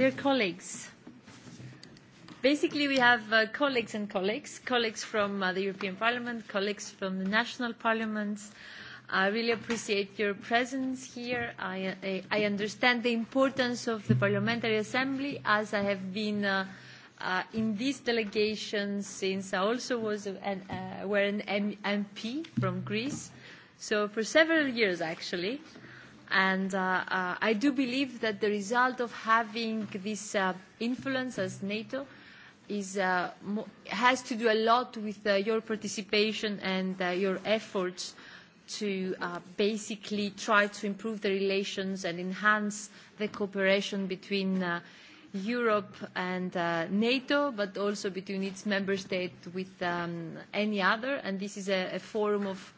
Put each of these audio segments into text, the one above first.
Dear colleagues, basically we have uh, colleagues and colleagues, colleagues from uh, the European Parliament, colleagues from the national parliaments. I really appreciate your presence here. I, I, I understand the importance of the Parliamentary Assembly as I have been uh, uh, in this delegation since I also was an, uh, were an M MP from Greece. So for several years actually And uh, uh, I do believe that the result of having this uh, influence as NATO is, uh, mo has to do a lot with uh, your participation and uh, your efforts to uh, basically try to improve the relations and enhance the cooperation between uh, Europe and uh, NATO, but also between its member state with um, any other. And this is a, a forum of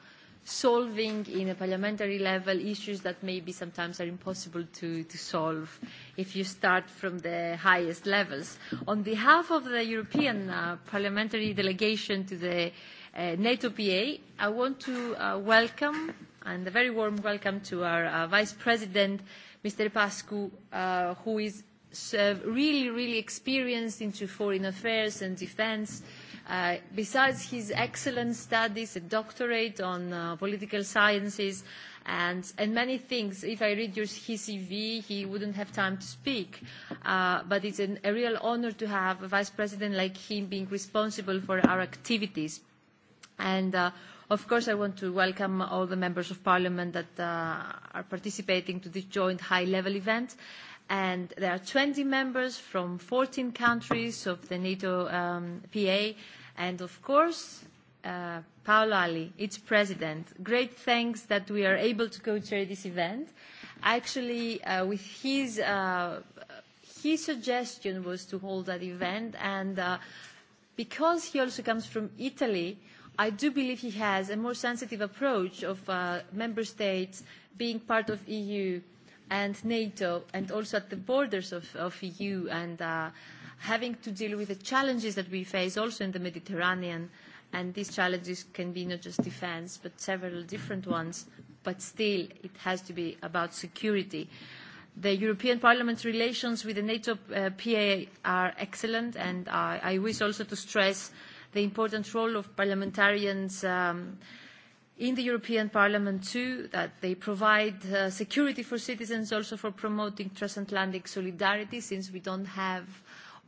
solving in a parliamentary level issues that maybe sometimes are impossible to, to solve if you start from the highest levels. On behalf of the European uh, parliamentary delegation to the uh, NATO PA, I want to uh, welcome and a very warm welcome to our uh, Vice President, Mr. Pascu, uh, who is uh, really, really experienced into foreign affairs and defense besides his excellent studies, a doctorate on uh, political sciences, and, and many things. If I read your, his CV, he wouldn't have time to speak. Uh, but it's an, a real honor to have a vice president like him being responsible for our activities. And uh, of course, I want to welcome all the members of parliament that uh, are participating to this joint high-level event and there are 20 members from 14 countries of the NATO um, PA, and of course, uh, Paolo Ali, its president. Great thanks that we are able to co-chair this event. Actually, uh, with his, uh, his suggestion was to hold that event, and uh, because he also comes from Italy, I do believe he has a more sensitive approach of uh, member states being part of EU and NATO and also at the borders of, of EU and uh, having to deal with the challenges that we face also in the Mediterranean. And these challenges can be not just defense, but several different ones. But still, it has to be about security. The European Parliament's relations with the NATO uh, PA are excellent, and I, I wish also to stress the important role of parliamentarians um, uh, in the European Parliament too, that they provide uh, security for citizens, also for promoting transatlantic solidarity, since we don't have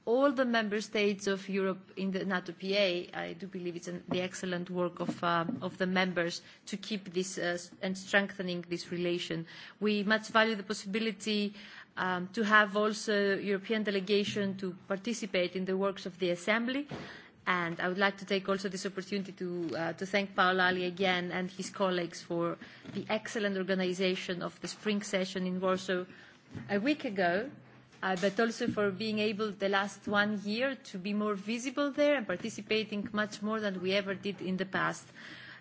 all the member states of Europe in the NATO PA. I do believe it's an, the excellent work of, uh, of the members to keep this uh, and strengthening this relation. We much value the possibility um, to have also European delegation to participate in the works of the Assembly And I would like to take also this opportunity to, uh, to thank Ali again and his colleagues for the excellent organization of the spring session in Warsaw a week ago, uh, but also for being able the last one year to be more visible there and participating much more than we ever did in the past.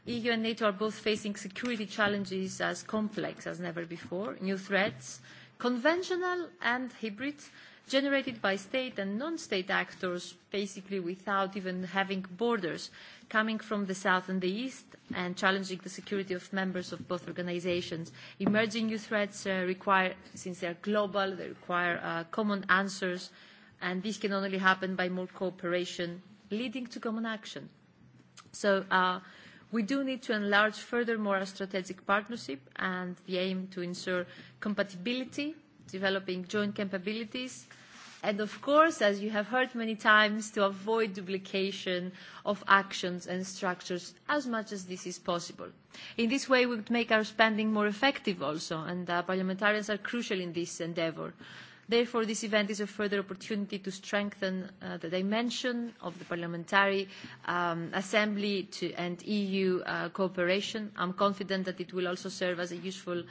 EU and NATO are both facing security challenges as complex as never before, new threats, conventional and hybrid, generated by state and non-state actors, basically without even having borders, coming from the south and the east and challenging the security of members of both organizations. Emerging new threats uh, require, since they are global, they require uh, common answers, and this can only happen by more cooperation leading to common action. So uh, We do need to enlarge furthermore our strategic partnership and the aim to ensure compatibility developing joint capabilities, and of course, as you have heard many times, to avoid duplication of actions and structures as much as this is possible. In this way, we would make our spending more effective also, and uh, parliamentarians are crucial in this endeavour. Therefore, this event is a further opportunity to strengthen uh, the dimension of the Parliamentary um, Assembly to, and EU uh, cooperation. I'm confident that it will also serve as a useful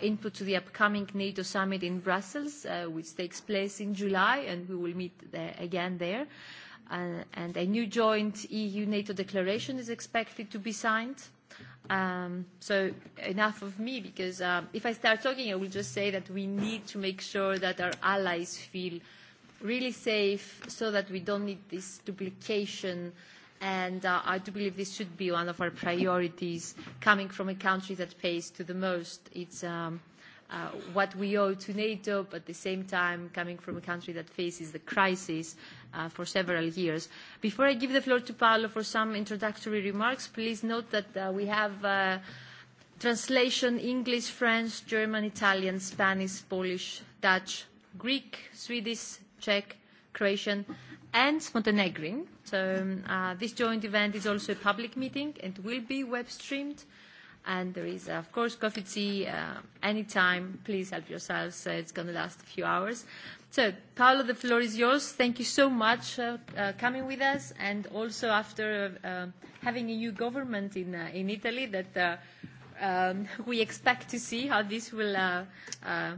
input to the upcoming NATO summit in Brussels, which takes place in July, and we will meet again there. And a new joint EU-NATO declaration is expected to be signed. So enough of me, because if I start talking, I will just say that we need to make sure that our allies feel really safe so that we don't need this duplication uh, and uh, I do believe this should be one of our priorities coming from a country that pays to the most. It's um, uh, what we owe to NATO, but at the same time coming from a country that faces the crisis uh, for several years. Before I give the floor to Paolo for some introductory remarks, please note that uh, we have uh, translation English, French, German, Italian, Spanish, Polish, Dutch, Greek, Swedish, Czech, Croatian, and Montenegrin. So uh, this joint event is also a public meeting and will be web streamed. And there is, of course, coffee, tea, uh, anytime. Please help yourselves. Uh, it's going to last a few hours. So, Paolo, the floor is yours. Thank you so much for uh, uh, coming with us. And also after uh, having a new government in, uh, in Italy that uh, um, we expect to see how this will, uh, uh,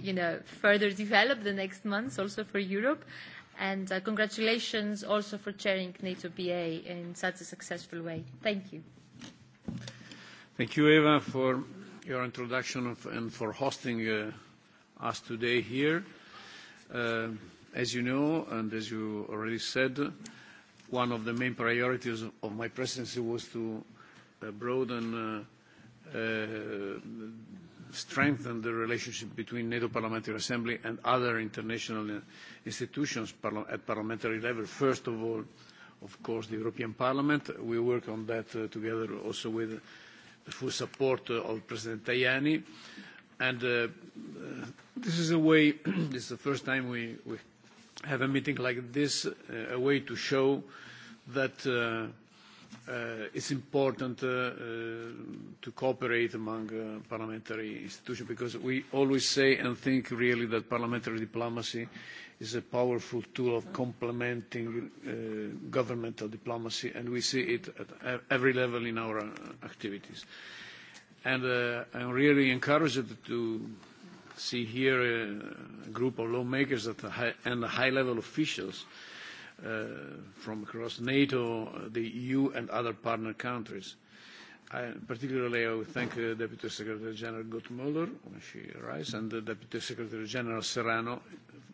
you know, further develop the next months also for Europe. Uh, And uh, congratulations also for chairing NATO BA in such a successful way. Thank you. Thank you, Eva, for your introduction of, and for hosting uh, us today here. Uh, as you know, and as you already said, one of the main priorities of my presidency was to uh, broaden uh, uh, strengthen the relationship between NATO Parliamentary Assembly and other international institutions at parliamentary level. First of all, of course, the European Parliament. We work on that together also with the full support of President Tajani. And this is a way, this is the first time we, we have a meeting like this, a way to show that it's important to cooperate among parliamentary institutions because we always say and think really that parliamentary diplomacy is a powerful tool of complementing governmental diplomacy, and we see it at every level in our activities. And I'm really encouraged to see here a group of lawmakers and high-level officials from across NATO, the EU, and other partner countries. I, particularly, I would thank uh, Deputy Secretary General Guttmuller when she arrives, and uh, Deputy Secretary General Serrano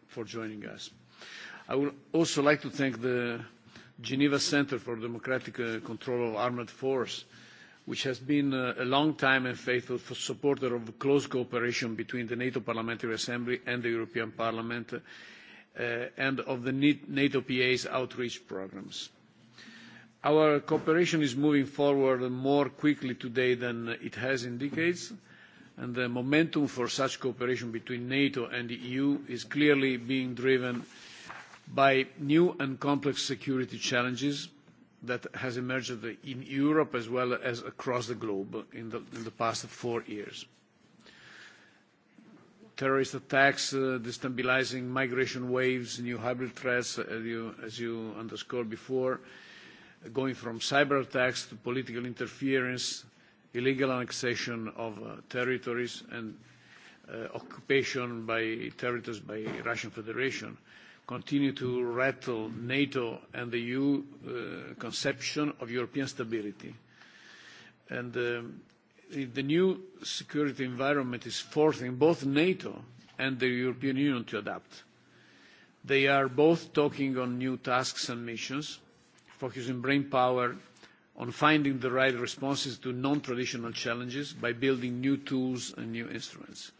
for joining us. I would also like to thank the Geneva Center for Democratic uh, Control of Armed Force, which has been uh, a long time and faithful supporter of close cooperation between the NATO Parliamentary Assembly and the European Parliament. Uh, and of the NATO PA's outreach programmes. Our cooperation is moving forward more quickly today than it has in decades, and the momentum for such cooperation between NATO and the EU is clearly being driven by new and complex security challenges that has emerged in Europe as well as across the globe in the past four years terrorist attacks, destabilizing migration waves, new hybrid threats, as you underscored before, going from cyber attacks to political interference, illegal annexation of territories, and occupation by territories by Russian Federation continue to rattle NATO and the EU conception of European stability. And the new security environment is forcing both NATO and the European Union to adapt. They are both talking on new tasks and missions, focusing brain power on finding the right responses to non-traditional challenges by building new tools and new instruments,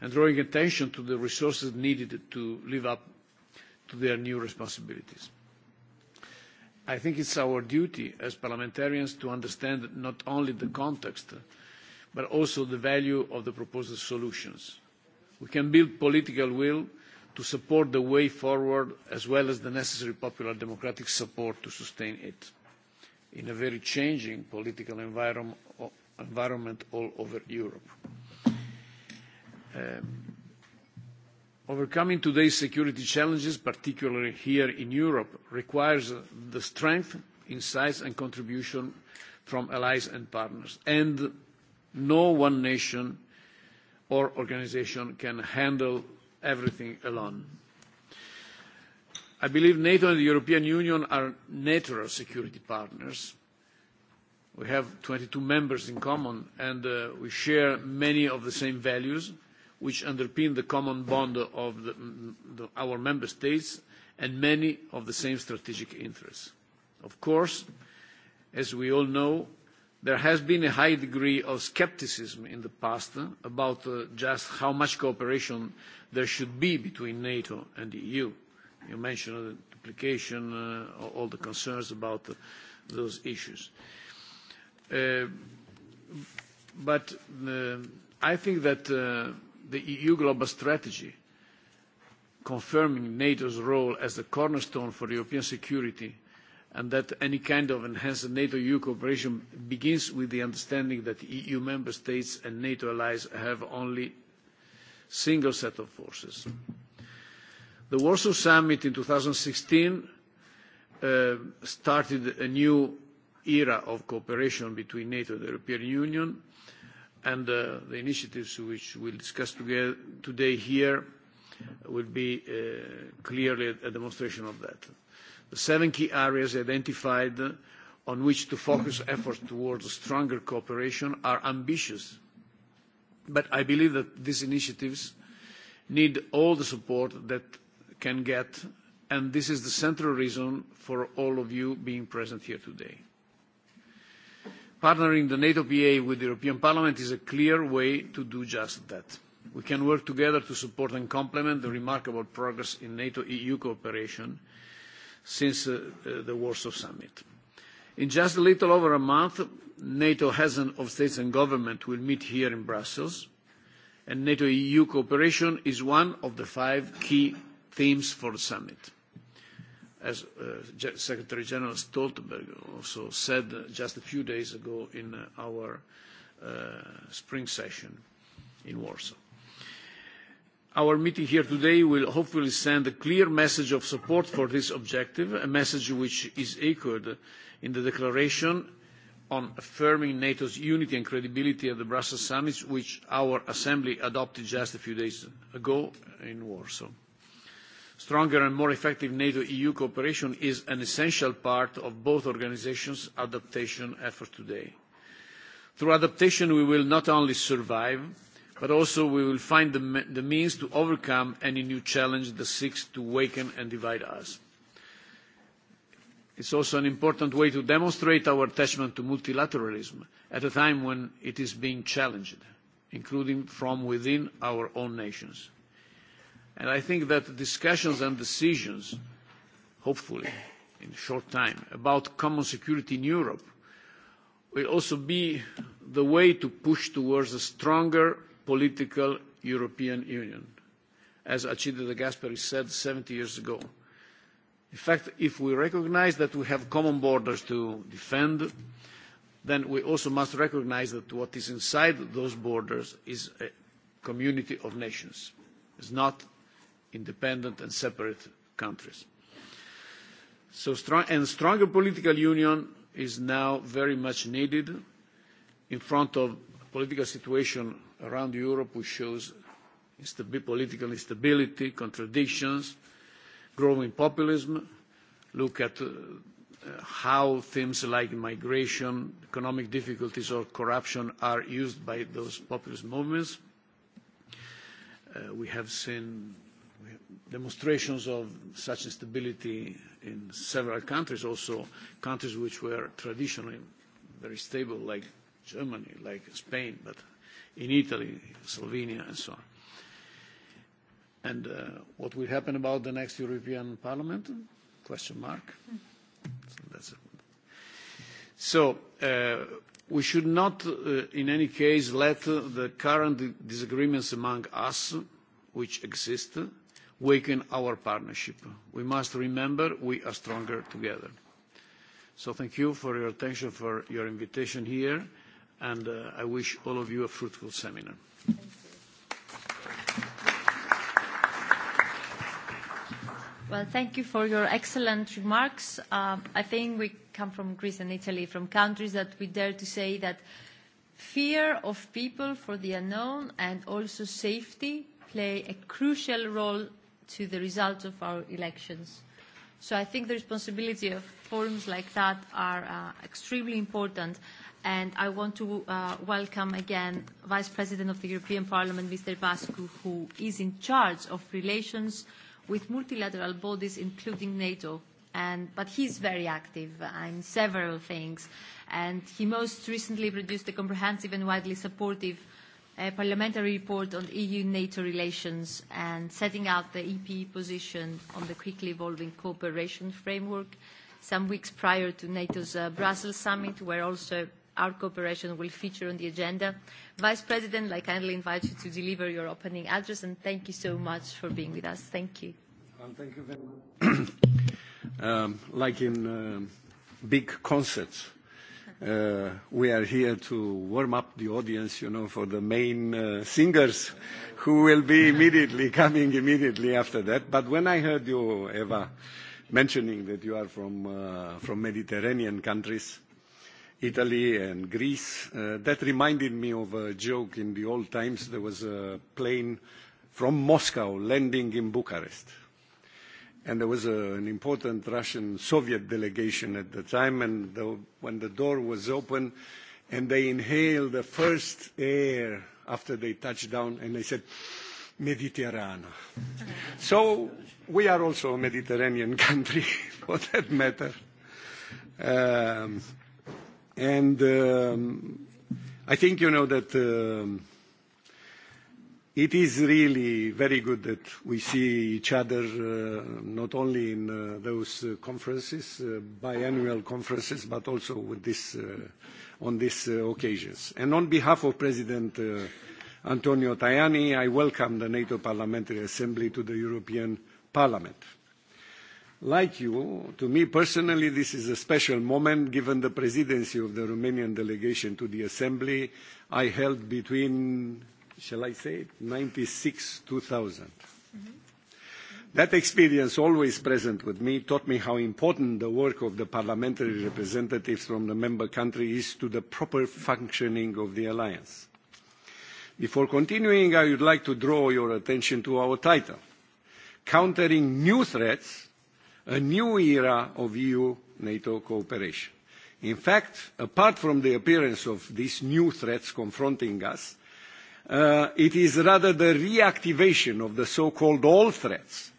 and drawing attention to the resources needed to live up to their new responsibilities. I think it's our duty as parliamentarians to understand not only the context, but also the value of the proposed solutions. We can build political will to support the way forward as well as the necessary popular democratic support to sustain it in a very changing political environment all over Europe. Overcoming today's security challenges, particularly here in Europe, requires the strength, insights and contribution from allies and partners, and No one nation or organisation can handle everything alone. I believe NATO and the European Union are natural security partners. We have twenty two members in common, and we share many of the same values, which underpin the common bond of our member states and many of the same strategic interests. Of course, as we all know, There has been a high degree of scepticism in the past about just how much cooperation there should be between NATO and the EU. You mentioned the duplication, all the concerns about those issues. But I think that the EU global strategy, confirming NATO's role as the cornerstone for European security and that any kind of enhanced NATO-EU cooperation begins with the understanding that EU member states and NATO allies have only a single set of forces. The Warsaw Summit in 2016 started a new era of cooperation between NATO and the European Union, and the initiatives which we'll discuss today here will be clearly a demonstration of that seven key areas identified on which to focus efforts towards stronger cooperation are ambitious, but I believe that these initiatives need all the support that can get, and this is the central reason for all of you being present here today. Partnering the NATO PA with the European Parliament is a clear way to do just that. We can work together to support and complement the remarkable progress in NATO-EU cooperation – since the Warsaw Summit. In just a little over a month, NATO heads of states and government will meet here in Brussels, and NATO-EU cooperation is one of the five key themes for the summit. As Secretary General Stoltenberg also said just a few days ago in our spring session in Warsaw. Our meeting here today will hopefully send a clear message of support for this objective, a message which is echoed in the declaration on affirming NATO's unity and credibility at the Brussels summit, which our Assembly adopted just a few days ago in Warsaw. Stronger and more effective NATO-EU cooperation is an essential part of both organisations' adaptation efforts today. Through adaptation, we will not only survive, but also we will find the means to overcome any new challenge that seeks to awaken and divide us. It is also an important way to demonstrate our attachment to multilateralism at a time when it is being challenged, including from within our own nations. And I think that discussions and decisions, hopefully in a short time, about common security in Europe will also be the way to push towards a stronger political European Union, as Alcide de Gasperi said seventy years ago. In fact, if we recognise that we have common borders to defend, then we also must recognise that what is inside those borders is a community of nations. It's not independent and separate countries. So strong, and stronger political union is now very much needed in front of political situation around Europe, which shows political instability, contradictions, growing populism. Look at how themes like migration, economic difficulties, or corruption are used by those populist movements. We have seen demonstrations of such instability in several countries, also countries which were traditionally very stable, like Germany, like Spain, but in Italy, Slovenia, and so on. And uh, what will happen about the next European Parliament? Question mark. So, that's a... so uh, we should not, uh, in any case, let uh, the current disagreements among us, which exist, weaken our partnership. We must remember we are stronger together. So thank you for your attention, for your invitation here and I wish all of you a fruitful seminar. Well, thank you for your excellent remarks. I think we come from Greece and Italy, from countries that we dare to say that fear of people for the unknown and also safety play a crucial role to the results of our elections. So I think the responsibility of forums like that are extremely important and I want to uh, welcome again Vice President of the European Parliament, Mr. Bascu, who is in charge of relations with multilateral bodies, including NATO. And, but he's very active in several things, and he most recently produced a comprehensive and widely supportive uh, parliamentary report on EU-NATO relations and setting out the EP position on the quickly evolving cooperation framework some weeks prior to NATO's uh, Brussels summit, where also our cooperation will feature on the agenda. Vice President, I kindly invite you to deliver your opening address, and thank you so much for being with us. Thank you. Thank you very much. Like in big concerts, we are here to warm up the audience, you know, for the main singers who will be immediately coming immediately after that. But when I heard you, Eva, mentioning that you are from Mediterranean countries, Italy and Greece. That reminded me of a joke in the old times. There was a plane from Moscow landing in Bucharest. And there was an important Russian Soviet delegation at the time. And the, when the door was open and they inhaled the first air after they touched down, and they said, Mediterranean So we are also a Mediterranean country, for that matter. Um, And um, I think you know that um, it is really very good that we see each other uh, not only in uh, those uh, conferences, uh, biannual conferences, but also with this, uh, on these uh, occasions. And on behalf of President uh, Antonio Tajani, I welcome the NATO Parliamentary Assembly to the European Parliament. Like you, to me personally, this is a special moment given the presidency of the Romanian delegation to the Assembly I held between, shall I say it, 96 2000. That experience, always present with me, taught me how important the work of the parliamentary representatives from the member country is to the proper functioning of the alliance. Before continuing, I would like to draw your attention to our title, Countering New Threats a new era of EU-NATO cooperation. In fact, apart from the appearance of these new threats confronting us, it is rather the reactivation of the so-called old threats,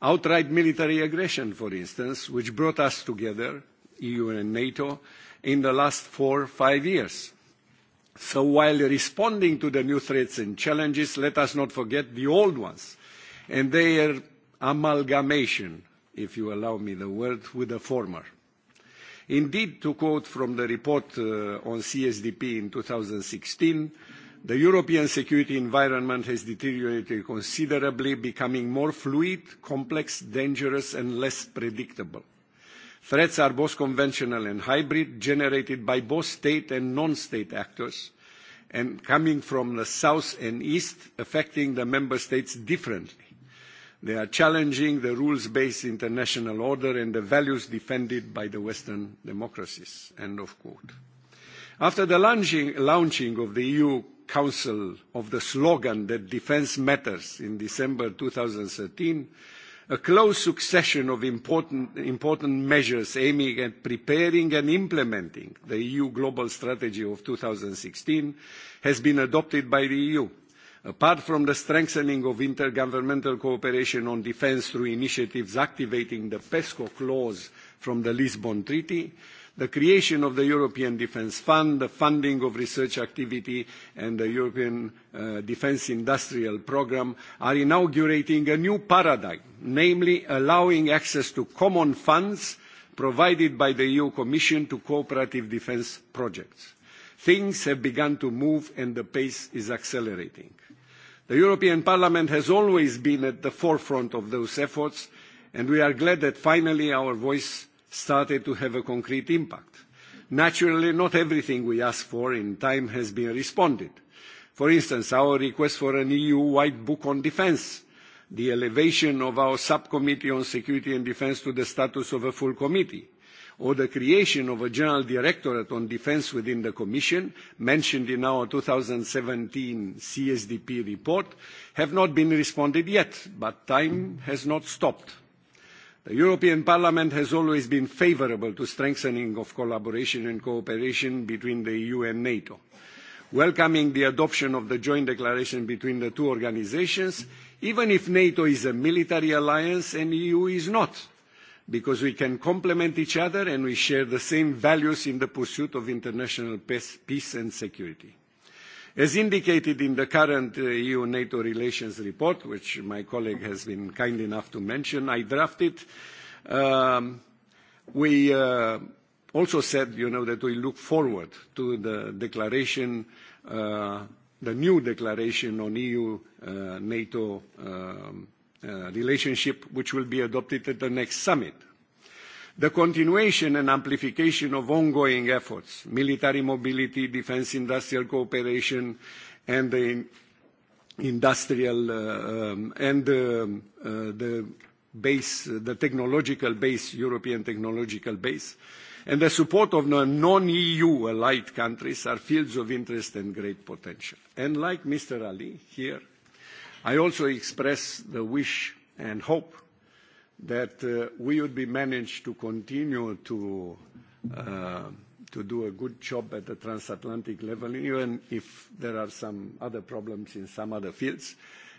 outright military aggression, for instance, which brought us together, EU and NATO, in the last four, or five years. So while responding to the new threats and challenges, let us not forget the old ones and their amalgamation, if you allow me the word, with the former. Indeed, to quote from the report on CSDP in 2016, the European security environment has deteriorated considerably, becoming more fluid, complex, dangerous, and less predictable. Threats are both conventional and hybrid, generated by both state and non-state actors, and coming from the south and east, affecting the member states differently. They are challenging the rules-based international order and the values defended by the Western democracies." End of quote. After the launching of the EU Council of the slogan that defence matters in December thirteen, a close succession of important, measures aiming at preparing and implementing the EU Global Strategy of sixteen has been adopted by the EU Apart from the strengthening of intergovernmental cooperation on defence through initiatives activating the PESCO clause from the Lisbon Treaty, the creation of the European Defence Fund, the funding of research activity, and the European Defence Industrial Programme are inaugurating a new paradigm, namely allowing access to common funds provided by the EU Commission to cooperative defence projects. Things have begun to move and the pace is accelerating. The European Parliament has always been at the forefront of those efforts, and we are glad that finally our voice started to have a concrete impact. Naturally, not everything we asked for in time has been responded. For instance, our request for an EU-wide book on defence, the elevation of our subcommittee on security and defence to the status of a full committee, or the creation of a General Directorate on Defence within the Commission, mentioned in our 2017 CSDP report, have not been responded yet, but time has not stopped. The European Parliament has always been favourable to strengthening of collaboration and cooperation between the EU and NATO. Welcoming the adoption of the joint declaration between the two organisations, even if NATO is a military alliance and the EU is not because we can complement each other and we share the same values in the pursuit of international peace and security. As indicated in the current EU-NATO relations report, which my colleague has been kind enough to mention, I drafted, we also said, you know, that we look forward to the declaration, the new declaration on EU-NATO relationship which will be adopted at the next summit. The continuation and amplification of ongoing efforts, military mobility, defense industrial cooperation, and the industrial and the base, the technological base, European technological base, and the support of non-EU allied countries are fields of interest and great potential. And like Mr. Ali here, I also express the wish and hope that we would be managed to continue to do a good job at the transatlantic level, even if there are some other problems in some other fields.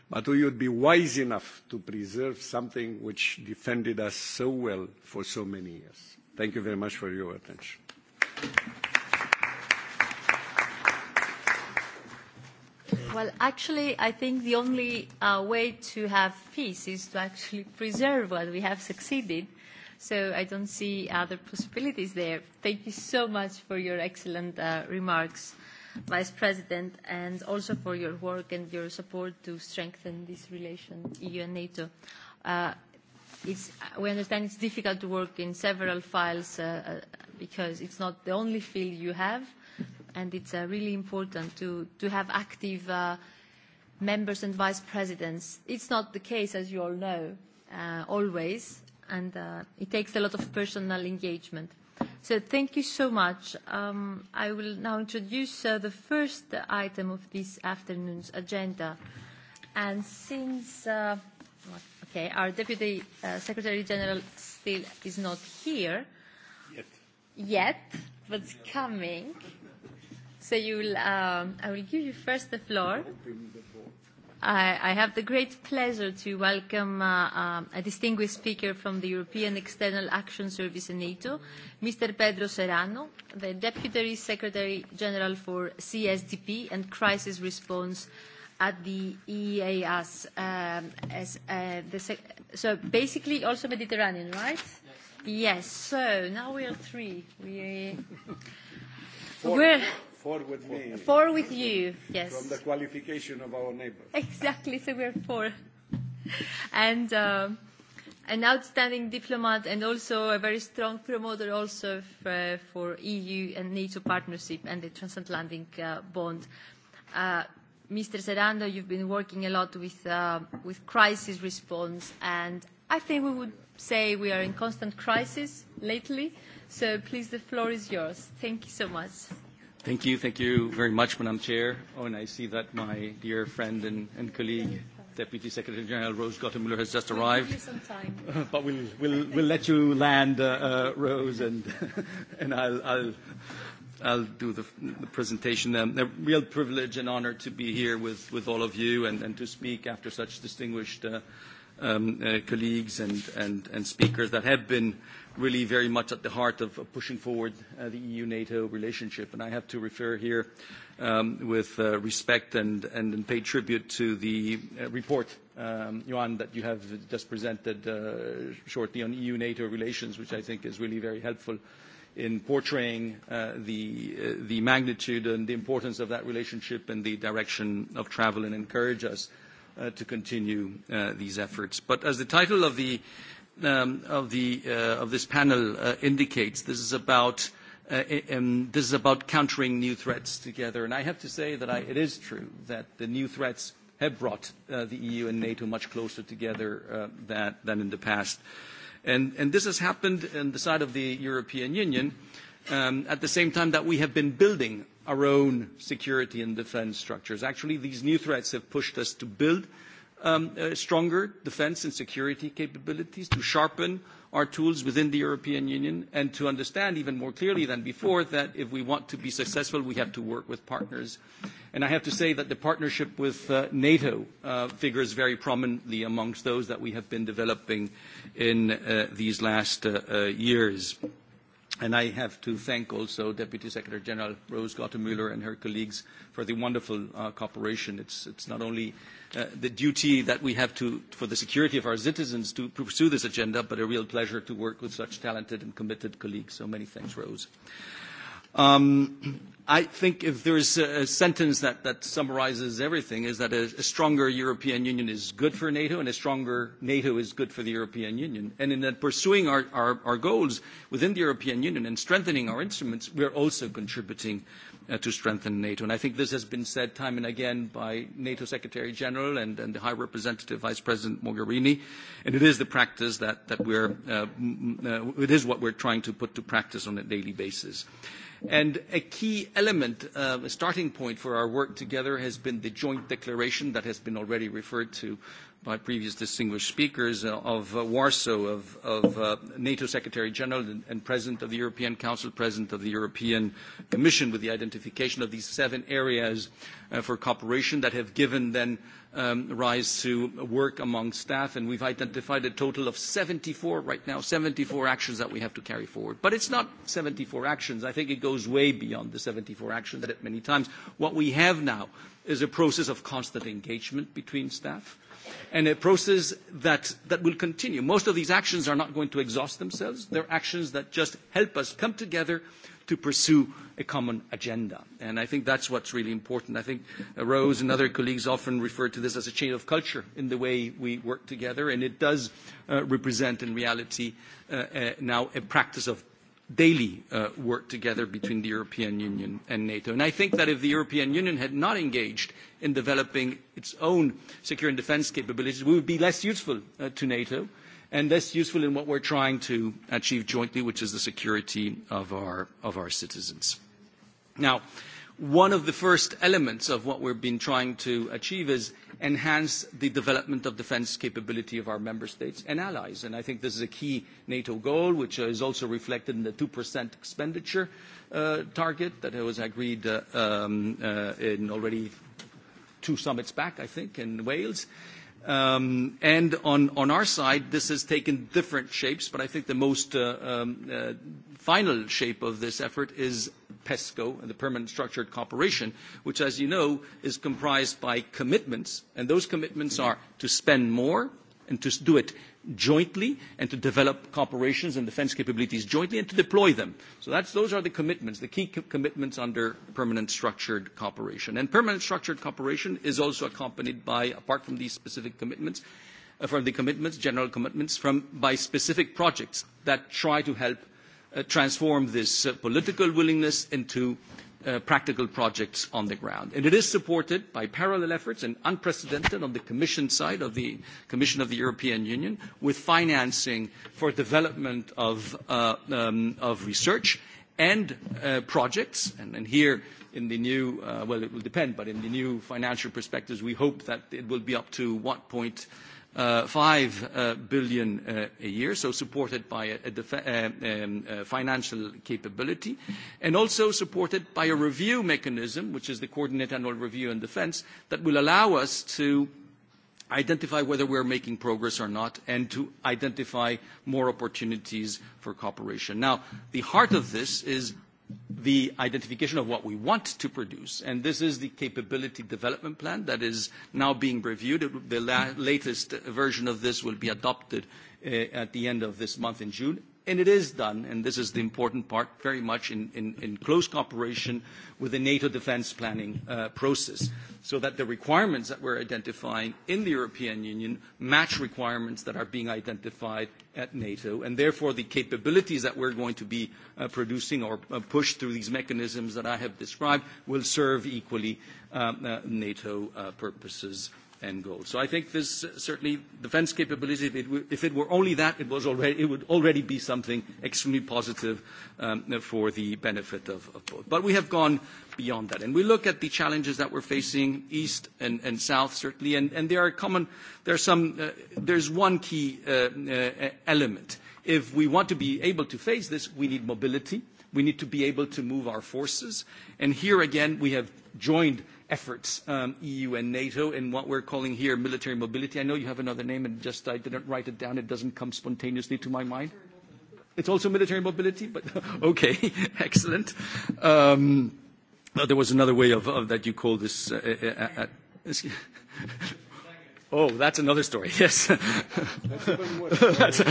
But we would be wise enough to preserve something which defended us so well for so many years. Thank you very much for your attention. Well, actually, I think the only uh, way to have peace is to actually preserve what we have succeeded. So I don't see other possibilities there. Thank you so much for your excellent uh, remarks, Vice President, and also for your work and your support to strengthen this relation, EU and NATO. Uh, it's, we understand it's difficult to work in several files uh, because it's not the only field you have – and it's uh, really important to, to have active uh, members and vice presidents. It's not the case, as you all know, uh, always, and uh, it takes a lot of personal engagement. So thank you so much. Um, I will now introduce uh, the first item of this afternoon's agenda. And since uh, okay, our Deputy uh, Secretary General still is not here yet, yet but it's coming. So you'll, um, I will give you first the floor. I, I have the great pleasure to welcome uh, um, a distinguished speaker from the European External Action Service in NATO, Mr. Pedro Serrano, the Deputy Secretary General for CSDP and Crisis Response at the EAS. Um, as, uh, the sec- so basically also Mediterranean, right? Yes. yes. So now we are three. We, we're... Four with me. Four with you, yes. From the qualification of our neighbors. Exactly, so we're four. And um an outstanding diplomat and also a very strong promoter also for, for EU and NATO partnership and the transatlantic uh, bond. Uh, Mr. Serrano, you've been working a lot with, uh, with crisis response, and I think we would say we are in constant crisis lately. So please, the floor is yours. Thank you so much. Thank you. Thank you very much, Madam Chair. Oh, and I see that my dear friend and, and colleague, Deputy Secretary General Rose Gottemuller, has just arrived. We'll some time. But we'll, we'll, we'll let you land, uh, uh, Rose, and, and I'll, I'll, I'll do the, the presentation. Um, a real privilege and honor to be here with, with all of you and, and to speak after such distinguished uh, um, uh, colleagues and, and, and speakers that have been really very much at the heart of pushing forward the EU-NATO relationship. And I have to refer here um with uh respect and, and and pay tribute to the uh report, um Johan, that you have just presented uh shortly on EU-NATO relations, which I think is really very helpful in portraying uh the uh the magnitude and the importance of that relationship and the direction of travel and encourage us uh to continue uh these efforts. But as the title of the of this panel indicates, this is about this is about countering new threats together. And I have to say that I, it is true that the new threats have brought uh, the EU and NATO much closer together uh, than, than in the past. And, and this has happened on the side of the European Union um, at the same time that we have been building our own security and defense structures. Actually, these new threats have pushed us to build stronger defence and security capabilities, to sharpen our tools within the European Union, and to understand even more clearly than before that if we want to be successful, we have to work with partners. And I have to say that the partnership with NATO figures very prominently amongst those that we have been developing in these last years. And I have to thank also Deputy Secretary General Rose Gottemüller and her colleagues for the wonderful uh, cooperation. It's, it's not only uh, the duty that we have to, for the security of our citizens to pursue this agenda, but a real pleasure to work with such talented and committed colleagues. So many thanks, Rose. Um, I think if there is a sentence that, that summarizes everything is that a, a stronger European Union is good for NATO and a stronger NATO is good for the European Union. And in that pursuing our, our, our goals within the European Union and strengthening our instruments, we are also contributing uh, to strengthen NATO. And I think this has been said time and again by NATO Secretary General and, and the High Representative Vice President Mogherini. And it is the practice that, that we're, uh, uh, it is what we're trying to put to practice on a daily basis. And a key element, uh, a starting point for our work together has been the joint declaration that has been already referred to by previous distinguished speakers of Warsaw, of, of uh, NATO Secretary General and, and President of the European Council, President of the European Commission, with the identification of these seven areas uh, for cooperation that have given then rise to work among staff, and we've identified a total of 74 right now, 74 actions that we have to carry forward. But it's not 74 actions. I think it goes way beyond the 74 actions that many times. What we have now is a process of constant engagement between staff and a process that, that will continue. Most of these actions are not going to exhaust themselves. They're actions that just help us come together to pursue a common agenda. And I think that's what's really important. I think Rose and other colleagues often refer to this as a chain of culture in the way we work together, and it does represent in reality now a practice of daily work together between the European Union and NATO. And I think that if the European Union had not engaged in developing its own secure and defence capabilities, we would be less useful to NATO And that's useful in what we're trying to achieve jointly, which is the security of our, of our citizens. Now, one of the first elements of what we've been trying to achieve is enhance the development of defence capability of our member states and allies. And I think this is a key NATO goal, which is also reflected in the 2% expenditure target that was agreed in already two summits back, I think, in Wales. Um, and on, on our side, this has taken different shapes, but I think the most final shape of this effort is PESCO, the Permanent Structured Cooperation, which, as you know, is comprised by commitments, and those commitments are to spend more and to do it jointly and to develop corporations and defence capabilities jointly and to deploy them. So that's, those are the commitments, the key co- commitments under permanent structured cooperation. And permanent structured cooperation is also accompanied by, apart from these specific commitments, uh, from the commitments, general commitments, from, by specific projects that try to help uh, transform this uh, political willingness into uh, practical projects on the ground. And it is supported by parallel efforts and unprecedented on the Commission side of the Commission of the European Union with financing for development of, research and projects. And, here in the new, well, it will depend, but in the new financial perspectives, we hope that it will be up to one point 5 billion a year, so supported by a financial capability, and also supported by a review mechanism, which is the Coordinate Annual Review and Defense, that will allow us to identify whether we're making progress or not, and to identify more opportunities for cooperation. Now, the heart of this is the identification of what we want to produce, and this is the capability development plan that is now being reviewed. The latest version of this will be adopted at the end of this month in June And it is done, and this is the important part, very much in close cooperation with the NATO defense planning process, so that the requirements that we're identifying in the European Union match requirements that are being identified at NATO, and therefore the capabilities that we're going to be producing or push through these mechanisms that I have described will serve equally NATO purposes end goal. So I think this certainly defense capability, if it, were, if it were only that, it, was already, it would already be something extremely positive um, for the benefit of, of both. But we have gone beyond that. And we look at the challenges that we're facing, east and, and south, certainly, and, and there are common, there are some, uh, there's one key uh, uh, element. If we want to be able to face this, we need mobility. We need to be able to move our forces. And here again, we have joined – efforts, um, EU and NATO, and what we're calling here military mobility. I know you have another name, and just I didn't write it down. It doesn't come spontaneously to my mind. It's also military mobility, but okay, excellent. Um, there was another way of, of that you call this. Uh, uh, uh, Oh, that's another story. Yes. that's,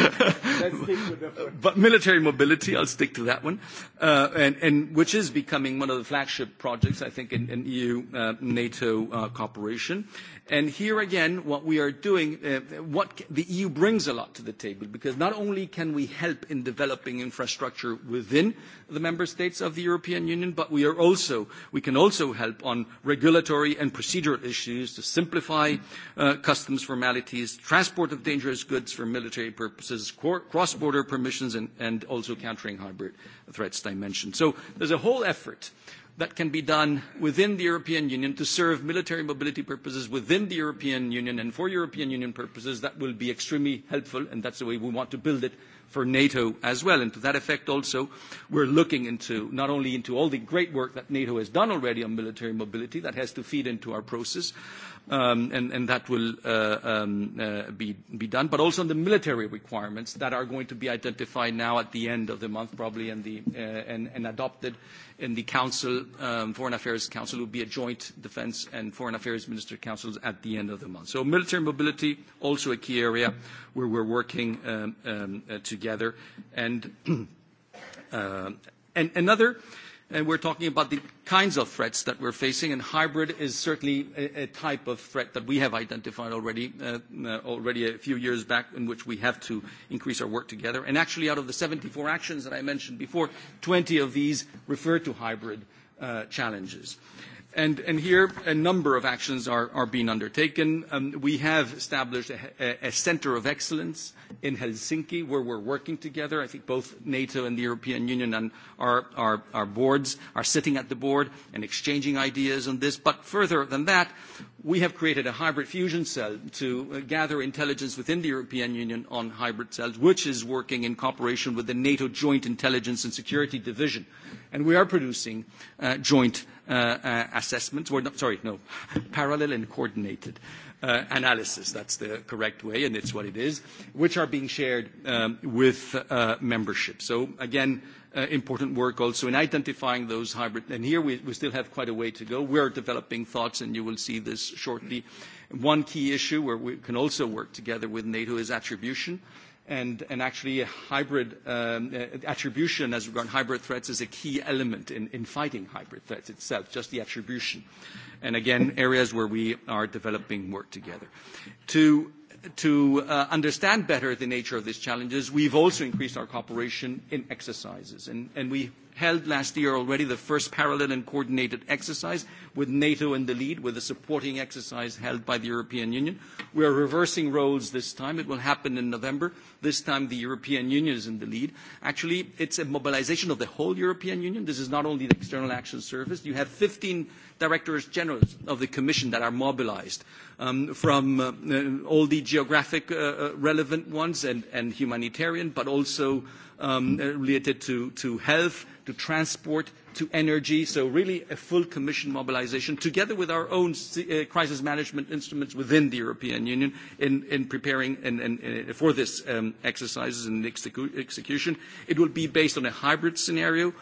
but military mobility, I'll stick to that one, uh, and, and which is becoming one of the flagship projects, I think, in, in EU-NATO uh, uh, cooperation. And here again, what we are doing, uh, what the EU brings a lot to the table, because not only can we help in developing infrastructure within the member states of the European Union, but we are also we can also help on regulatory and procedural issues to simplify. Uh, customs formalities, transport of dangerous goods for military purposes, cross-border permissions, and, and also countering hybrid threats that I mentioned. So there's a whole effort that can be done within the European Union to serve military mobility purposes within the European Union and for European Union purposes that will be extremely helpful, and that's the way we want to build it for NATO as well. And to that effect also, we're looking into not only into all the great work that NATO has done already on military mobility that has to feed into our process, and that will be done, but also on the military requirements that are going to be identified now at the end of the month, probably, and adopted in the Council, Foreign Affairs Council, will be a joint defense and Foreign Affairs Minister Councils at the end of the month. So military mobility, also a key area where we're working together. And another and we're talking about the kinds of threats that we're facing, and hybrid is certainly a type of threat that we have identified already a few years back, in which we have to increase our work together. And actually, out of the 74 actions that I mentioned before, 20 of these refer to hybrid challenges. And Here, a number of actions are being undertaken. We have established a center of excellence in Helsinki, where we're working together. I think both NATO and the European Union and our boards are sitting at the board and exchanging ideas on this. But Further than that, we have created a hybrid fusion cell to gather intelligence within the European Union on hybrid cells, which is working in cooperation with the NATO Joint Intelligence and Security Division. and We are producing joint assessments, or not, sorry, no, parallel and coordinated analysis. That's the correct way, and it's what it is, which are being shared with membership. So again, important work also in identifying those hybrid. And here we still have quite a way to go. We're developing thoughts, and you will see this shortly. One key issue where we can also work together with NATO is attribution and, and actually hybrid um, attribution as regard hybrid threats is a key element in, in fighting hybrid threats itself, just the attribution. And again, areas where we are developing work together. To, to uh, understand better the nature of these challenges, we've also increased our cooperation in exercises, and, and we held last year already the first parallel and coordinated exercise with NATO in the lead, with a supporting exercise held by the European Union. We are reversing roles this time. It will happen in November. This time the European Union is in the lead. Actually, it's a mobilization of the whole European Union. This is not only the External Action Service. You have 15 directors general of the Commission that are mobilized from all the geographic relevant ones and humanitarian, but also related to health, to transport, to energy. So really a full commission mobilisation, together with our own crisis management instruments within the European Union in preparing and for this exercises and execution. It will be based on a hybrid scenario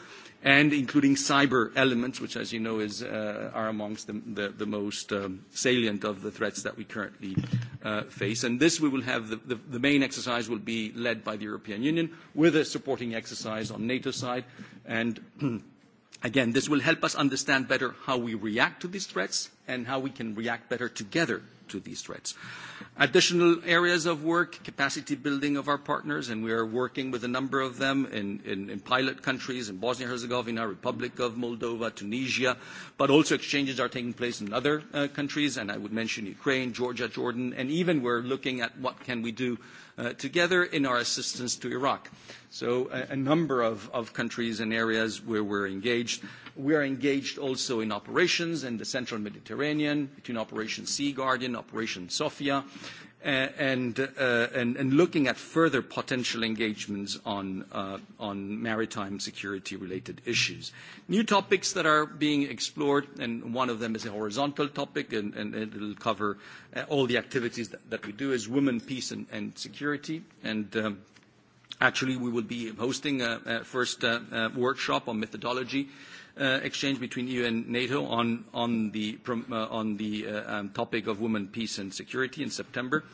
and including cyber elements, which, as you know, is, uh, are amongst the, the, the most um, salient of the threats that we currently uh, face. And this we will have, the, the, the main exercise will be led by the European Union with a supporting exercise on NATO side. And again, this will help us understand better how we react to these threats and how we can react better together to these threats. Additional areas of work, capacity building of our partners, and we are working with a number of them in, in, pilot countries, in Bosnia and Herzegovina, Republic of Moldova, Tunisia, but also exchanges are taking place in other countries, and I would mention Ukraine, Georgia, Jordan, and even we're looking at what can we do together in our assistance to Iraq. So a number of countries and areas where we're engaged. We are engaged also in operations in the central Mediterranean, between Operation Sea Guardian, Operation Sophia, and looking at further potential engagements on maritime security-related issues. New topics that are being explored, and one of them is a horizontal topic, and it'll cover all the activities that we do, is women, peace, and security. And actually, we will be hosting a first workshop on methodology exchange between EU and NATO on, on the, on the topic of women, peace and security in September.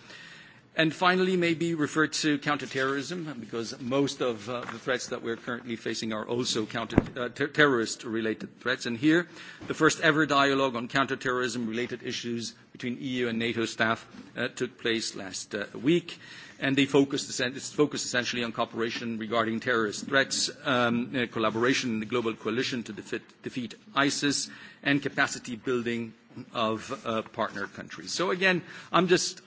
And finally, maybe refer to counterterrorism, because most of the threats that we're currently facing are also counter-terrorist-related threats. And here, the first ever dialogue on counterterrorism-related issues between EU and NATO staff took place last week and they focused, it's focused essentially on cooperation regarding terrorist threats, um, collaboration in the global coalition to defeat, defeat ISIS, and capacity building of uh, partner countries. So again, I'm just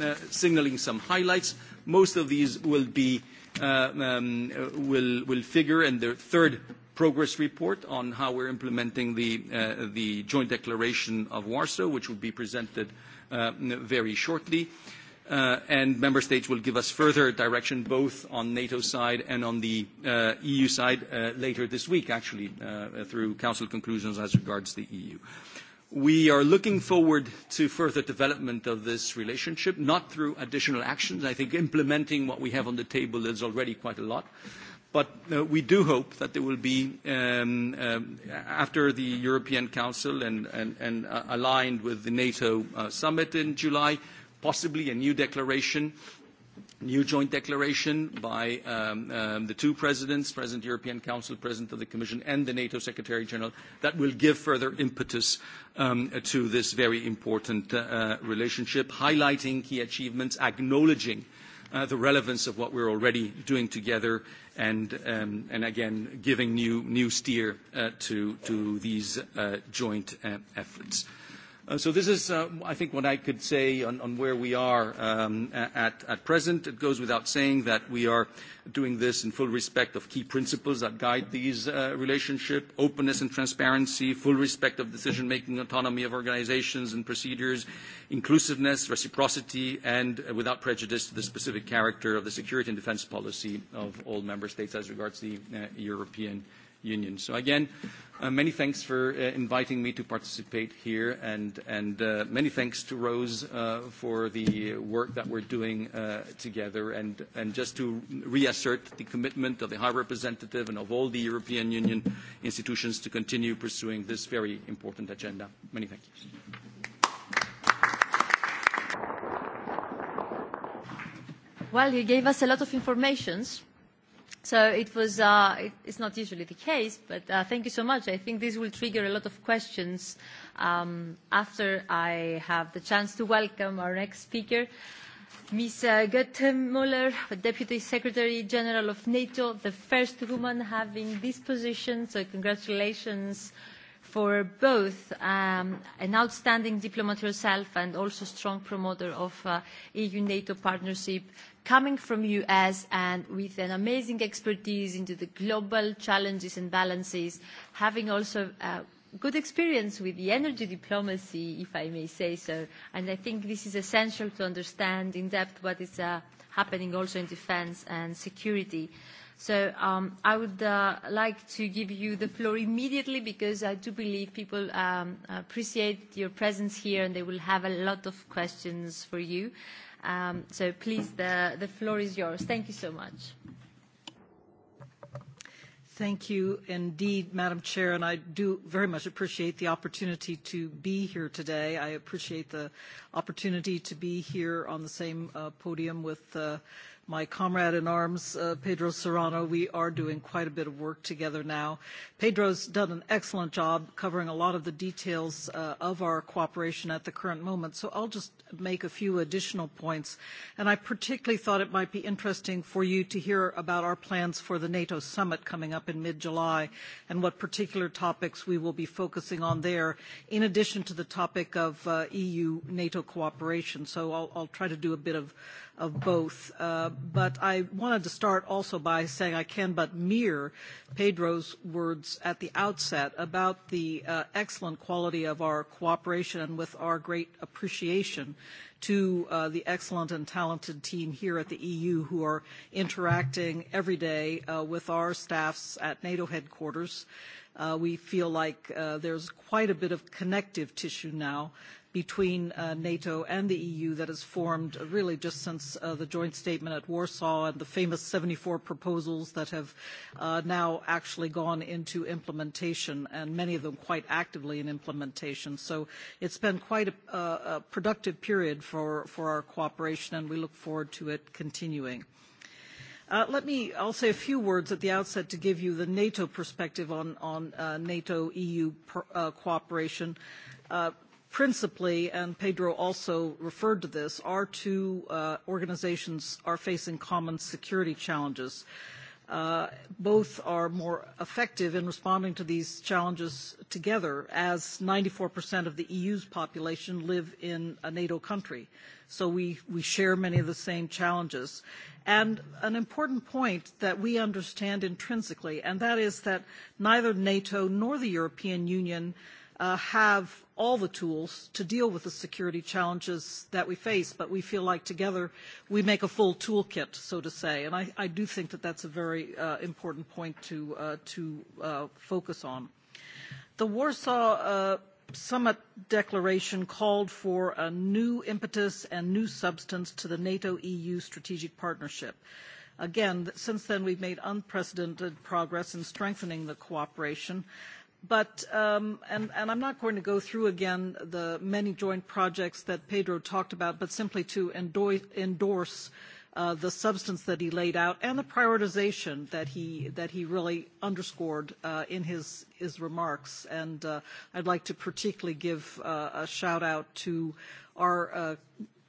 uh, signaling some highlights. Most of these will be uh, um, will will figure in the third progress report on how we're implementing the uh, the joint declaration of Warsaw, which will be presented uh, very shortly. Uh, and member states will give us further direction both on NATO side and on the EU side later this week, actually, through council conclusions as regards the EU. We are looking forward to further development of this relationship, not through additional actions. I think implementing what we have on the table is already quite a lot. But we do hope that there will be, after the European Council and aligned with the NATO summit in July, possibly a new declaration new joint declaration by the two presidents, President European Council, President of the Commission, and the NATO Secretary General, that will give further impetus to this very important relationship, highlighting key achievements, acknowledging the relevance of what we're already doing together, and again, giving new steer to these joint efforts. So This is, I think, what I could say on where we are at present. It goes without saying that we are doing this in full respect of key principles that guide these relationship, openness and transparency, full respect of decision-making autonomy of organizations and procedures, inclusiveness, reciprocity, and without prejudice to the specific character of the security and defense policy of all member states as regards the European Union Union. So again, uh, many thanks for uh, inviting me to participate here, and, and uh, many thanks to Rose uh, for the work that we're doing uh, together, and, and just to reassert the commitment of the High Representative and of all the European Union institutions to continue pursuing this very important agenda. Many thanks. Well, you gave us a lot of information So it was, uh, it, it's not usually the case, but uh, thank you so much. I think this will trigger a lot of questions um, after I have the chance to welcome our next speaker, Ms. Goethe Muller, Deputy Secretary General of NATO, the first woman having this position. So congratulations for both um, an outstanding diplomat herself and also strong promoter of uh, EU-NATO partnership coming from US and with an amazing expertise into the global challenges and balances, having also a good experience with the energy diplomacy, if I may say so. And I think this is essential to understand in depth what is uh, happening also in defense and security. So um, I would uh, like to give you the floor immediately because I do believe people um, appreciate your presence here and they will have a lot of questions for you. Um, so please, the, the floor is yours. Thank you so much. Thank you indeed, Madam Chair, and I do very much appreciate the opportunity to be here today. I appreciate the opportunity to be here on the same podium with my comrade in arms, Pedro Serrano. We are doing quite a bit of work together now. Pedro's done an excellent job covering a lot of the details of our cooperation at the current moment, so I'll just make a few additional points. And I particularly thought it might be interesting for you to hear about our plans for the NATO summit coming up in mid-July and what particular topics we will be focusing on there, in addition to the topic of EU-NATO cooperation. So I'll try to do a bit of of both. But I wanted to start also by saying I can but mirror Pedro's words at the outset about the excellent quality of our cooperation and with our great appreciation to the excellent and talented team here at the EU who are interacting every day with our staffs at NATO headquarters. We feel like there's quite a bit of connective tissue now between NATO and the EU that has formed really just since the joint statement at Warsaw and the famous 74 proposals that have now actually gone into implementation, and many of them quite actively in implementation. So it's been quite a productive period for for our cooperation, and we look forward to it continuing. Let me, I'll say a few words at the outset to give you the NATO perspective on NATO-EU cooperation principally, and Pedro also referred to this, our two organizations are facing common security challenges. Both are more effective in responding to these challenges together, as 94% of the EU's population live in a NATO country. So we share many of the same challenges. And an important point that we understand intrinsically, and that is that neither NATO nor the European Union have all the tools to deal with the security challenges that we face, but we feel like together we make a full toolkit, so to say. And I, I do think that that's a very uh, important point to, uh, to uh, focus on. The Warsaw uh, Summit Declaration called for a new impetus and new substance to the NATO-EU strategic partnership. Again, since then we've made unprecedented progress in strengthening the cooperation. Uh, But um, and, and I'm not going to go through again the many joint projects that Pedro talked about, but simply to endorse, endorse uh, the substance that he laid out and the prioritization that he that he really underscored uh, in his his remarks. And uh, I'd like to particularly give uh, a shout out to our uh,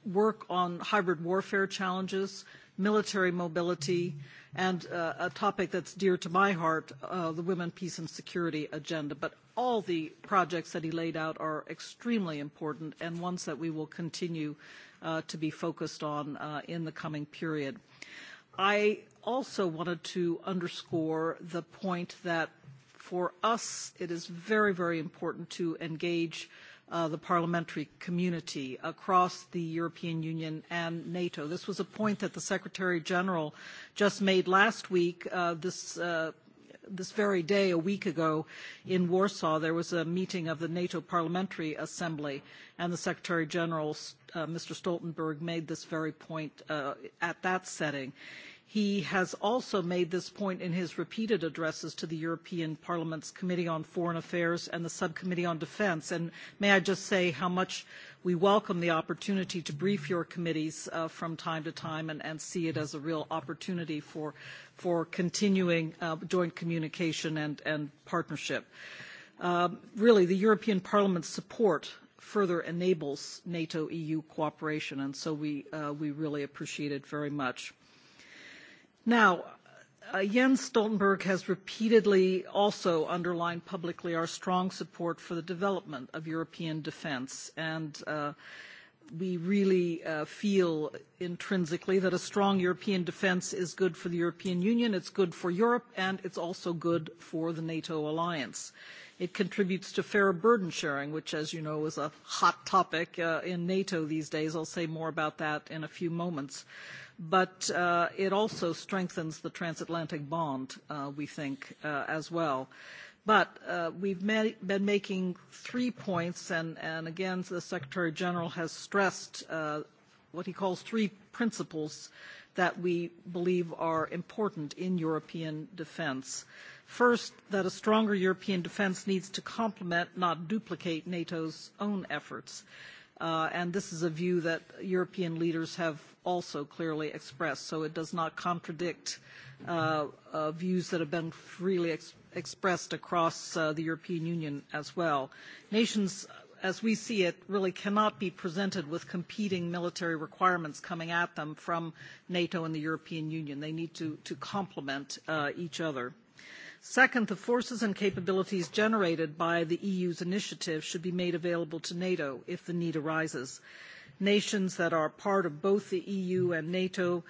work on hybrid warfare challenges military mobility, and a topic that's dear to my heart, the Women, Peace and Security agenda. But all the projects that he laid out are extremely important and ones that we will continue to be focused on in the coming period. I also wanted to underscore the point that for us, it is very, very important to engage uh, the parliamentary community across the European Union and NATO. This was a point that the Secretary General just made last week. this this very day, a week ago, in Warsaw, there was a meeting of the NATO Parliamentary Assembly, and the Secretary General, Mr. Stoltenberg, made this very point at that setting. He has also made this point in his repeated addresses to the European Parliament's Committee on Foreign Affairs and the Subcommittee on Defence. And may I just say how much we welcome the opportunity to brief your committees from time to time and, see it as a real opportunity for, continuing joint communication and, partnership. really, the European Parliament's support further enables NATO-EU cooperation, and so we, we really appreciate it very much. Now, uh Jens Stoltenberg has repeatedly also underlined publicly our strong support for the development of European defence and uh we really uh, feel intrinsically that a strong European defense is good for the European Union, it's good for Europe, and it's also good for the NATO alliance. It contributes to fairer burden sharing, which, as you know, is a hot topic uh, in NATO these days. I'll say more about that in a few moments. But uh, it also strengthens the transatlantic bond, uh, we think, uh, as well. But uh, we've been making three points, and, and again, the Secretary General has stressed uh, what he calls three principles that we believe are important in European defense. First, that a stronger European defense needs to complement, not duplicate, NATO's own efforts. and this is a view that European leaders have also clearly expressed, so it does not contradict views that have been freely expressed expressed across the European Union as well. Nations, as we see it, really cannot be presented with competing military requirements coming at them from NATO and the European Union. They need to, to complement each other. Second, the forces and capabilities generated by the EU's initiative should be made available to NATO if the need arises. Nations that are part of both the EU and NATO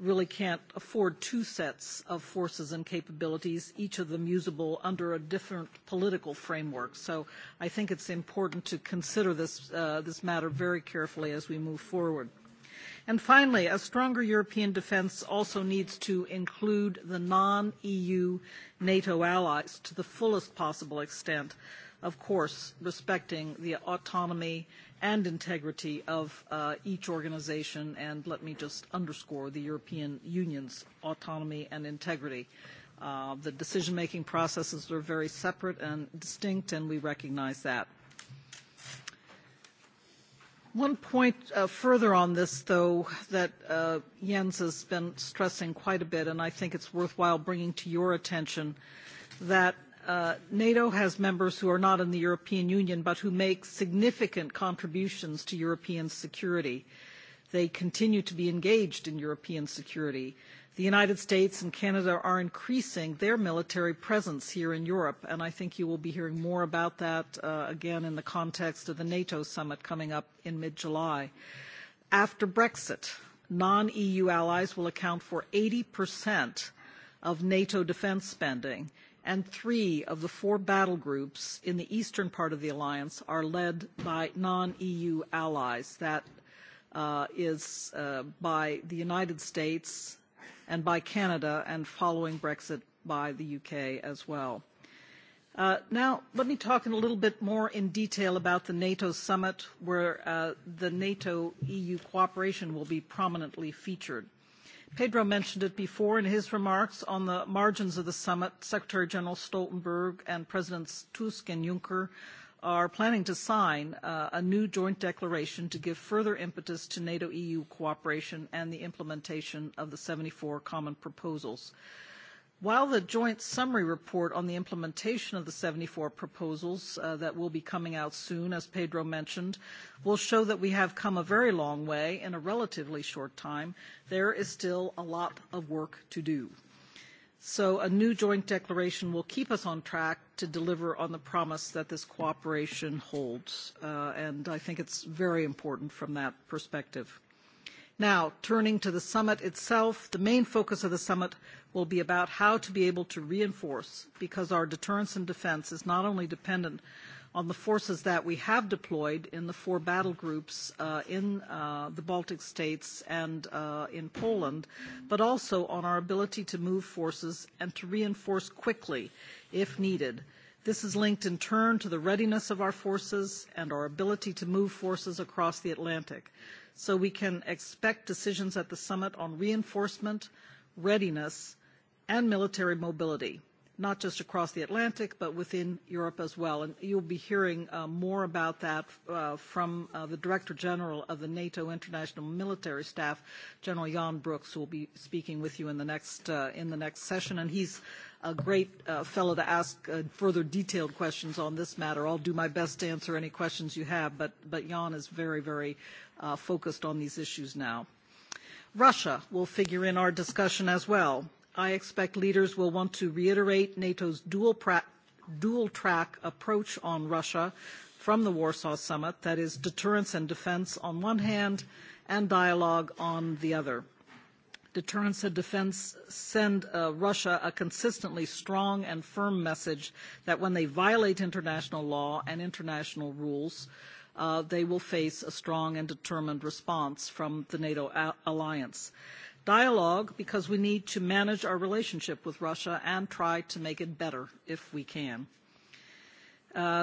really can't afford two sets of forces and capabilities, each of them usable under a different political framework. So I think it's important to consider this, uh, this matter very carefully as we move forward. And finally, a stronger European defence also needs to include the non-EU NATO allies to the fullest possible extent, of course, respecting the autonomy and integrity of uh, each organization, and let me just underscore the European Union's autonomy and integrity. Uh, the decision-making processes are very separate and distinct, and we recognize that. One point further on this, though, that Jens has been stressing quite a bit, and I think it's worthwhile bringing to your attention, that NATO has members who are not in the European Union but who make significant contributions to European security. They continue to be engaged in European security. The United States and Canada are increasing their military presence here in Europe, and I think you will be hearing more about that again in the context of the NATO summit coming up in mid-July. After Brexit, non-EU allies will account for 80% of NATO defence spending, and three of the four battle groups in the eastern part of the alliance are led by non-EU allies. That is by the United States and by Canada, and following Brexit by the UK as well. Now, let me talk in a little bit more in detail about the NATO summit, where the NATO-EU cooperation will be prominently featured. Pedro mentioned it before in his remarks on the margins of the summit. Secretary General Stoltenberg and Presidents Tusk and Juncker are planning to sign a new joint declaration to give further impetus to NATO-EU cooperation and the implementation of the 74 common proposals. Uh, While the joint summary report on the implementation of the 74 proposals that will be coming out soon, as Pedro mentioned, will show that we have come a very long way in a relatively short time, there is still a lot of work to do. So a new joint declaration will keep us on track to deliver on the promise that this cooperation holds. and I think it's very important from that perspective. Now, turning to the summit itself, the main focus of the summit will be about how to be able to reinforce, because our deterrence and defense is not only dependent on the forces that we have deployed in the four battle groups in the Baltic states and in Poland, but also on our ability to move forces and to reinforce quickly if needed. This is linked in turn to the readiness of our forces and our ability to move forces across the Atlantic so we can expect decisions at the summit on reinforcement, readiness, and military mobility, not just across the Atlantic, but within Europe as well. And you'll be hearing more about that from the Director General of the NATO International Military Staff, General Jan Brooks, who will be speaking with you in the next, in the next session. And he's a great uh, fellow to ask uh, further detailed questions on this matter. I'll do my best to answer any questions you have, but, but Jan is very, very uh, focused on these issues now. Russia will figure in our discussion as well. I expect leaders will want to reiterate NATO's dual track approach on Russia from the Warsaw Summit, that is, deterrence and defence on one hand, and dialogue on the other deterrence and defense send Russia a consistently strong and firm message that when they violate international law and international rules, they will face a strong and determined response from the NATO alliance. Dialogue, because we need to manage our relationship with Russia and try to make it better if we can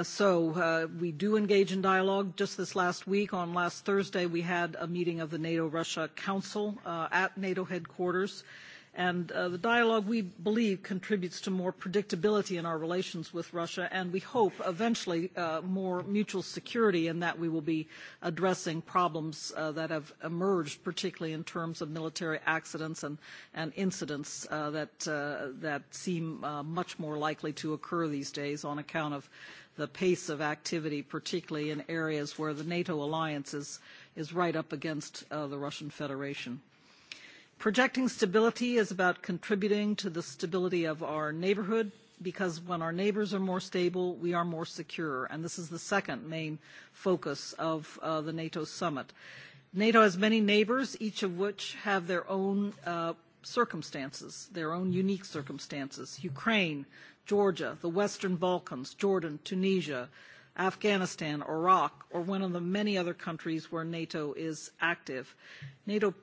so we do engage in dialogue. Just this last week, on last Thursday, we had a meeting of the NATO-Russia Council at NATO headquarters. Uh, And the dialogue, we believe, contributes to more predictability in our relations with Russia, and we hope eventually more mutual security in that we will be addressing problems that have emerged, particularly in terms of military accidents and, and incidents that, that seem much more likely to occur these days on account of the pace of activity, particularly in areas where the NATO alliance is, is right up against the Russian Federation. Projecting stability is about contributing to the stability of our neighborhood because when our neighbors are more stable, we are more secure. And this is the second main focus of uh, the NATO summit. NATO has many neighbors, each of which have their own uh, circumstances, their own unique circumstances. Ukraine, Georgia, the Western Balkans, Jordan, Tunisia, Afghanistan, Iraq, or one of the many other countries where NATO is active. NATO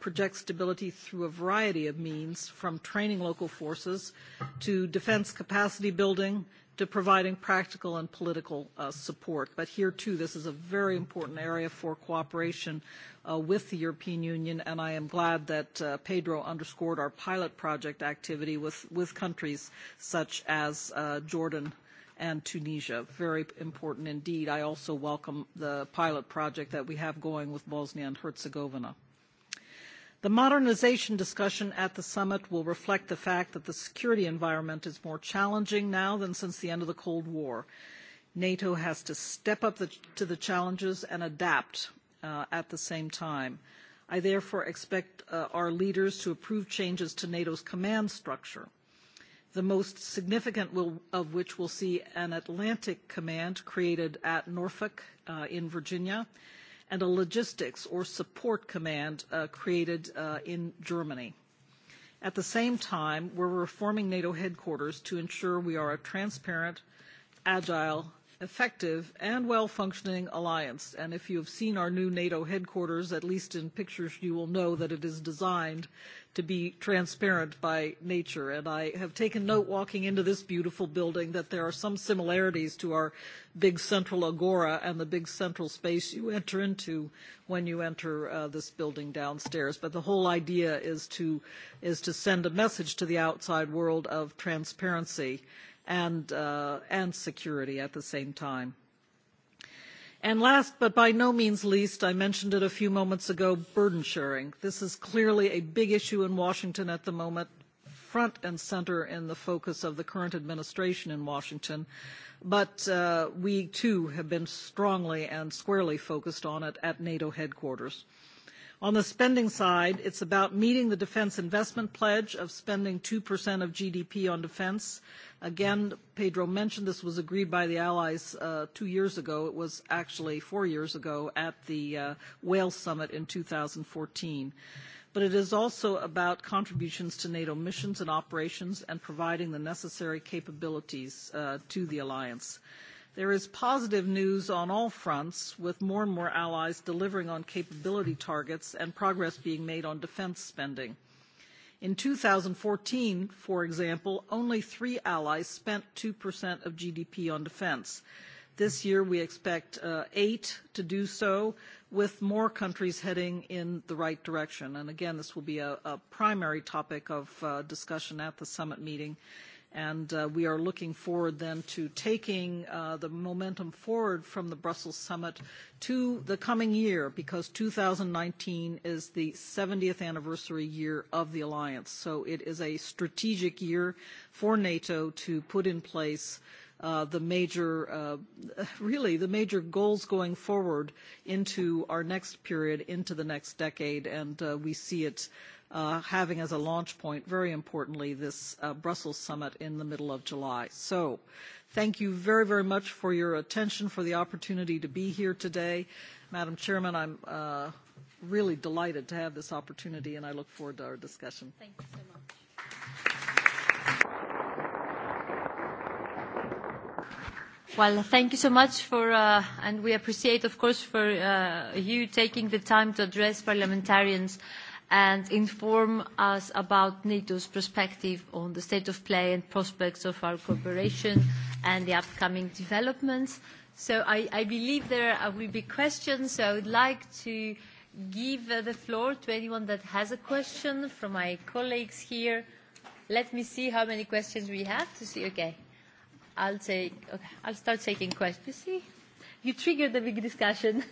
project stability through a variety of means, from training local forces to defense capacity building to providing practical and political support. But here, too, this is a very important area for cooperation with the European Union, and I am glad that Pedro underscored our pilot project activity with countries such as Jordan and Tunisia. Very important indeed. I also welcome the pilot project that we have going with Bosnia and Herzegovina. The modernisation discussion at the summit will reflect the fact that the security environment is more challenging now than since the end of the Cold War. NATO has to step up to the challenges and adapt at the same time. I therefore expect our leaders to approve changes to NATO's command structure, the most significant of which will see an Atlantic command created at Norfolk in Virginia, and a logistics or support command created in Germany. At the same time, we're reforming NATO headquarters to ensure we are a transparent, agile, effective and well-functioning alliance. And if you have seen our new NATO headquarters, at least in pictures, you will know that it is designed to be transparent by nature. And I have taken note walking into this beautiful building that there are some similarities to our big central agora and the big central space you enter into when you enter uh, this building downstairs. But the whole idea is to, is to send a message to the outside world of transparency and security at the same time. And last but by no means least, I mentioned it a few moments ago, burden sharing. This is clearly a big issue in Washington at the moment, front and center in the focus of the current administration in Washington. But we too have been strongly and squarely focused on it at NATO headquarters. On the spending side, it's about meeting the defense investment pledge of spending 2% of GDP on defense Again, Pedro mentioned this was agreed by the Allies uh, two years ago. It was actually four years ago at the uh, Wales Summit in 2014 but it is also about contributions to NATO missions and operations and providing the necessary capabilities to the alliance. There is positive news on all fronts, with more and more allies delivering on capability targets and progress being made on defense spending. In 2014, for example, only three allies spent 2% of GDP on defense. This year, we expect eight to do so, with more countries heading in the right direction. And again, this will be a primary topic of discussion at the summit meeting And we are looking forward then to taking the momentum forward from the Brussels summit to the coming year, because 2019 is the 70th anniversary year of the alliance. So it is a strategic year for NATO to put in place the major, really the major goals going forward into our next period, into the next decade, and we see it uh, having as a launch point, very importantly, this uh, Brussels summit in the middle of July. So thank you very, very much for your attention, for the opportunity to be here today. Madam Chairman, I'm uh, really delighted to have this opportunity, and I look forward to our discussion. Thank you so much. Well, thank you so much for, uh, and we appreciate, of course, for uh, you taking the time to address parliamentarians and inform us about NATO's perspective on the state of play and prospects of our cooperation and the upcoming developments. So I, I believe there will be questions, so I would like to give the floor to anyone that has a question from my colleagues here. Let me see how many questions we have to see. Okay, I'll, take, okay, I'll start taking questions. You see, you triggered the big discussion.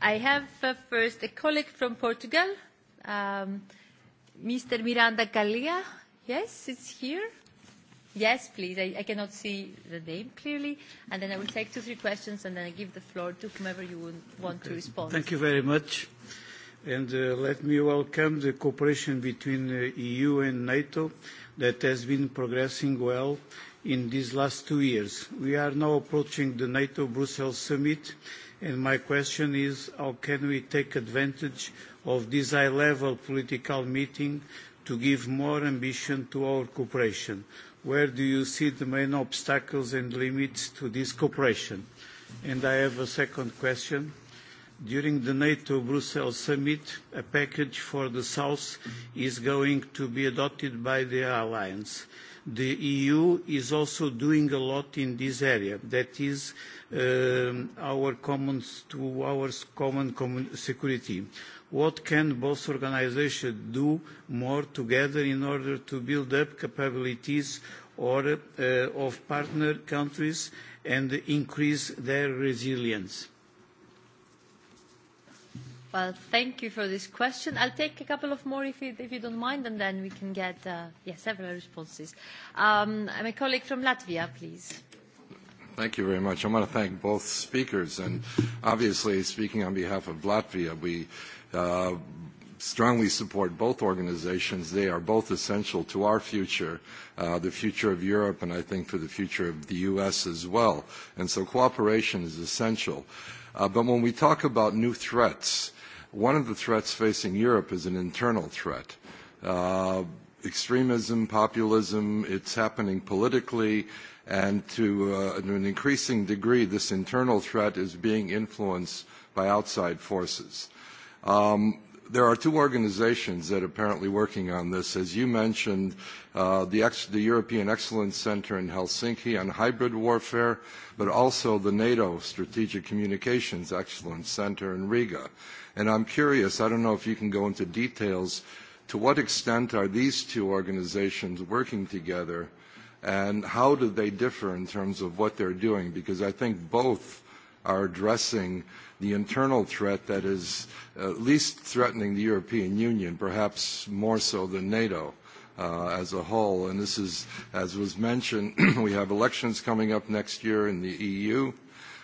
I have uh, first a colleague from Portugal, um, Mr. Miranda Galia. Yes, it's here. Yes, please. I, I cannot see the name clearly. And then I will take two, three questions, and then I give the floor to whomever you want to respond. Thank you very much and let me welcome the cooperation between the EU and NATO that has been progressing well in these last two years. We are now approaching the NATO Brussels summit, and my question is, how can we take advantage of this high-level political meeting to give more ambition to our cooperation? Where do you see the main obstacles and limits to this cooperation? And I have a second question During the NATO Brussels summit, a package for the South is going to be adopted by the alliance. The EU is also doing a lot in this area. That is our common to our common security. What can both organisations do more together in order to build up capabilities or of partner countries and increase their resilience? Well, thank you for this question. I'll take a couple of more if you, if you don't mind, and then we can get uh, yeah, several responses. Um, my colleague from Latvia, please. Thank you very much. I want to thank both speakers, and obviously, speaking on behalf of Latvia, we uh, strongly support both organizations. They are both essential to our future, uh, the future of Europe, and I think for the future of the U.S. as well. And so cooperation is essential. Uh, but when we talk about new threats, One of the threats facing Europe is an internal threat. Uh, extremism, populism, it's happening politically, and to, uh, to an increasing degree, this internal threat is being influenced by outside forces. Um, there are two organizations that are apparently working on this. As you mentioned, uh, the, ex- the European Excellence Center in Helsinki on hybrid warfare, but also the NATO Strategic Communications Excellence Center in Riga And I'm curious, I don't know if you can go into details, to what extent are these two organizations working together and how do they differ in terms of what they're doing? Because I think both are addressing the internal threat that is at least threatening the European Union, perhaps more so than NATO uh, as a whole. And this is, as was mentioned, we have elections coming up next year in the EU.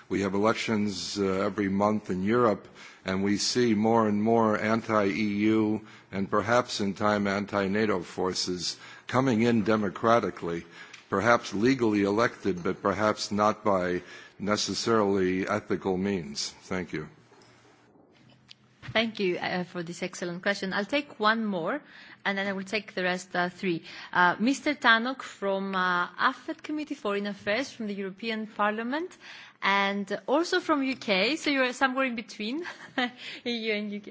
We have elections uh, every month in Europe and we see more and more anti-EU and perhaps in time anti-NATO forces coming in democratically, perhaps legally elected, but perhaps not by necessarily ethical means. Thank you. Thank you uh, for this excellent question. I'll take one more, and then I will take the rest uh, three. Uh, Mr. Tannock from uh, AFET Committee Foreign Affairs from the European Parliament and also from UK. So you are somewhere in between EU and UK,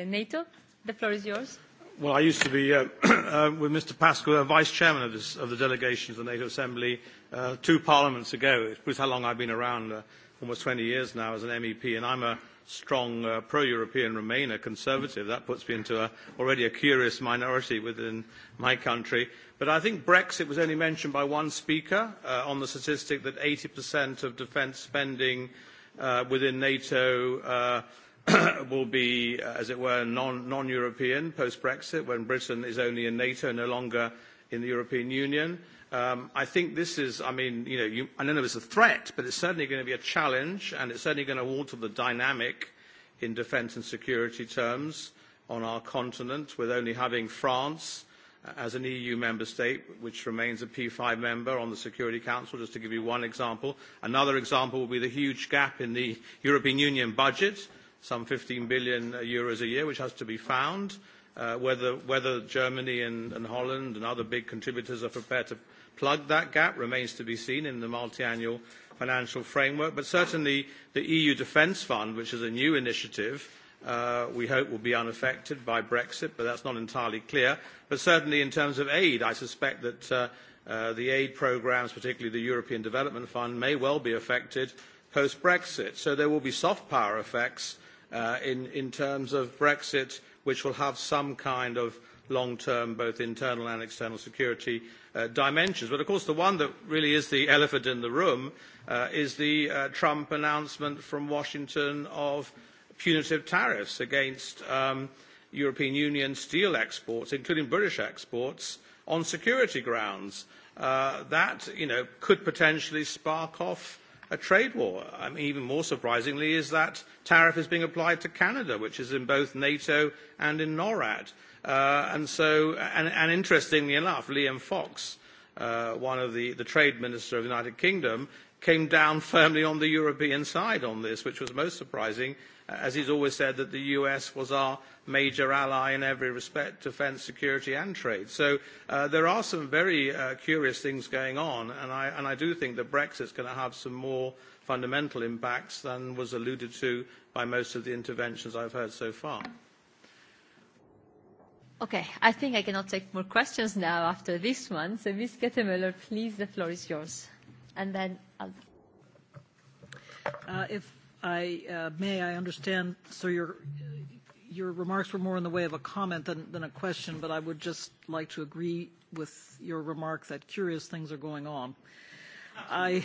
uh, NATO. The floor is yours. Well, I used to be uh, uh, with Mr. Pascal, uh, vice chairman of, this, of the delegation to the NATO Assembly uh, two parliaments ago. It proves how long I've been around, uh, almost 20 years now as an MEP, and I'm a strong uh, pro-European Remainer conservative. That puts me into a, already a curious minority within my country. But I think Brexit was only mentioned by one speaker uh, on the statistic that 80% of defence spending uh, within NATO uh, will be, as it were, non-European post-Brexit, when Britain is only in NATO, no longer in the European Union Um, I think this is, I mean, you know, you, I don't know if it's a threat, but it's certainly going to be a challenge, and it's certainly going to alter the dynamic in defence and security terms on our continent, with only having France as an EU member state, which remains a P5 member on the Security Council, just to give you one example. Another example will be the huge gap in the European Union budget, some 15 billion euros a year, which has to be found. Uh, whether, whether Germany and, and Holland and other big contributors are prepared to plug that gap remains to be seen in the multiannual financial framework, but certainly the EU Defence Fund, which is a new initiative, we hope will be unaffected by Brexit, but that's not entirely clear. But certainly in terms of aid, I suspect that the aid programmes, particularly the European Development Fund, may well be affected post-Brexit. So there will be soft power effects in terms of Brexit, which will have some kind of long-term, both internal and external security dimensions. But of course, the one that really is the elephant in the room is the Trump announcement from Washington of punitive tariffs against European Union steel exports, including British exports, on security grounds. that could potentially spark off a trade war. I mean, even more surprisingly is that tariff is being applied to Canada, which is in both NATO and in NORAD and so, and, and interestingly enough, Liam Fox, uh, one of the, the trade minister of the United Kingdom, came down firmly on the European side on this, which was most surprising, as he's always said that the US was our major ally in every respect, defence, security and trade. So uh, there are some very uh, curious things going on, and I, and I do think that Brexit's going to have some more fundamental impacts than was alluded to by most of the interventions I've heard so far. Okay, I think I cannot take more questions now after this one. So Ms. Gettemüller, please, the floor is yours. And then I'll... Uh, if I uh, may, I understand, so your, your remarks were more in the way of a comment than, than a question, but I would just like to agree with your remark that curious things are going on. I...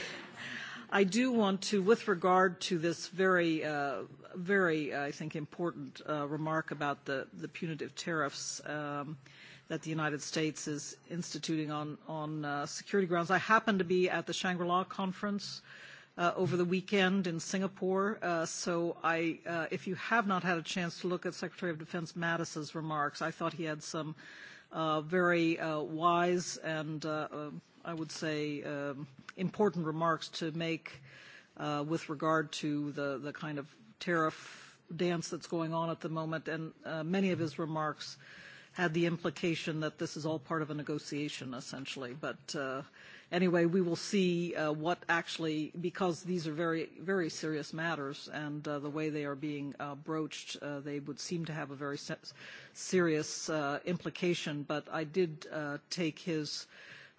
I do want to, with regard to this very, uh, very, I think, important uh, remark about the, the punitive tariffs um, that the United States is instituting on, on uh, security grounds, I happen to be at the Shangri-La conference uh, over the weekend in Singapore. Uh, so I, uh, if you have not had a chance to look at Secretary of Defense Mattis's remarks, I thought he had some uh, very uh, wise and uh, I would say, um, important remarks to make uh, with regard to the, the kind of tariff dance that's going on at the moment. And uh, many of his remarks had the implication that this is all part of a negotiation, essentially. But uh, anyway, we will see uh, what actually, because these are very, very serious matters, and uh, the way they are being uh, broached, uh, they would seem to have a very serious uh, implication. But I did uh, take his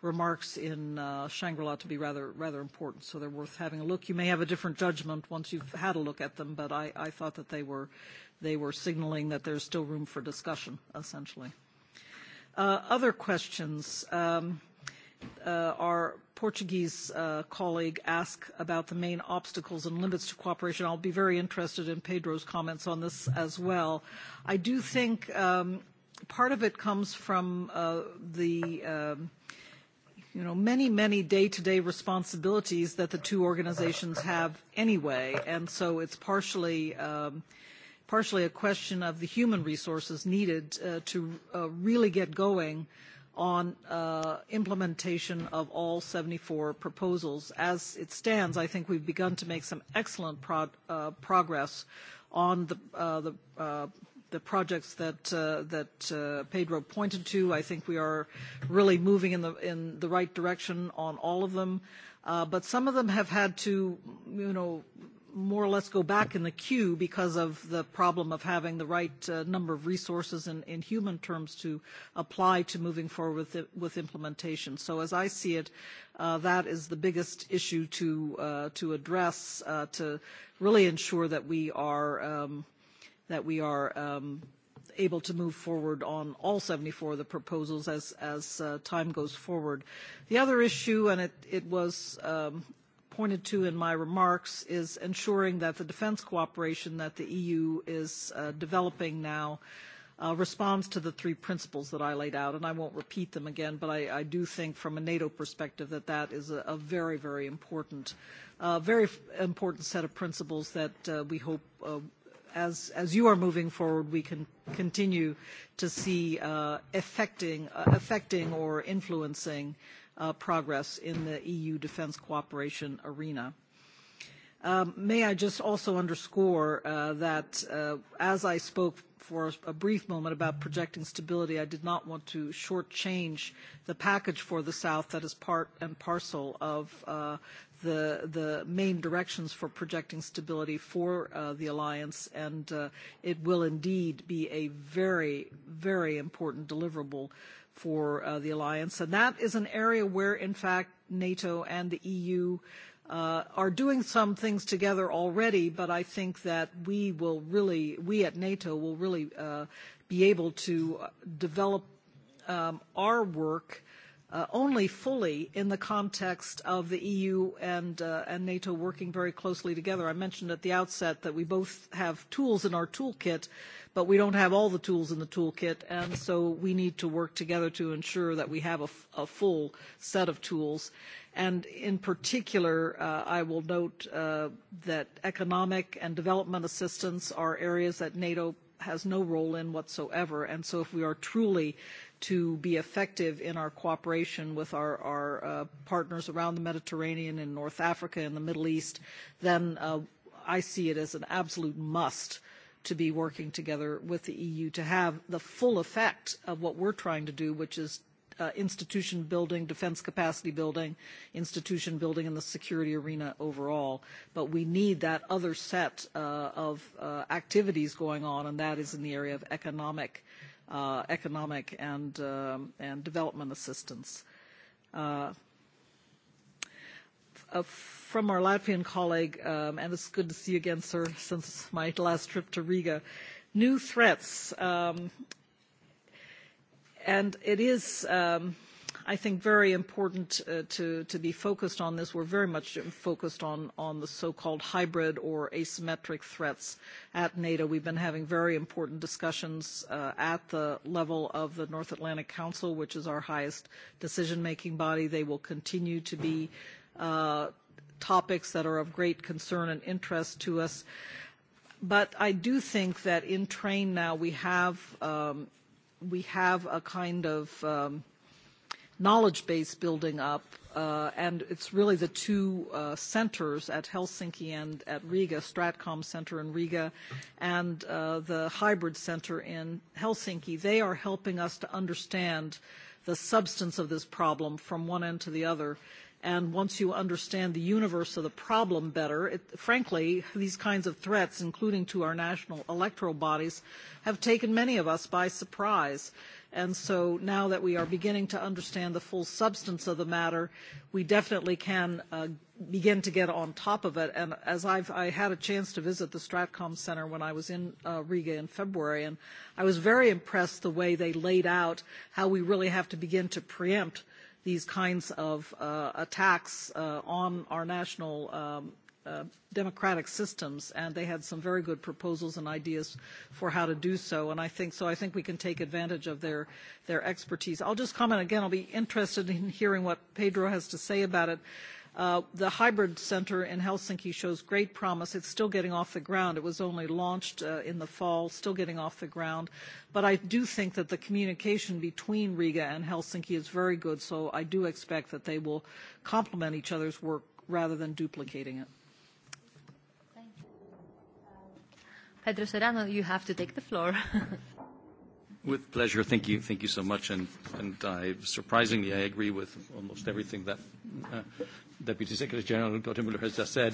remarks in uh, Shangri-La to be rather rather important, so they're worth having a look. You may have a different judgment once you've had a look at them, but I, I thought that they were they were signaling that there's still room for discussion, essentially. Uh, other questions. Um, uh, our Portuguese uh, colleague asked about the main obstacles and limits to cooperation. I'll be very interested in Pedro's comments on this as well. I do think um, part of it comes from uh, the um, uh, you know, many, many day-to-day responsibilities that the two organizations have anyway. And so it's partially, um, partially a question of the human resources needed uh, to uh, really get going on uh, implementation of all 74 proposals. As it stands, I think we've begun to make some excellent prog uh, progress on the, uh, the uh, the projects that Pedro pointed to. I think we are really moving in the right direction on all of them. But some of them have had to, you know, more or less go back in the queue because of the problem of having the right number of resources in human terms to apply to moving forward with implementation. So as I see it, that is the biggest issue to address to really ensure that we are that we are um able to move forward on all 74 of the proposals as as uh time goes forward. The other issue, and it it was um pointed to in my remarks, is ensuring that the defense cooperation that the EU is uh developing now uh responds to the three principles that I laid out, and I won't repeat them again, but I I do think from a NATO perspective that that is a a very, very important uh very important set of principles that uh we hope uh as, as you are moving forward, we can continue to see affecting, affecting or influencing progress in the EU defence cooperation arena. May I just also underscore that as I spoke for a brief moment about projecting stability, I did not want to shortchange the package for the South that is part and parcel of the, the main directions for projecting stability for uh, the alliance, and uh, it will indeed be a very, very important deliverable for uh, the alliance. And that is an area where, in fact, NATO and the EU uh, are doing some things together already, but I think that we will really, we at NATO will really uh, be able to develop um, our work only fully in the context of the EU and, NATO working very closely together. I mentioned at the outset that we both have tools in our toolkit, but we don't have all the tools in the toolkit, and so we need to work together to ensure that we have a, full set of tools. And in particular, I will note that economic and development assistance are areas that NATO has no role in whatsoever. And so if we are truly to be effective in our cooperation with our, our uh, partners around the Mediterranean and North Africa and the Middle East, then uh, I see it as an absolute must to be working together with the EU to have the full effect of what we're trying to do, which is institution building, defense capacity building, institution building in the security arena overall. But we need that other set of activities going on, and that is in the area of economic, economic and, and development assistance. from our Latvian colleague, um and it's good to see you again, sir, since my last trip to Riga. New threats um And it is, I think, very important to be focused on this. We're very much focused on on the so-called hybrid or asymmetric threats at NATO. We've been having very important discussions at the level of the North Atlantic Council, which is our highest decision-making body. They will continue to be topics that are of great concern and interest to us. But I do think that in train now we have we have a kind of um, knowledge base building up, uh, and it's really the two uh, centers at Helsinki and at Riga, Stratcom Center in Riga and uh, the Hybrid Center in Helsinki. They are helping us to understand the substance of this problem from one end to the other And once you understand the universe of the problem better, it, frankly, these kinds of threats, including to our national electoral bodies, have taken many of us by surprise. And so now that we are beginning to understand the full substance of the matter, we definitely can uh, begin to get on top of it. And as I've, I had a chance to visit the Stratcom Center when I was in uh, Riga in February, and I was very impressed the way they laid out how we really have to begin to preempt these kinds of attacks on our national democratic systems, and they had some very good proposals and ideas for how to do so. And I think so. I think we can take advantage of their their expertise. I'll just comment again. I'll be interested in hearing what Pedro has to say about it the hybrid center in Helsinki shows great promise. It's still getting off the ground. It was only launched in the fall, still getting off the ground. But I do think that the communication between Riga and Helsinki is very good, so I do expect that they will complement each other's work rather than duplicating it. Pedro Serrano, you have to take the floor. With pleasure. Thank you. Thank you so much. And and I surprisingly, I agree with almost everything that uh Deputy Secretary General Dr. Müller has just said.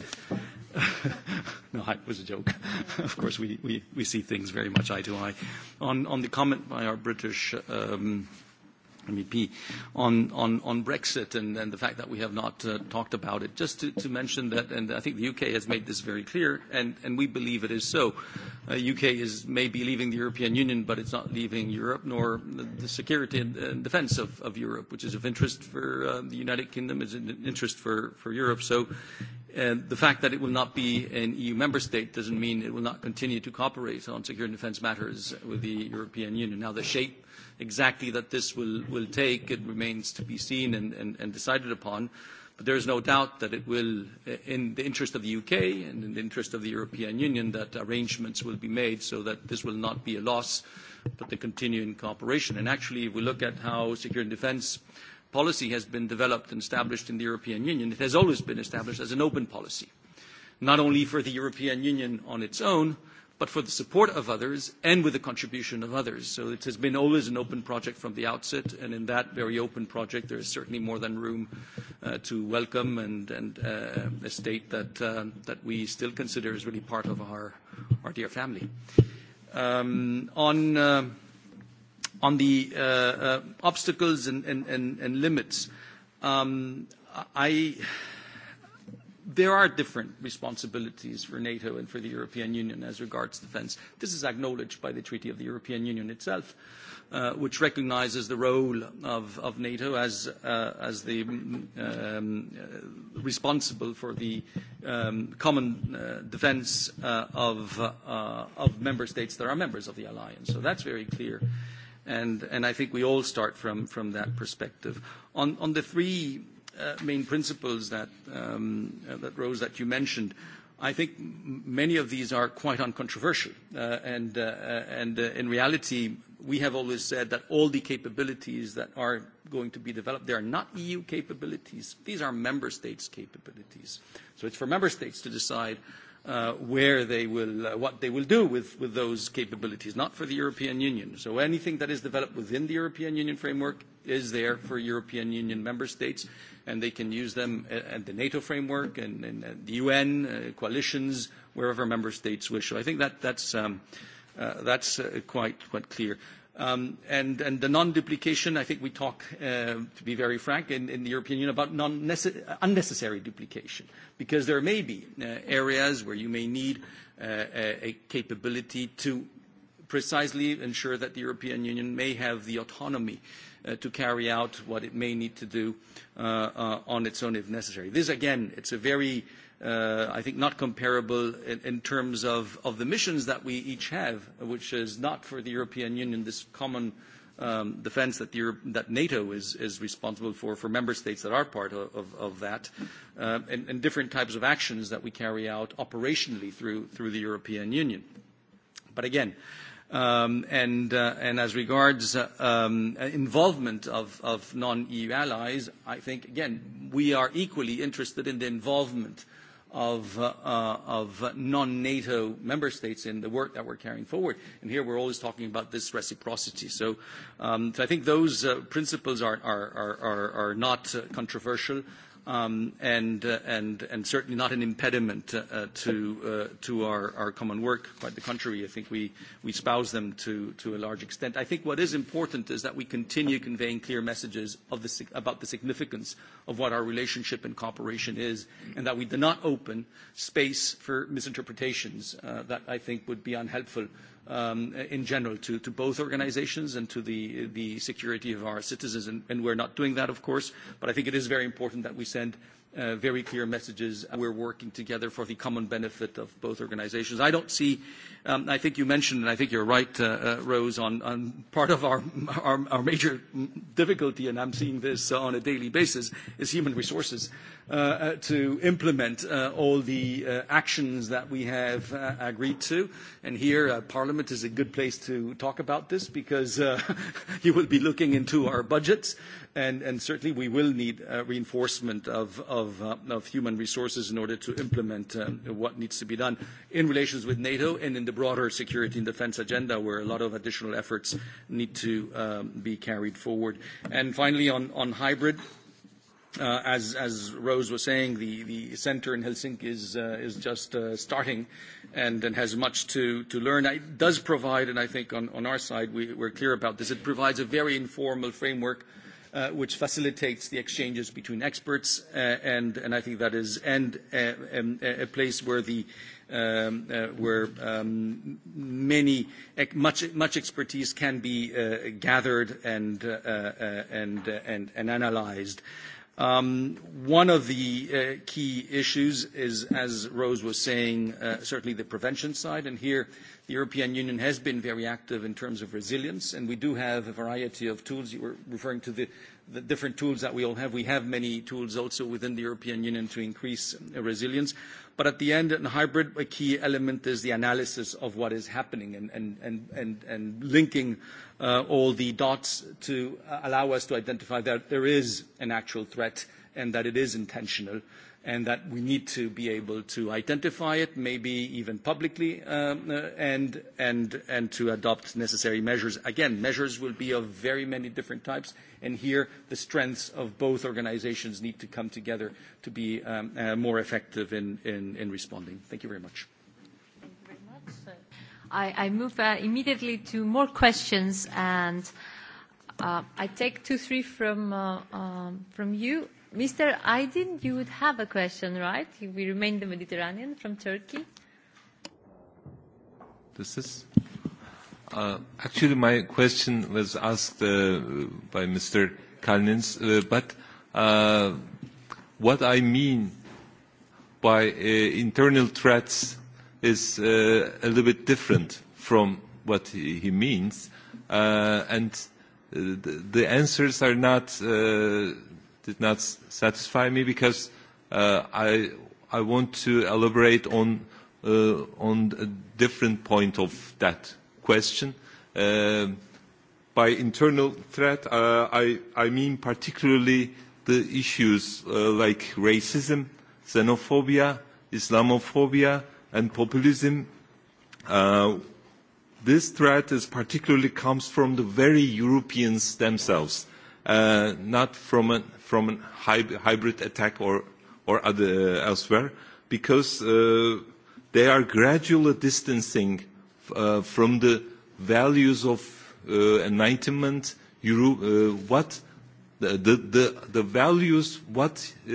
No, it was a joke. Of course, we we we see things very much eye to eye. On on the comment by our British um MEP on Brexit and the fact that we have not talked about it. Just to mention that, and I think the U.K. has made this very clear, and we believe it is so. U.K. is maybe leaving the European Union, but it's not leaving Europe nor the security and defense of Europe, which is of interest for the United Kingdom, is an interest for Europe. So The fact that it will not be an EU member state doesn't mean it will not continue to cooperate on security and defence matters with the European Union. Now, the shape exactly that this will will take, it remains to be seen and and and decided upon. But there is no doubt that it will, in the interest of the U.K. and in the interest of the European Union, that arrangements will be made so that this will not be a loss, but the continuing cooperation. And Actually, if we look at how security and defence policy has been developed and established in the European Union, it has always been established as an open policy, not only for the European Union on its own, but for the support of others and with the contribution of others. So it has been always an open project from the outset, and in that very open project, there is certainly more than room uh, to welcome and, and uh, a state that, uh, that we still consider is really part of our, our dear family. Um, on... Uh, on the obstacles and limits, there are different responsibilities for NATO and for the European Union as regards defence. This is acknowledged by the Treaty of the European Union itself, which recognizes the role of, NATO as, the responsible for the common defence of, member states that are members of the alliance. So that's very clear and and I think we all start from that perspective. On on the three uh, main principles that um, that Rose that you mentioned, I think many of these are quite uncontroversial, uh, and uh, and uh, in reality, we have always said that all the capabilities that are going to be developed, they are not EU capabilities. These are member states' capabilities. So it's for member states to decide uh, where they will, uh, what they will do with, with those capabilities, not for the European Union. So anything that is developed within the European Union framework is there for European Union member states, and they can use them at the NATO framework and, and the UN, uh, coalitions, wherever member states wish. So I think that, that's, um, uh, that's uh, quite, quite clear. Um, and, and the non-duplication, I think we talk, uh, to be very frank, in, in the European Union about non unnecessary duplication, because there may be uh, areas where you may need uh, a, a capability to precisely ensure that the European Union may have the autonomy to carry out what it may need to do on its own if necessary. This, again, it's a very I think not comparable in terms of the missions that we each have, which is not for the European Union, this common defense that NATO is responsible for, for member states that are part of that, and different types of actions that we carry out operationally through the European Union. But again, and as regards involvement of non-EU allies, I think, again, we are equally interested in the involvement of, uh, of non-NATO member states in the work that we're carrying forward. And here we're always talking about this reciprocity. So, um, so I think those uh, principles are, are, are, are, are not uh, controversial um, and, uh, and, and certainly not an impediment uh, to, uh, to our, our common work. Quite the contrary, I think we, we them to, to a large extent. I think what is important is that we continue conveying clear messages of the, about the significance of what our relationship and cooperation is, and that we do not open space for misinterpretations that I think would be unhelpful in general to, to both organizations and to the, the security of our citizens. we're not doing that, of course, but I think it is very important that we send very clear messages. We're working together for the common benefit of both organizations. I don't see, um, I think you mentioned, and I think you're right, uh, uh, Rose, on, on part of our, our, our major difficulty, and I'm seeing this on a daily basis, is human resources uh, to implement uh, all the uh, actions that we have uh, agreed to. And here, uh, Parliament is a good place to talk about this because uh, you will be looking into our budgets and certainly we will need reinforcement of human resources in order to implement what needs to be done in relations with NATO and in the broader security and defense agenda, where a lot of additional efforts need to be carried forward. And finally, on hybrid, as Rose was saying, the center in Helsinki is just starting and has much to learn. It does provide, and I think on our side, we're clear about this, it provides a very informal framework which facilitates the exchanges between experts, and I think that is a place where the where many much expertise can be gathered and Um One of the key issues is, as Rose was saying, certainly the prevention side, and here The European Union has been very active in terms of resilience, and we do have a variety of tools. You were referring to the, the different tools that we all have. We have many tools also within the European Union to increase resilience. But at the end, in hybrid, a key element is the analysis of what is happening and, and, and, and, and linking uh, all the dots to allow us to identify that there is an actual threat and that it is intentional and that we need to be able to identify it, maybe even publicly, and, and, and to adopt necessary measures. Again, measures will be of very many different types, and here the strengths of both organizations need to come together to be um, more effective in, in, in responding. Thank you very much. Thank you very much. I, I move uh, immediately to more questions, and uh, I take two, three from, uh, um, from you Mr. Aydin, you would have a question, right? We remain the Mediterranean from Turkey. This is uh, actually my question was asked uh, by Mr. Kalnins, uh, but uh, what I mean by uh, internal threats is uh, a little bit different from what he, he means, uh, and the, the answers are not. Uh, did not satisfy me because uh, I, I want to elaborate on, uh, on a different point of that question. Uh, by internal threat, uh, I, I mean particularly the issues uh, like racism, xenophobia, Islamophobia, and populism. Uh, this threat is particularly comes from the very Europeans themselves, uh, not from, a, from a hybrid attack or or other elsewhere, because uh they are gradually distancing uh from the values of uh enlightenment, Euro uh what the the the the values what uh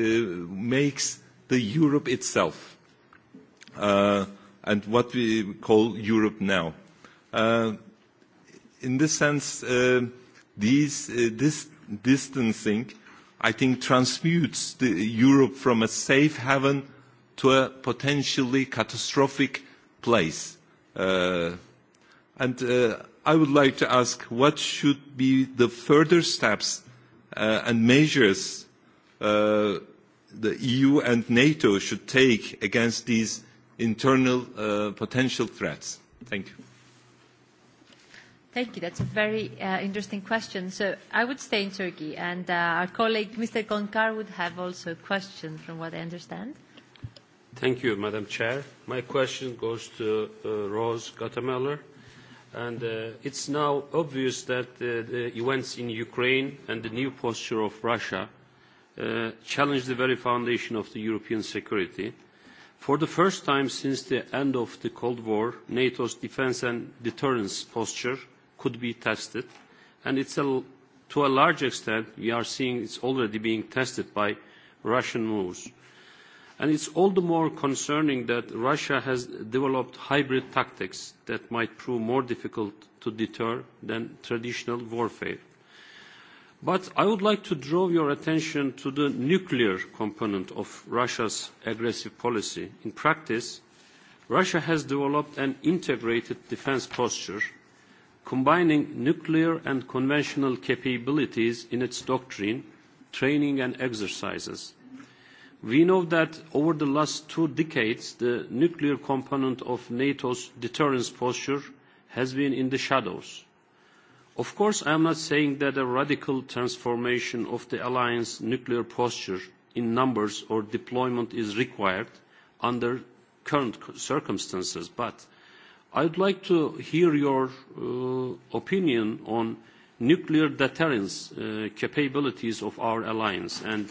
makes the Europe itself, uh and what we call Europe now. Uh In this sense, uh these uh this distancing uh I think, transmutes the Europe from a safe haven to a potentially catastrophic place. Uh, and uh, I would like to ask what should be the further steps uh, and measures uh, the EU and NATO should take against these internal uh, potential threats? Thank you. Thank you. That's a very uh, interesting question. So I would stay in Turkey, and uh, our colleague, Mr. Konkar, would have also a question, from what I understand. Thank you, Madam Chair. My question goes to uh, Rose Guttemeller. And uh, it's now obvious that uh, the events in Ukraine and the new posture of Russia uh, challenge the very foundation of the European security. For the first time since the end of the Cold War, NATO's defence and deterrence posture could be tested, and it's a, to a large extent we are seeing it's already being tested by Russian moves. And it's all the more concerning that Russia has developed hybrid tactics that might prove more difficult to deter than traditional warfare. But I would like to draw your attention to the nuclear component of Russia's aggressive policy. In practice, Russia has developed an integrated defence posture combining nuclear and conventional capabilities in its doctrine, training and exercises. We know that over the last two decades, the nuclear component of NATO's deterrence posture has been in the shadows. Of course, I am not saying that a radical transformation of the alliance nuclear posture in numbers or deployment is required under current circumstances, but I'd like to hear your uh, opinion on nuclear deterrence uh, capabilities of our alliance and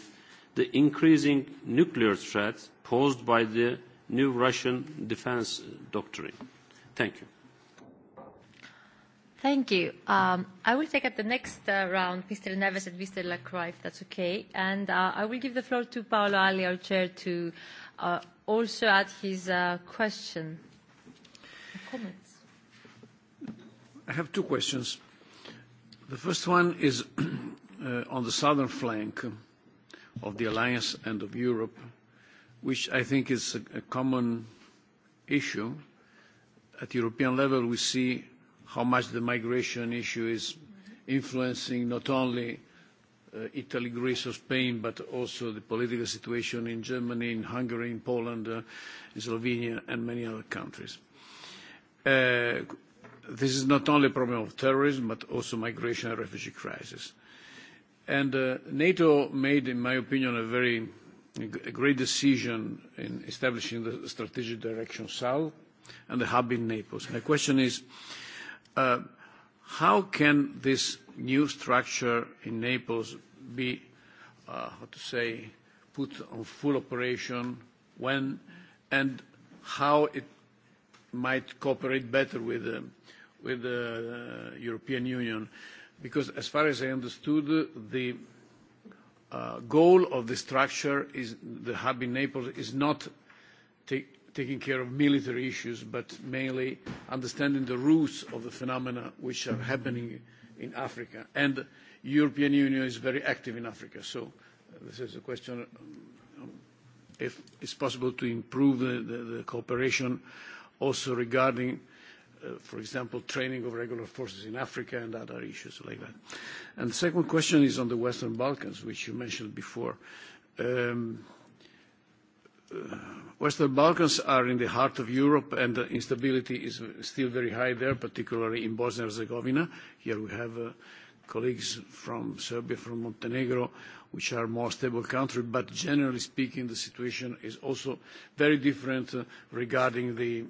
the increasing nuclear threat posed by the new Russian defense doctrine. Thank you. Thank you. Um, I will take up the next uh, round, Mr. Neves and Mr. Lacroix, if that's okay. And uh, I will give the floor to Paolo Ali, our chair, to uh, also add his uh, question comments. I have two questions. The first one is on the southern flank of the alliance and of Europe, which I think is a common issue. At European level, we see how much the migration issue is influencing not only Italy, Greece, or Spain, but also the political situation in Germany, in Hungary, in Poland, in Slovenia, and many other countries this is not only a problem of terrorism, but also migration and refugee crisis. And NATO made, in my opinion, a very a great decision in establishing the strategic direction South and the hub in Naples. My question is, uh, how can this new structure in Naples be, uh, how to say, put on full operation when and how it might cooperate better with the, with the European Union. Because as far as I understood, the uh, goal of the structure is the hub in Naples is not take, taking care of military issues, but mainly understanding the roots of the phenomena which are happening in Africa. And the European Union is very active in Africa. So this is a question if it's possible to improve the, the, the cooperation also regarding, for example, training of regular forces in Africa and other issues like that. And the second question is on the Western Balkans, which you mentioned before. Western Balkans are in the heart of Europe, and instability is still very high there, particularly in Bosnia and Herzegovina. Here we have colleagues from Serbia, from Montenegro, which are more stable countries. But generally speaking, the situation is also very different regarding the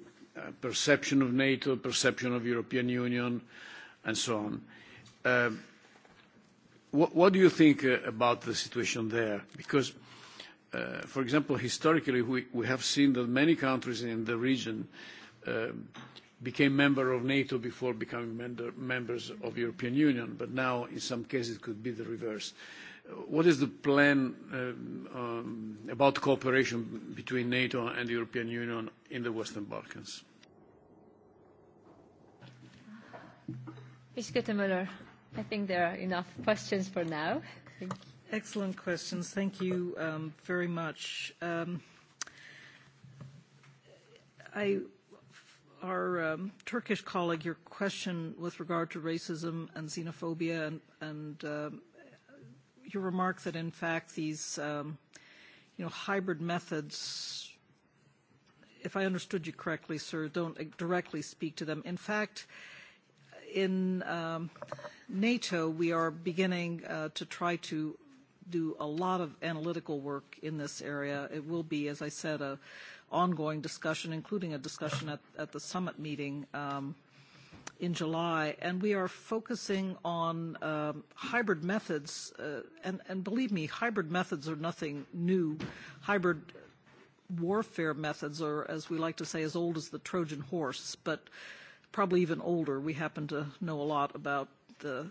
perception of NATO, perception of European Union, and so on. what, do you think about the situation there? Because, for example, historically, we, we have seen that many countries in the region became member of NATO before becoming members of the European Union, but now in some cases it could be the reverse. What is the plan about cooperation between NATO and the European Union in the Western Balkans? Ms. Müller, I think there are enough questions for now. Thank you. Excellent questions. Thank you um, very much. Um, I our Turkish colleague, your question with regard to racism and xenophobia and your remark that in fact these um, you know hybrid methods, if I understood you correctly, sir, don't directly speak to them. In fact, in um, NATO, we are beginning uh, to try to do a lot of analytical work in this area. It will be, as I said, a ongoing discussion, including a discussion at, at the summit meeting. Um, in July, and we are focusing on hybrid methods. And believe me, hybrid methods are nothing new. Hybrid warfare methods are, as we like to say, as old as the Trojan horse, but probably even older. We happen to know a lot about the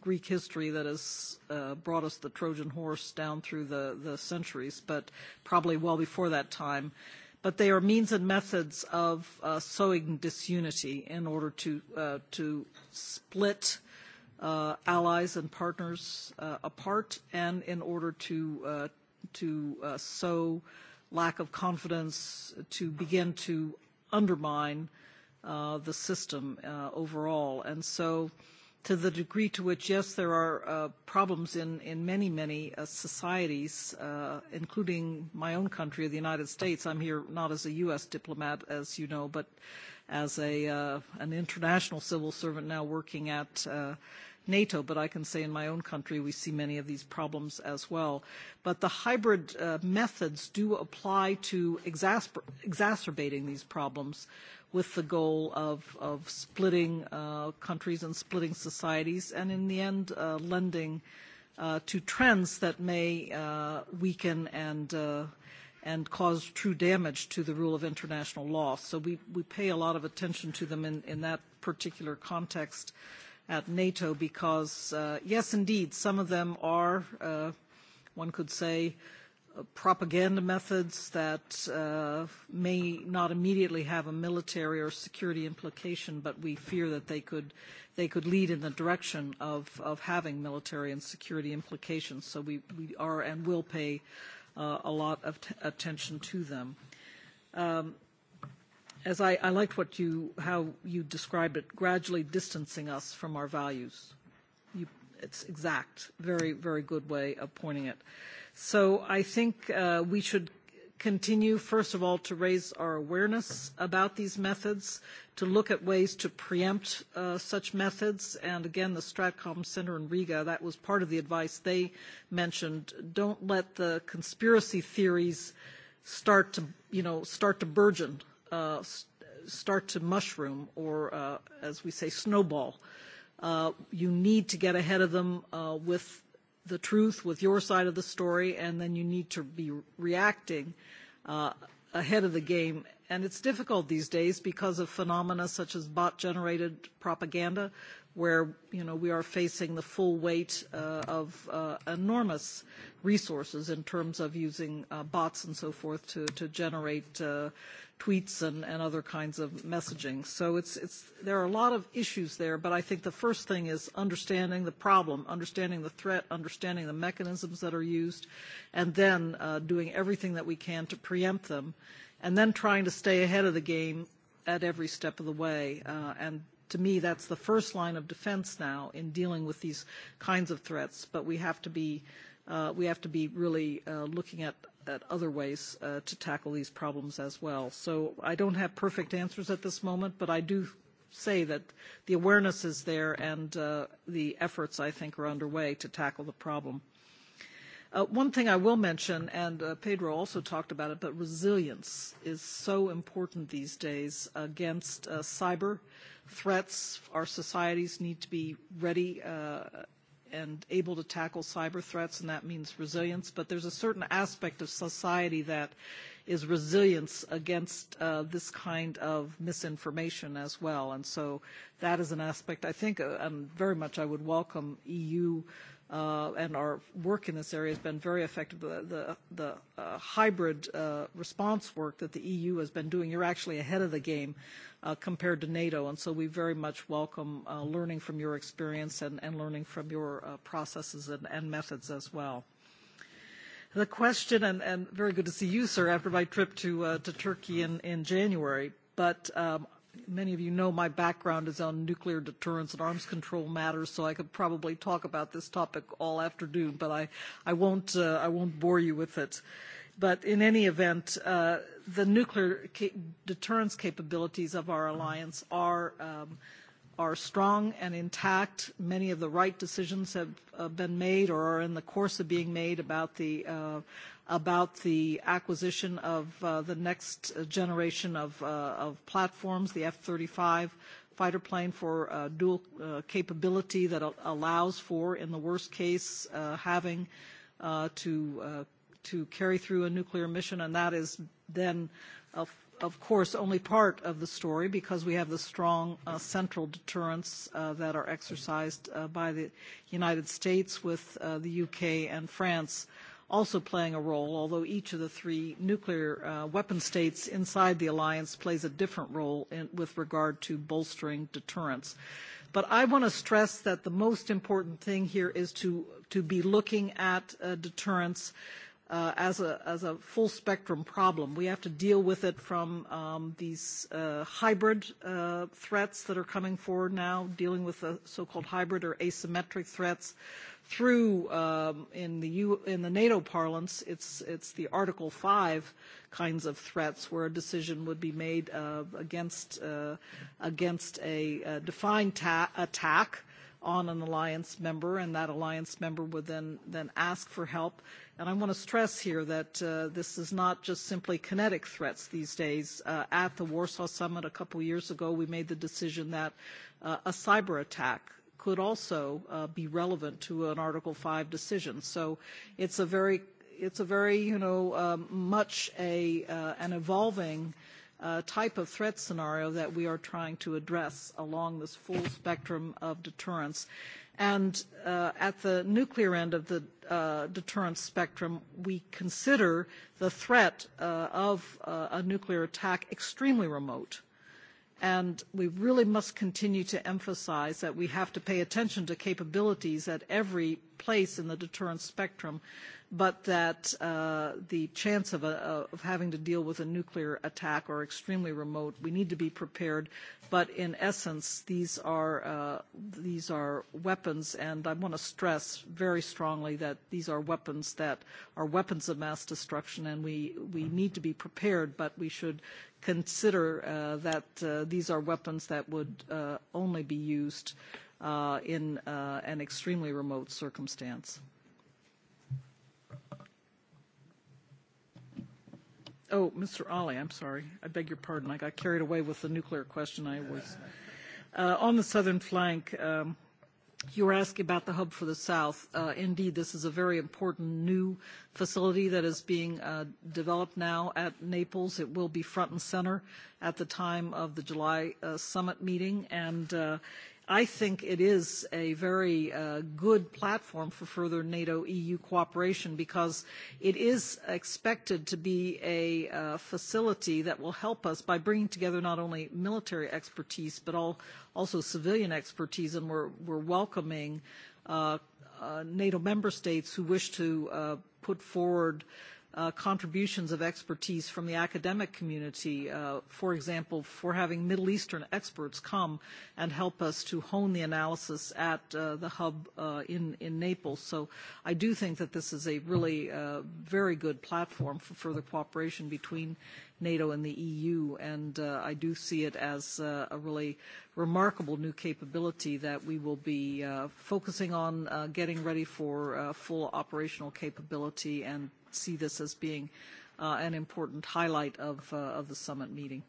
Greek history that has uh, brought us the Trojan horse down through the, the centuries, but probably well before that time but they are means and methods of sowing disunity in order to split allies and partners apart and in order to sow lack of confidence to begin to undermine the system overall. And so to the degree to which, yes, there are uh, problems in, in many, many uh, societies, uh, including my own country, the United States. I'm here not as a U.S. diplomat, as you know, but as a, uh, an international civil servant now working at uh, NATO, but I can say in my own country we see many of these problems as well. But the hybrid uh, methods do apply to exasper- exacerbating these problems with the goal of, of splitting uh, countries and splitting societies, and in the end, uh, lending uh, to trends that may uh, weaken and uh, and cause true damage to the rule of international law. So we, we pay a lot of attention to them in, in that particular context. Uh, at NATO because, yes, indeed, some of them are, one could say, propaganda methods that may not immediately have a military or security implication, but we fear that they could they could lead in the direction of of having military and security implications. So we we are and will pay a lot of attention to them as I, I liked what you, how you described it, gradually distancing us from our values. You, it's exact, very, very good way of pointing it. So I think uh, we should continue, first of all, to raise our awareness about these methods, to look at ways to preempt uh, such methods. And again, the Stratcom Center in Riga, that was part of the advice they mentioned. Don't let the conspiracy theories start to, you know, start to burgeon uh, start to mushroom or, uh, as we say, snowball. Uh, you need to get ahead of them uh, with the truth, with your side of the story, and then you need to be reacting uh, ahead of the game. And it's difficult these days because of phenomena such as bot generated propaganda where you know we are facing the full weight of enormous resources in terms of using bots and so forth to to generate tweets and and other kinds of messaging. So it's it's there are a lot of issues there, but I think the first thing is understanding the problem, understanding the threat, understanding the mechanisms that are used, and then doing everything that we can to preempt them, and then trying to stay ahead of the game at every step of the way. And to me, that's the first line of defense now in dealing with these kinds of threats. But we have to be, uh, we have to be really uh, looking at, at other ways uh, to tackle these problems as well. So I don't have perfect answers at this moment, but I do say that the awareness is there and uh, the efforts, I think, are underway to tackle the problem. One thing I will mention, and Pedro also talked about it, but resilience is so important these days against cyber threats. Our societies need to be ready and able to tackle cyber threats, and that means resilience. But there's a certain aspect of society that is resilience against this kind of misinformation as well. And so that is an aspect I think, and very much I would welcome EU uh, and our work in this area has been very effective. The, the, the uh, hybrid uh, response work that the EU has been doing, you're actually ahead of the game uh, compared to NATO, and so we very much welcome uh, learning from your experience and, and learning from your uh, processes and, and methods as well the question, and, and very good to see you, sir, after my trip to, uh, to Turkey in, in January. But um, many of you know my background is on nuclear deterrence and arms control matters, so I could probably talk about this topic all afternoon, but I, I, won't, uh, I won't bore you with it. But in any event, uh, the nuclear ca- deterrence capabilities of our alliance are, um, are strong and intact. Many of the right decisions have uh, been made or are in the course of being made about the uh, about the acquisition of the next generation of platforms, the F-35 fighter plane for dual capability that allows for, in the worst case, having to carry through a nuclear mission. And that is then, of course, only part of the story because we have the strong central deterrence that are exercised by the United States with the U.K. and France also playing a role, although each of the three nuclear weapon states inside the alliance plays a different role with regard to bolstering deterrence. But I want to stress that the most important thing here is to, be looking at deterrence uh, as, a, as a full spectrum problem. We have to deal with it from um, these uh, hybrid uh, threats that are coming forward now, dealing with the so-called hybrid or asymmetric threats, through um, in the U, in the NATO parlance, it's it's the Article 5 kinds of threats where a decision would be made uh, against uh, against a, a defined ta- attack on an alliance member, and that alliance member would then, then ask for help. And I want to stress here that uh, this is not just simply kinetic threats these days. Uh, at the Warsaw Summit a couple years ago, we made the decision that uh, a cyber attack could also uh, be relevant to an Article 5 decision. So it's a very, it's a very you know, um, much a, uh, an evolving uh, type of threat scenario that we are trying to address along this full spectrum of deterrence. And at the nuclear end of the deterrence spectrum, we consider the threat of a nuclear attack extremely remote. And we really must continue to emphasize that we have to pay attention to capabilities at every place in the deterrence spectrum but that uh, the chance of, a, of having to deal with a nuclear attack are extremely remote. We need to be prepared, but in essence, these are uh, these are weapons, and I want to stress very strongly that these are weapons that are weapons of mass destruction, and we we need to be prepared, but we should consider uh, that uh, these are weapons that would uh, only be used uh, in uh, an extremely remote circumstance. Oh, Mr. Ali, I'm sorry. I beg your pardon. I got carried away with the nuclear question. I was uh on the southern flank. Um, You were asking about the hub for the south. Uh Indeed, this is a very important new facility that is being uh developed now at Naples. It will be front and center at the time of the July uh summit meeting, and I think it is a very good platform for further NATO-EU cooperation because it is expected to be a facility that will help us by bringing together not only military expertise but also civilian expertise, and we're welcoming NATO member states who wish to put forward contributions of expertise from the academic community, for example, for having Middle Eastern experts come and help us to hone the analysis at the hub in Naples. So I do think that this is a really very good platform for further cooperation between NATO and the EU, and I do see it as a really remarkable new capability that we will be focusing on getting ready for full operational capability and see this as being uh, an important highlight of, uh, of the summit meeting.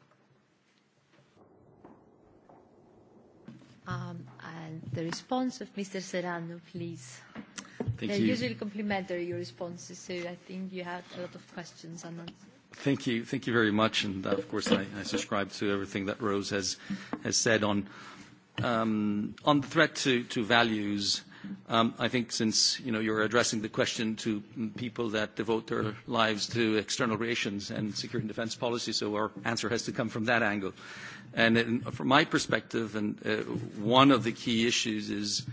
Um, and the response of Mr. Serrano, please. Thank They're you. usually complimentary, your responses, so I think you had a lot of questions unanswered. Thank you. Thank you very much. And of course, I, I subscribe to everything that Rose has, has said on, um, on the threat to, to values I think since you know you're addressing the question to people that devote their lives to external relations and security and defence policy, so our answer has to come from that angle. And from my perspective, and one of the key issues is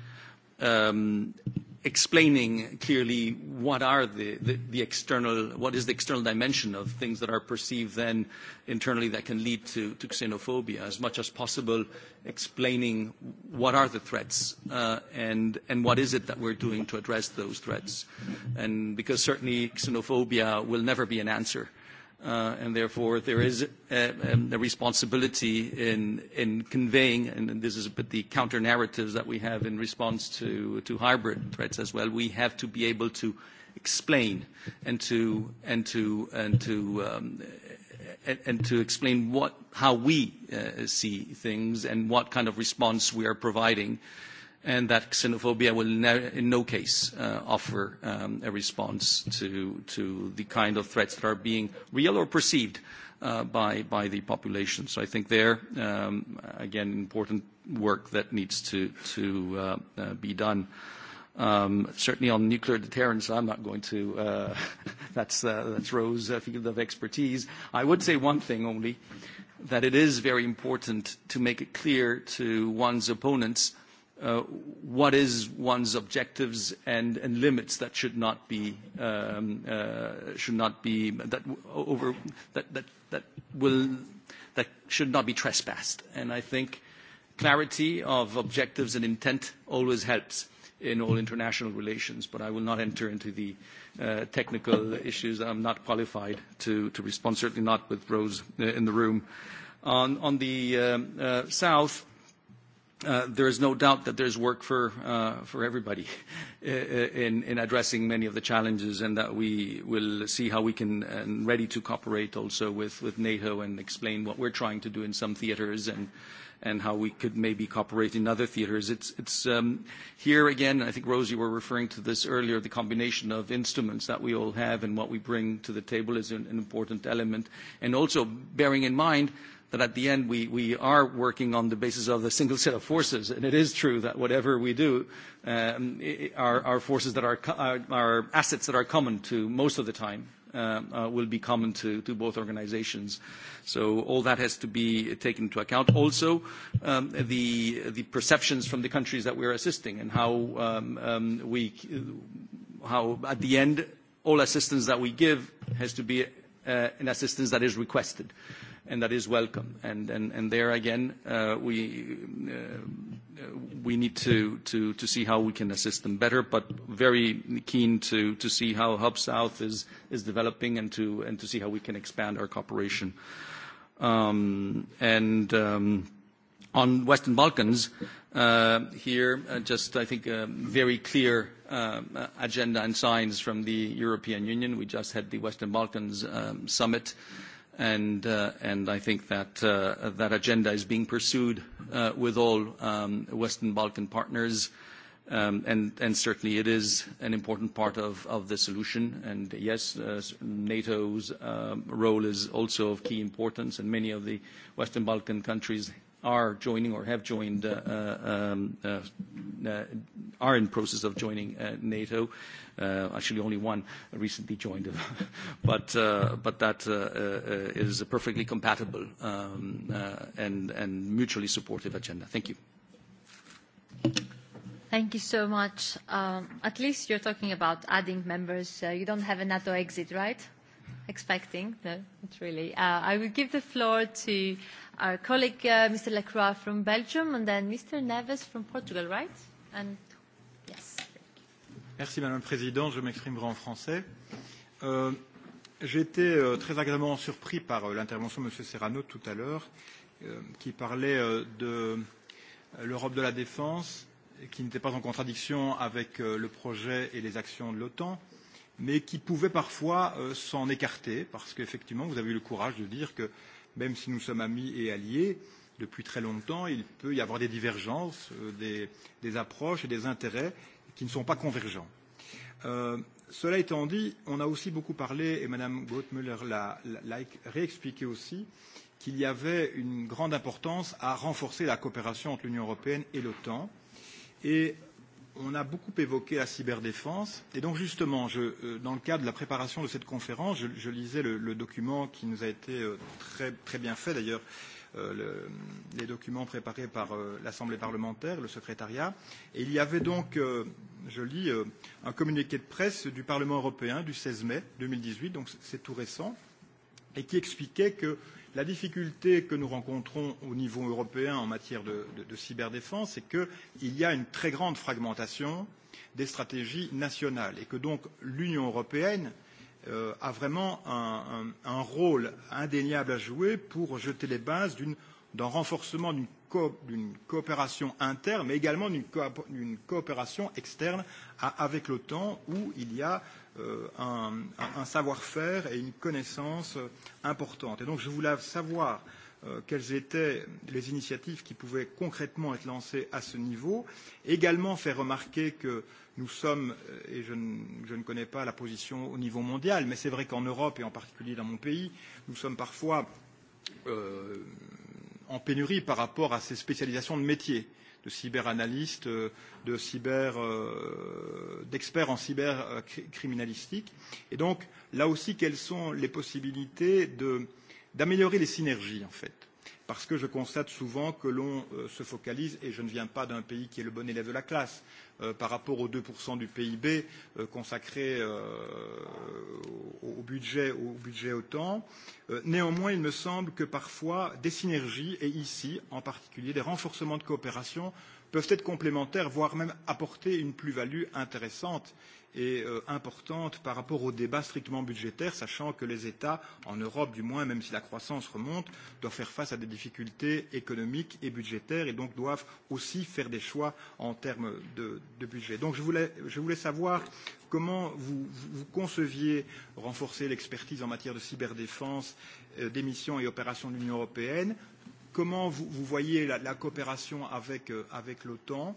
explaining clearly what are the, the, the external, what is the external dimension of things that are perceived then internally that can lead to, to xenophobia as much as possible, explaining what are the threats uh, and, and what is it that we're doing to address those threats. And because certainly xenophobia will never be an answer and therefore there is a responsibility in conveying, and this is a bit the counter-narratives that we have in response to hybrid threats as well. We have to be able to explain and to and to and to and to explain what how we see things and what kind of response we are providing and that xenophobia will in no case uh, offer um, a response to, to the kind of threats that are being real or perceived uh, by, by the population. So I think there, um, again, important work that needs to, to uh, uh, be done. Um, certainly on nuclear deterrence, I'm not going to, uh, that's, uh, that's Rose's field of expertise. I would say one thing only, that it is very important to make it clear to one's opponents what is one's objectives and, and limits that should not be um, uh, should not be that over that that that will that should not be trespassed. And I think clarity of objectives and intent always helps in all international relations. But I will not enter into the uh, technical issues. I'm not qualified to to respond. Certainly not with Rose in the room. On on the um, uh, south there is no doubt that there's work for uh, for everybody in in addressing many of the challenges, and that we will see how we can and ready to cooperate also with with NATO and explain what we're trying to do in some theaters and and how we could maybe cooperate in other theaters. It's it's um, here again. I think Rose, you were referring to this earlier. The combination of instruments that we all have and what we bring to the table is an, an important element, and also bearing in mind that at the end we, we are working on the basis of a single set of forces. And it is true that whatever we do um, are, are forces that are, are, assets that are common to most of the time. uh, will be common to, to both organizations. So all that has to be taken into account. Also, um, the, the perceptions from the countries that we're assisting and how um, um, we, how at the end, all assistance that we give has to be uh, an assistance that is requested. Uh, and that is welcome. And there again, we need to see how we can assist them better, but very keen to see how Hub South is developing and to see how we can expand our cooperation. And on Western Balkans, here, just I think a very clear agenda and signs from the European Union. We just had the Western Balkans summit, and I think that agenda is being pursued with all Western Balkan partners. And certainly it is an important part of the solution. And yes, NATO's role is also of key importance, and many of the Western Balkan countries are joining or have joined, are in process of joining NATO. Actually, only one recently joined, but that is a perfectly compatible and mutually supportive agenda. Thank you. Thank you so much. At least you're talking about adding members. You don't have a NATO exit, right? Expecting? No, not really. I will give the floor to our colleague, uh, Mr. Lacroix from Belgium, and then Mr. Neves from Portugal, right? And yes. Merci, Madame la Présidente. Je m'exprimerai en français. Euh, J'ai été euh, très agréablement surpris par euh, l'intervention de M. Serrano tout à l'heure, euh, qui parlait euh, de l'Europe de la défense, qui n'était pas en contradiction avec euh, le projet et les actions de l'OTAN, mais qui pouvait parfois euh, s'en écarter, parce qu'effectivement, vous avez eu le courage de dire que euh, même si nous sommes amis et alliés, depuis très longtemps, il peut y avoir des divergences, des, des approches et des intérêts qui ne sont pas convergents. Euh, cela étant dit, on a aussi beaucoup parlé, et Mme Gottmüller l'a réexpliqué aussi, qu'il y avait une grande importance à renforcer la coopération entre l'Union européenne et l'OTAN. Et on a beaucoup évoqué la cyberdéfense. Et donc justement, je, dans le cadre de la préparation de cette conférence, je, je lisais le, le document qui nous a été très, très bien fait d'ailleurs, euh, le, les documents préparés par euh, l'Assemblée parlementaire, le secrétariat. Et il y avait donc, euh, je lis, euh, un communiqué de presse du Parlement européen du 16 mai 2018, donc c'est tout récent, et qui expliquait que La difficulté que nous rencontrons au niveau européen en matière de, de, de cyberdéfense, c'est qu'il y a une très grande fragmentation des stratégies nationales et que donc l'Union européenne euh, a vraiment un, un, un rôle indéniable à jouer pour jeter les bases d'un renforcement d'une d'une coopération interne, mais également d'une coopération externe avec l'OTAN, où il y a un, un savoir-faire et une connaissance importante. Et donc je voulais savoir quelles étaient les initiatives qui pouvaient concrètement être lancées à ce niveau. Également faire remarquer que nous sommes, et je ne, je ne connais pas la position au niveau mondial, mais c'est vrai qu'en Europe et en particulier dans mon pays, nous sommes parfois euh, en pénurie par rapport à ces spécialisations de métiers de cyberanalystes, de cyber, euh, d'experts en cybercriminalistique. Et donc, là aussi, quelles sont les possibilités de, d'améliorer les synergies, en fait parce que je constate souvent que l'on se focalise, et je ne viens pas d'un pays qui est le bon élève de la classe, par rapport aux 2% du PIB consacré au budget, au budget OTAN. Néanmoins, il me semble que parfois des synergies, et ici en particulier des renforcements de coopération, peuvent être complémentaires, voire même apporter une plus-value intéressante et euh, importante par rapport au débat strictement budgétaire, sachant que les États, en Europe du moins, même si la croissance remonte, doivent faire face à des difficultés économiques et budgétaires et donc doivent aussi faire des choix en termes de, de budget. Donc je voulais, je voulais savoir comment vous, vous conceviez renforcer l'expertise en matière de cyberdéfense, euh, des missions et opérations de l'Union européenne, comment vous, vous voyez la, la coopération avec, euh, avec l'OTAN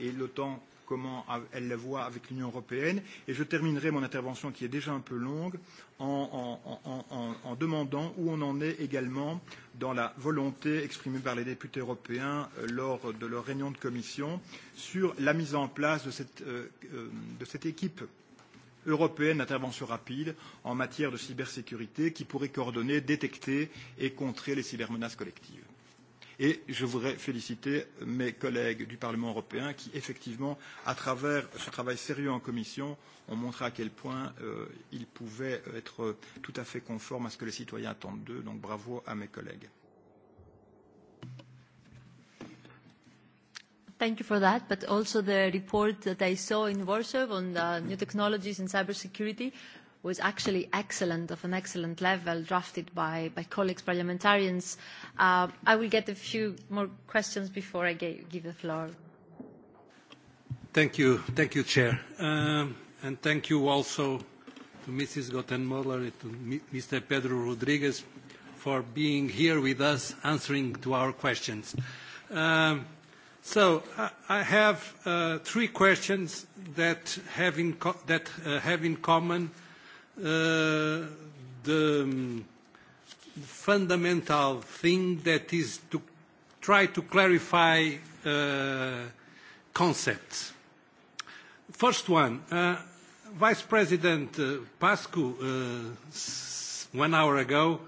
et l'OTAN comment elle la voit avec l'Union européenne. Et je terminerai mon intervention, qui est déjà un peu longue, en, en, en, en demandant où on en est également dans la volonté exprimée par les députés européens lors de leur réunion de commission sur la mise en place de cette, de cette équipe européenne d'intervention rapide en matière de cybersécurité qui pourrait coordonner, détecter et contrer les cybermenaces collectives. Et je voudrais féliciter mes collègues du Parlement européen qui, effectivement, à travers ce travail sérieux en commission, ont montré à quel point euh, ils pouvaient être tout à fait conformes à ce que les citoyens attendent d'eux. Donc bravo à mes collègues. Thank you for that, but also the report that I saw in Warsaw on uh, new technologies and cybersecurity was actually excellent, of an excellent level, drafted by, by colleagues, parliamentarians. Uh, I will get a few more questions before I give, give the floor. Thank you. Thank you, Chair. Um, and thank you also to Mrs. Gottenmoller and to Mr. Pedro Rodriguez for being here with us, answering to our questions. Um, So I have three questions that have in common the fundamental thing that is to try to clarify uh, concepts. First one, uh, Vice President uh, Pascu, uh, one hour ago,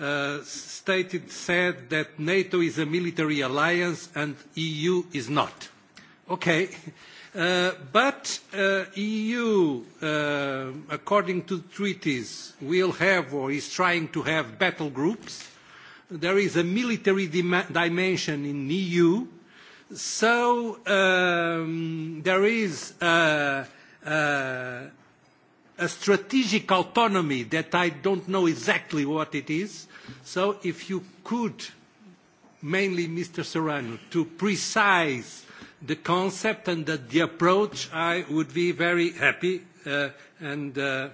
uh, stated, said that NATO is a military alliance and EU is not. Okay, But the EU, according to the treaties, will have or is trying to have battle groups. There is a military dimension in the EU. So there is a strategic autonomy that I don't know exactly what it is. So if you could, mainly Mr. Serrano, to precise the concept and the, the approach, I would be very happy uh, and uh,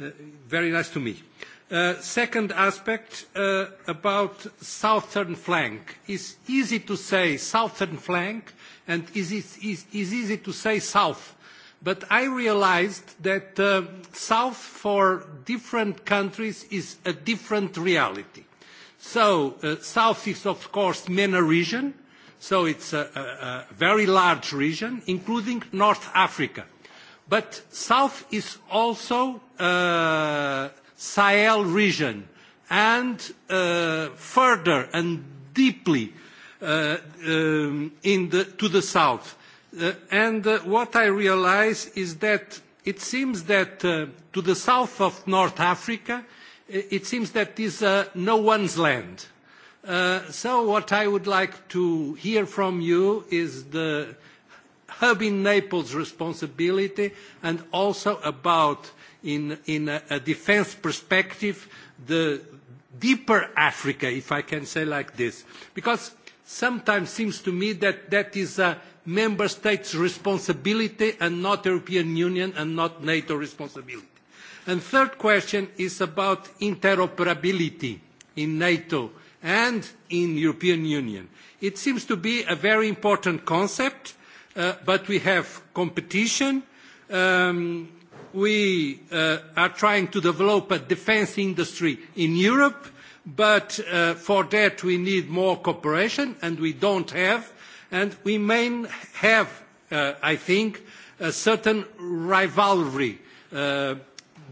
uh, very nice to me. Uh, second aspect uh, about southern flank. It's easy to say southern flank and it's, it's, it's easy to say south. But I realized that uh, south for different countries is a different reality. So uh, south is of course MENA region, So it's a, a, a very large region, including North Africa. But South is also a Sahel region, and uh, further and deeply uh, um, in the, to the south. Uh, and uh, what I realize is that it seems that uh, to the south of North Africa, it seems that is uh, no one's land. Uh, So What I would like to hear from you is the hub in Naples responsibility and also about, in a defense perspective, the deeper Africa, if I can say like this. Because sometimes seems to me that that is a member state's responsibility and not European Union and not NATO responsibility. And third question is about interoperability in NATO and in European Union. It seems to be a very important concept, but we have competition. we are trying to develop a defence industry in Europe, but for that we need more cooperation, and we don't have. And we may have, I think, a certain rivalry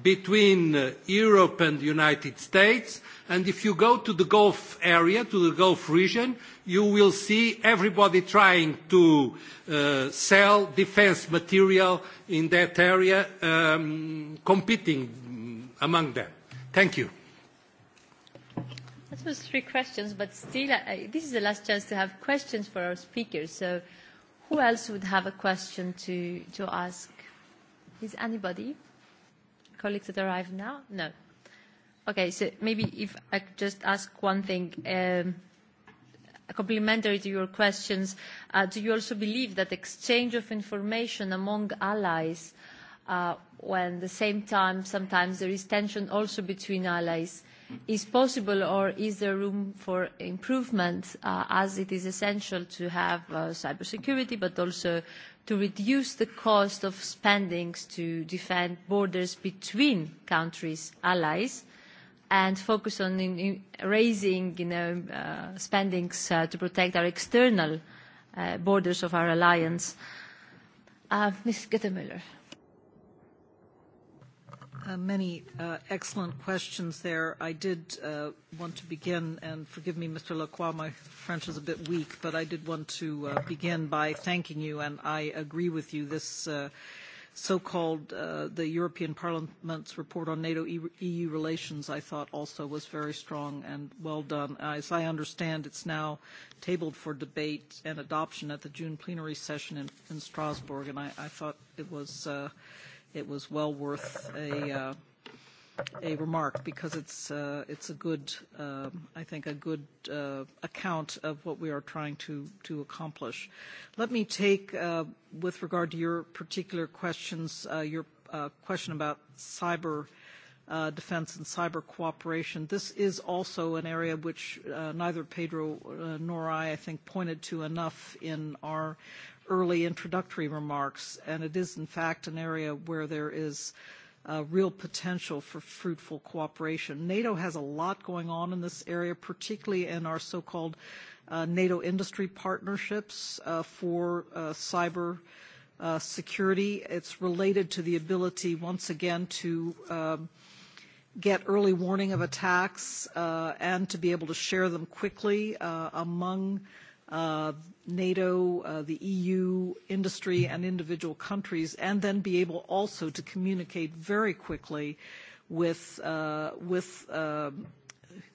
between Europe and the United States. And if you go to the Gulf area, to the Gulf region, you will see everybody trying to sell defence material in that area, competing among them. Thank you. That was three questions, but still, this is the last chance to have questions for our speakers. So, who else would have a question to, to ask? Is anybody? colleagues that arrive now? No. Okay, so maybe if I could just ask one thing, um, complementary to your questions, uh, do you also believe that exchange of information among allies, uh, when at the same time sometimes there is tension also between allies, is possible or is there room for improvement uh, as it is essential to have uh, cybersecurity but also to reduce the cost of spending to defend borders between countries' allies and focus on in, in raising you know, uh, spendings uh, to protect our external uh, borders of our alliance. Uh, Ms. Guttemüller. Many excellent questions there. I did want to begin, and forgive me, Mr. Lacroix, my French is a bit weak, but I did want to begin by thanking you, and I agree with you. This so-called the European Parliament's report on NATO-EU relations, I thought also was very strong and well done. As I understand, it's now tabled for debate and adoption at the June plenary session in Strasbourg, and I thought it was it was well worth a uh, a remark because it's uh, it's a good uh, I think a good uh, account of what we are trying to to accomplish. Let me take uh, with regard to your particular questions uh, your uh, question about cyber. Uh, defense and cyber cooperation. This is also an area which uh, neither Pedro uh, nor I, I think, pointed to enough in our early introductory remarks, and it is in fact an area where there is real potential for fruitful cooperation. NATO has a lot going on in this area, particularly in our so-called NATO industry partnerships for cyber security. It's related to the ability, once again, to get early warning of attacks and to be able to share them quickly among NATO, the EU, industry, and individual countries, and then be able also to communicate very quickly with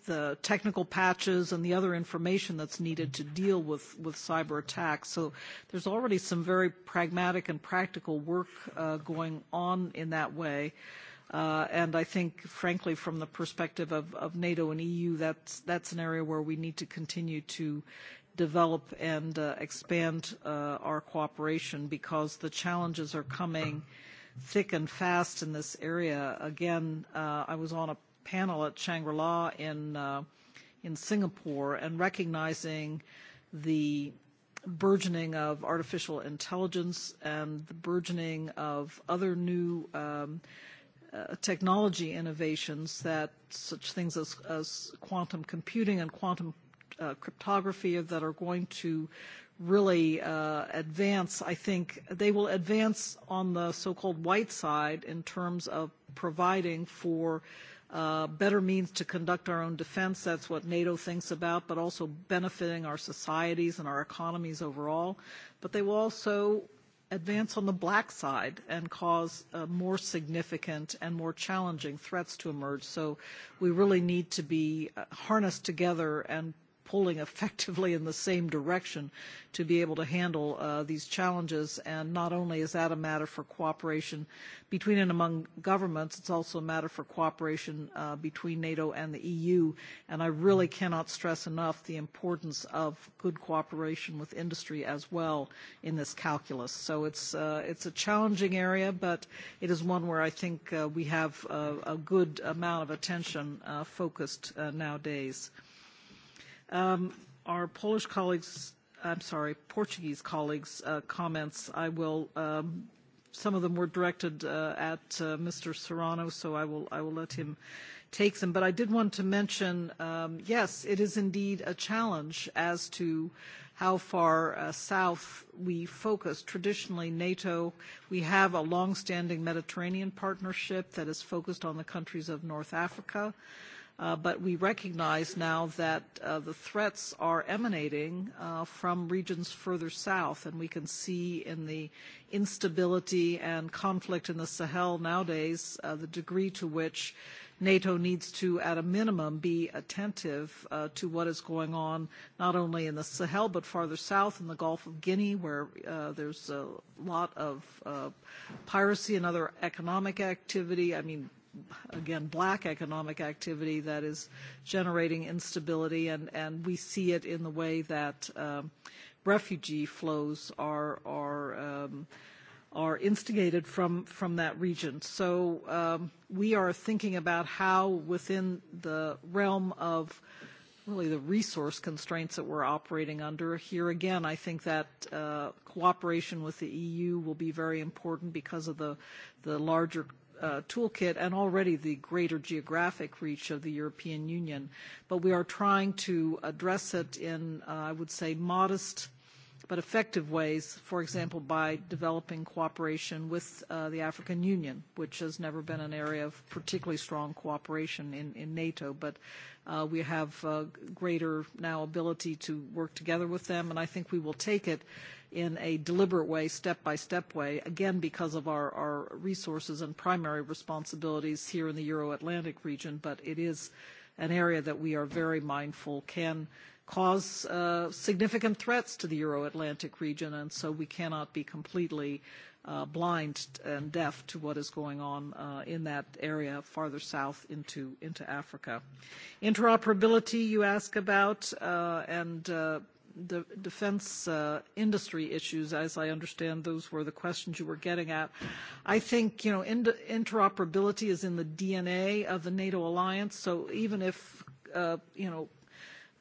the technical patches and the other information that's needed to deal with, with cyber attacks. So there's already some very pragmatic and practical work uh, going on in that way. Uh, and I think, frankly, from the perspective of, of NATO and EU, that's, that's an area where we need to continue to develop and uh, expand uh, our cooperation because the challenges are coming thick and fast in this area. Again, uh, I was on a panel at Shangri-La in uh, in Singapore and recognizing the burgeoning of artificial intelligence and the burgeoning of other new um, uh, technology innovations that such things as, as quantum computing and quantum uh, cryptography that are going to really uh, advance, I think they will advance on the so-called white side in terms of providing for uh, better means to conduct our own defense. That's what NATO thinks about, but also benefiting our societies and our economies overall. But they will also advance on the black side and cause uh, more significant and more challenging threats to emerge. So we really need to be harnessed together and pulling effectively in the same direction to be able to handle uh, these challenges. And not only is that a matter for cooperation between and among governments, it's also a matter for cooperation uh, between NATO and the EU. And I really cannot stress enough the importance of good cooperation with industry as well in this calculus. So it's, uh, it's a challenging area, but it is one where I think uh, we have a, a good amount of attention uh, focused uh, nowadays. Our Polish colleagues, I'm sorry, Portuguese colleagues' comments, I will, some of them were directed at Mr. Serrano, so I will, I will let him take them. But I did want to mention, yes, it is indeed a challenge as to how far south we focus. Traditionally, NATO, we have a long-standing Mediterranean partnership that is focused on the countries of North Africa. Uh, but we recognize now that the threats are emanating from regions further south, and we can see in the instability and conflict in the Sahel nowadays the degree to which NATO needs to, at a minimum, be attentive to what is going on not only in the Sahel but farther south in the Gulf of Guinea, where there's a lot of piracy and other economic activity. I mean, again, black economic activity that is generating instability, and, and we see it in the way that um, refugee flows are, are, um, are instigated from, from that region. So um, we are thinking about how, within the realm of really the resource constraints that we're operating under. Here again, I think that uh, cooperation with the EU will be very important because of the, the larger toolkit and already the greater geographic reach of the European Union. But we are trying to address it in, I would say, modest but effective ways, for example, by developing cooperation with the African Union, which has never been an area of particularly strong cooperation in, in NATO, but we have greater now ability to work together with them, and I think we will take it in a deliberate way, step-by-step way, again, because of our, our resources and primary responsibilities here in the Euro-Atlantic region, but it is an area that we are very mindful can cause uh, significant threats to the Euro-Atlantic region, and so we cannot be completely uh, blind and deaf to what is going on uh, in that area farther south into, into Africa. Interoperability, you ask about, uh, and uh, the defense uh, industry issues, as I understand those were the questions you were getting at. I think, you know, inter- interoperability is in the DNA of the NATO alliance. So even if, uh, you know,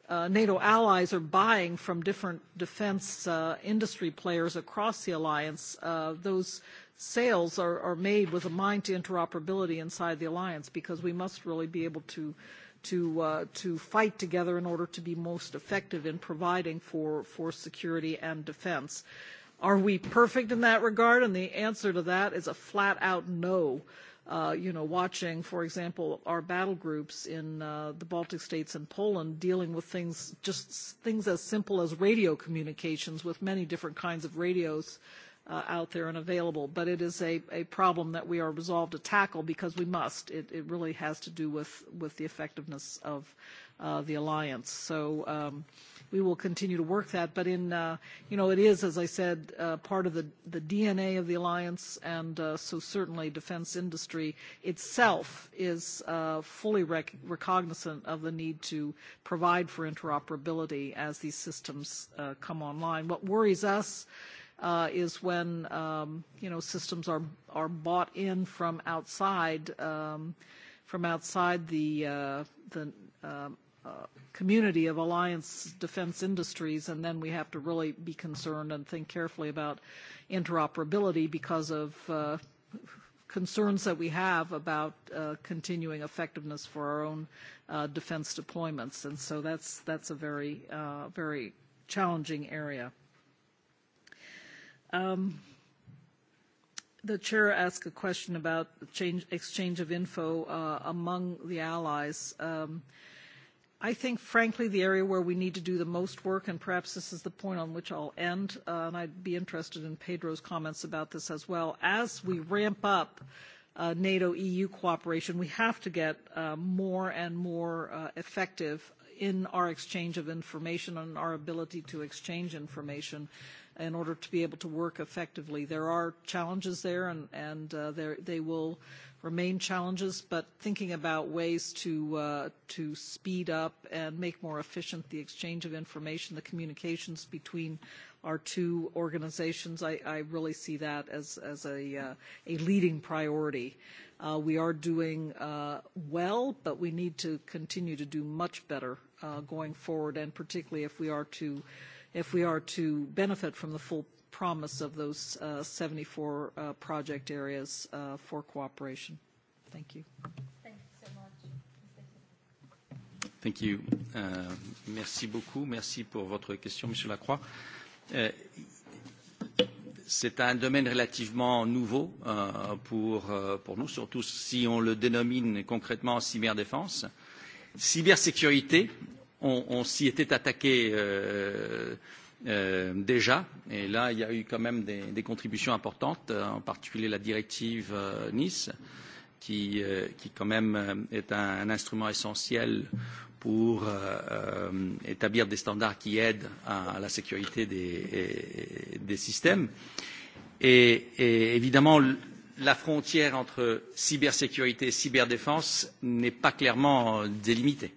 uh, NATO allies are buying from different defense uh, industry players across the alliance, uh, those sales are, are made with a mind to interoperability inside the alliance because we must really be able to uh, to, uh, to fight together in order to be most effective in providing for, for security and defense. Are we perfect in that regard? And the answer to that is a flat out no. Uh, you know, watching, for example, our battle groups in uh, the Baltic states and Poland dealing with things, just things as simple as radio communications with many different kinds of radios out there and available. But it is a, a problem that we are resolved to tackle because we must. It, it really has to do with, with the effectiveness of the alliance. So we will continue to work that. But in, uh, you know, it is, as I said, part of the, the DNA of the alliance, and so certainly defense industry itself is fully rec- recognizant of the need to provide for interoperability as these systems come online. What worries us uh, is when um, you know systems are are bought in from outside um, from outside the uh, the uh, uh, community of alliance defense industries, and then we have to really be concerned and think carefully about interoperability because of uh, concerns that we have about uh, continuing effectiveness for our own uh, defense deployments, and so that's that's a very uh, very challenging area. Um, the chair asked a question about change, exchange of info uh, among the allies. Um, I think, frankly, the area where we need to do the most work, and perhaps this is the point on which I'll end, uh, and I'd be interested in Pedro's comments about this as well. As we ramp up uh, NATO-EU cooperation, we have to get uh, more and more uh, effective in our exchange of information and our ability to exchange information in order to be able to work effectively. There are challenges there, and, and uh, they will remain challenges, but thinking about ways to, uh, to speed up and make more efficient the exchange of information, the communications between our two organizations, I, I really see that as, as a, uh, a leading priority. Uh, we are doing uh, well, but we need to continue to do much better uh, going forward, and particularly if we are to uh, if we are to benefit from the full promise of those uh, 74 uh, project areas uh, for cooperation. Thank you. Thank you so merci beaucoup. Merci pour votre question, Monsieur Lacroix. Euh, c'est un domaine relativement nouveau euh, pour, euh, pour nous, surtout si on le dénomine concrètement cyberdéfense. Cybersécurité, on, on s'y était attaqué euh, déjà. Et là, il y a eu quand même des, des contributions importantes, en particulier la directive euh, Nice, qui, euh, qui quand même est un, un instrument essentiel pour euh, établir des standards qui aident à, à la sécurité des, des systèmes. Et, et évidemment, la frontière entre cybersécurité et cyberdéfense n'est pas clairement délimitée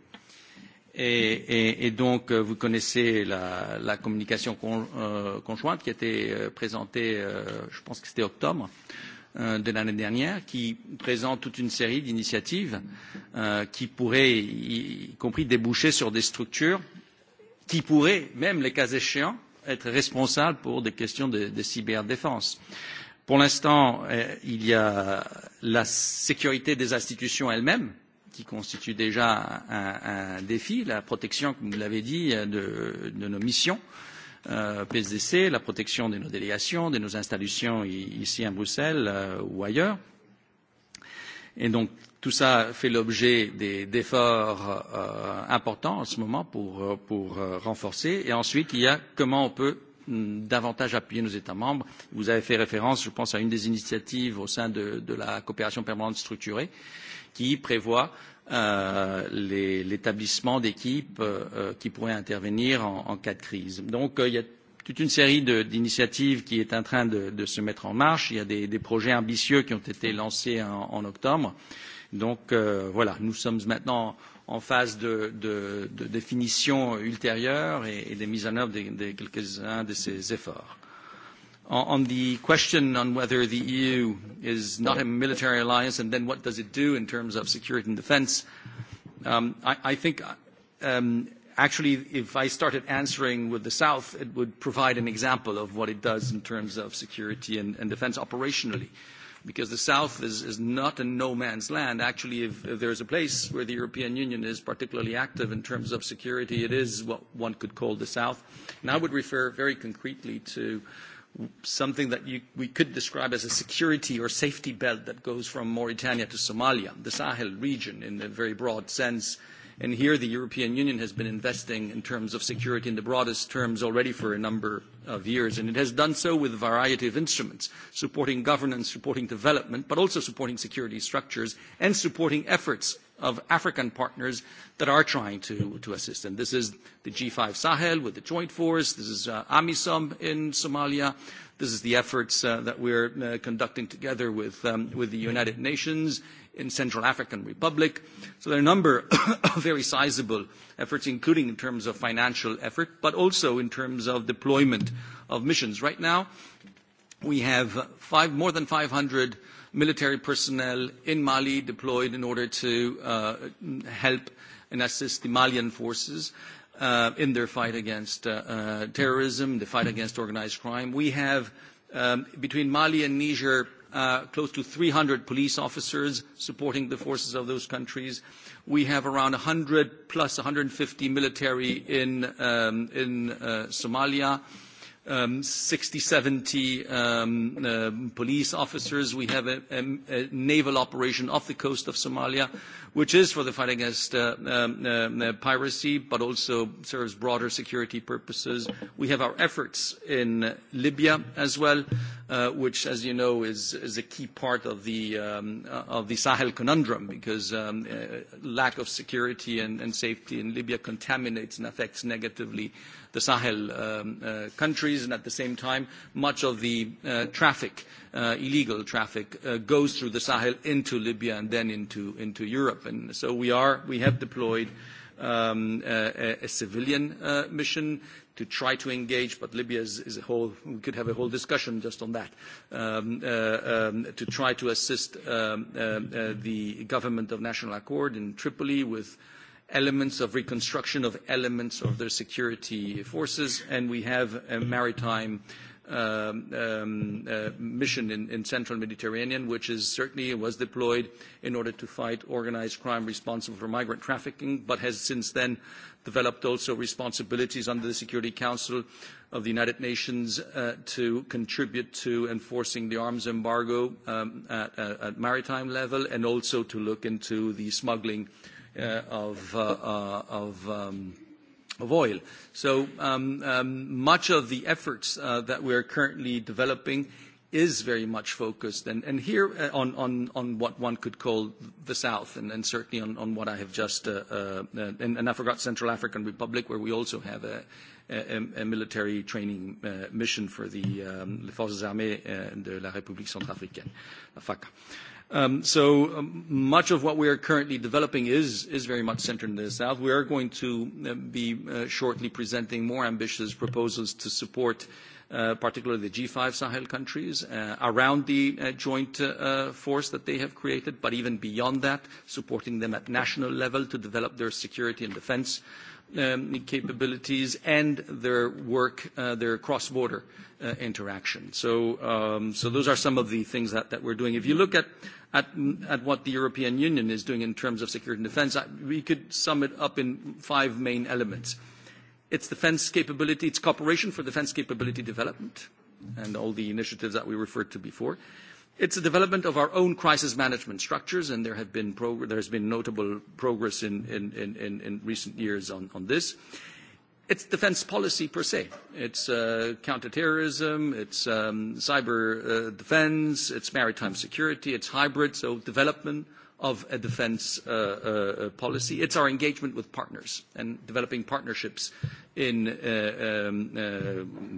Et, donc, vous connaissez la, communication conjointe qui a été présentée, je pense que c'était octobre de l'année dernière, qui présente toute une série d'initiatives qui pourraient, y compris, déboucher sur des structures qui pourraient, même les cas échéants, être responsables pour des questions de, cyberdéfense. Pour l'instant, il y a la sécurité des institutions elles-mêmes qui constitue déjà un, un défi, la protection, comme vous l'avez dit, de, de nos missions euh, PSDC, la protection de nos délégations, de nos installations ici à Bruxelles euh, ou ailleurs. Et donc tout ça fait l'objet d'efforts euh, importants en ce moment pour, pour euh, renforcer. Et ensuite, il y a comment on peut davantage appuyer nos États membres. Vous avez fait référence, je pense, à une des initiatives au sein de, de la coopération permanente structurée. Euh, qui prévoit l'établissement d'équipes qui pourraient intervenir en, cas de crise. Donc il y a toute une série d'initiatives qui est en train de, se mettre en marche. Il y a des, projets ambitieux qui ont été lancés en, octobre. Donc voilà, nous sommes maintenant en phase de, définition ultérieure et, de mise en œuvre de quelques-uns de ces efforts on the question on whether the EU is not a military alliance and then what does it do in terms of security and defence, I think actually if I started answering with the South, it would provide an example of what it does in terms of security and defence operationally. Because the South is not a no man's land. Actually, if there is a place where the European Union is particularly active in terms of security, it is what one could call the South. And I would refer very concretely to something that you, we could describe as a security or safety belt that goes from Mauritania to Somalia, the Sahel region in a very broad sense. And here the European Union has been investing in terms of security in the broadest terms already for a number of years. And it has done so with a variety of instruments, supporting governance, supporting development, but also supporting security structures and supporting efforts of African partners that are trying to, to assist. And this is the G5 Sahel with the joint force. This is uh, AMISOM in Somalia. This is the efforts uh, that we're uh, conducting together with, um, with the United Nations in Central African Republic. So there are a number of very sizable efforts, including in terms of financial effort, but also in terms of deployment of missions. Right now, we have five, more than 500 military personnel in Mali deployed in order to help and assist the Malian forces in their fight against terrorism, the fight against organised crime. We have, between Mali and Niger, close to three hundred police officers supporting the forces of those countries. We have around one hundred plus one hundred and fifty military in Somalia um, 60, 70 um, um police officers. We have a, a, a naval operation off the coast of Somalia, which is for the fight against uh, um, uh, piracy, but also serves broader security purposes. We have our efforts in Libya as well, uh, which, as you know, is, is a key part of the, um, of the Sahel conundrum because um, uh, lack of security and, and safety in Libya contaminates and affects negatively the Sahel countries, and at the same time, much of the traffic, illegal traffic, goes through the Sahel into Libya and then into Europe. And so we are we have deployed a civilian mission to try to engage, but Libya is a whole, we could have a whole discussion just on that, to try to assist the government of National Accord in Tripoli with elements of reconstruction of elements of their security forces, and we have a maritime mission in central Mediterranean, which is certainly was deployed in order to fight organized crime responsible for migrant trafficking, but has since then developed also responsibilities under the Security Council of the United Nations to contribute to enforcing the arms embargo at maritime level and also to look into the smuggling uh, of, of, of oil. So um, um, much of the efforts uh, that we are currently developing is very much focused and, and here on, on, on what one could call the South and, and certainly on, on what I have just, uh, uh, and, I forgot Central African Republic where we also have a, a, a military training uh, mission for the um, Forces Armées de la République Centrafricaine, FACA so much of what we are currently developing is, is very much centered in the South. We are going to be shortly presenting more ambitious proposals to support particularly the G5 Sahel countries around the joint force that they have created, but even beyond that, supporting them at national level to develop their security and defense capabilities and their work, their cross-border interaction. So those are some of the things that we're doing. If you look at what the European Union is doing in terms of security and defense, we could sum it up in five main elements. It's defense capability, it's cooperation for defense capability development, and all the initiatives that we referred to before. It's a development of our own crisis management structures, and there have been been notable progress in recent years on this. It's defense policy per se. It's counterterrorism, it's cyber defense, it's maritime security, it's hybrid, so development, of a defence policy. It's our engagement with partners and developing partnerships in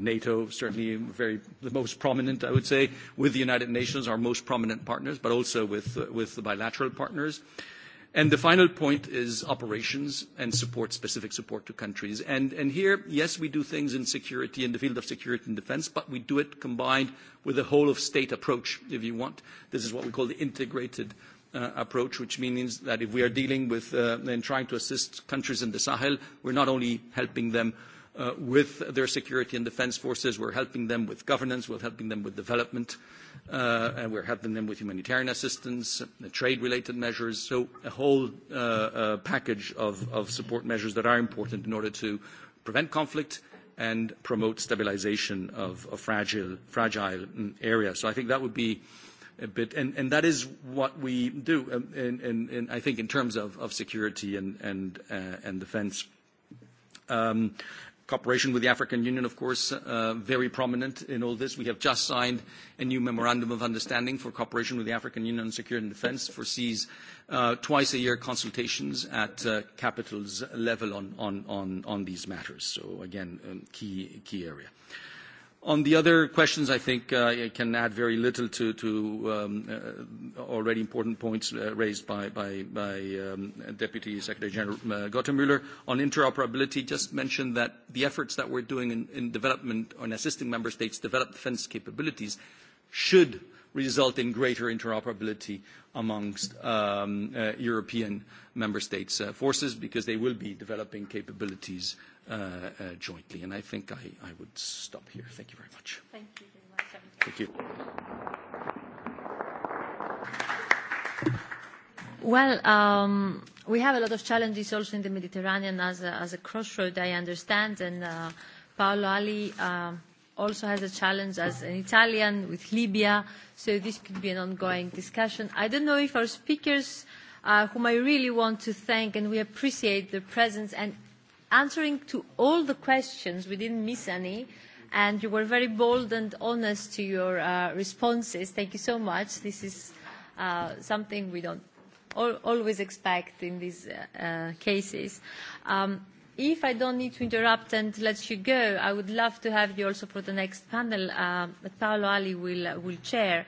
NATO, certainly very the most prominent, I would say, with the United Nations, our most prominent partners, but also with the bilateral partners. And The final point is operations and support, specific support to countries. And Here, yes, we do things in security, in the field of security and defense, but we do it combined with a whole of state approach, if you want. This is what we call the integrated approach, which means that if we are dealing with and trying to assist countries in the Sahel, we're not only helping them with their security and defence forces, we're helping them with governance, we're helping them with development, and we're helping them with humanitarian assistance, trade-related measures. So a whole package of support measures that are important in order to prevent conflict and promote stabilisation of fragile areas. So I think that would be a bit. And, and that is what we do, and, I think in terms of, security and, and, uh, and defense. Um, cooperation with the African Union, of course, uh, very prominent in all this. We have just signed a new memorandum of understanding for cooperation with the African Union on security and defense, foresees uh, twice a year consultations at uh, capitals level on, on, on, on these matters. So again, key, key area. On the other questions, I think I can add very little to already important points raised by Deputy Secretary General Gottemüller. On interoperability, just mention that the efforts that we're doing in development on assisting member states develop defense capabilities should result in greater interoperability amongst European member states' forces because they will be developing capabilities jointly. And I think I would stop here. Thank you very much. Thank you very much. Thank you. Well, um, we have a lot of challenges also in the Mediterranean as a, as a crossroad, I understand. And uh, Paolo Ali um, also has a challenge as an Italian with Libya. So this could be an ongoing discussion. I don't know if our speakers, uh, whom I really want to thank, and we appreciate their presence and answering to all the questions. We didn't miss any. And you were very bold and honest to your uh, responses. Thank you so much. This is uh, something we don't al- always expect in these uh, uh, cases. Um, if I don't need to interrupt and let you go, I would love to have you also for the next panel uh, that Paolo Ali will, uh, will chair,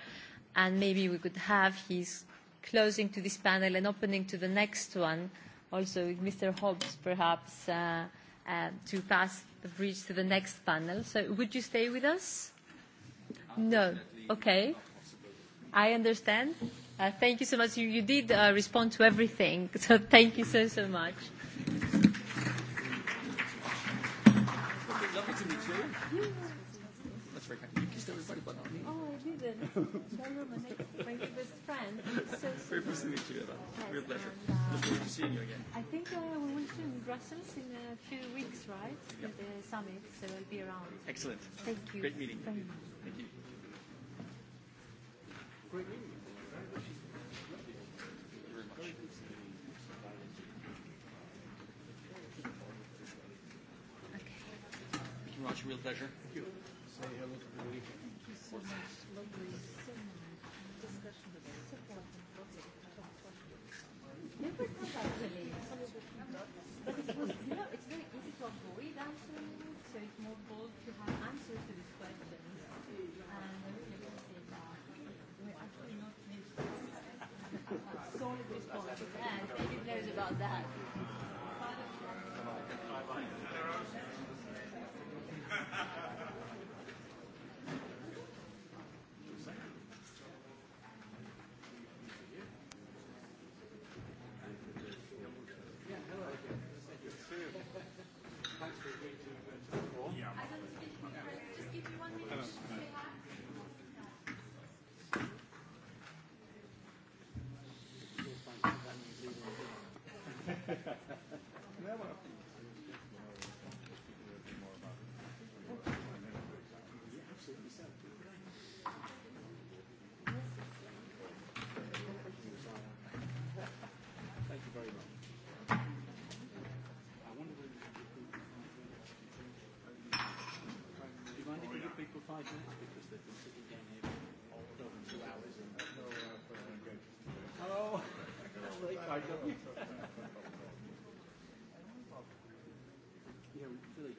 and maybe we could have his closing to this panel and opening to the next one also with Mr. Hobbs, perhaps, uh, uh, to pass the bridge to the next panel. So would you stay with us? No. Okay. I understand. Uh, thank you so much. You, you did uh, respond to everything, so thank you so, so much. Lovely to meet you. Africa. You kissed everybody but not me. Oh, I didn't. Sorry, my, best friend. So Very nice to meet you, Eva. Real pleasure. Look forward to seeing you again. I think uh, we will see in Brussels in a few weeks, right? Yep. At the summit, so I'll be around. Excellent. Thank you. Great meeting. Thank you. Thank you. Great meeting. Much real pleasure. Thank you so much. Hello. Hello. Yeah, Philip.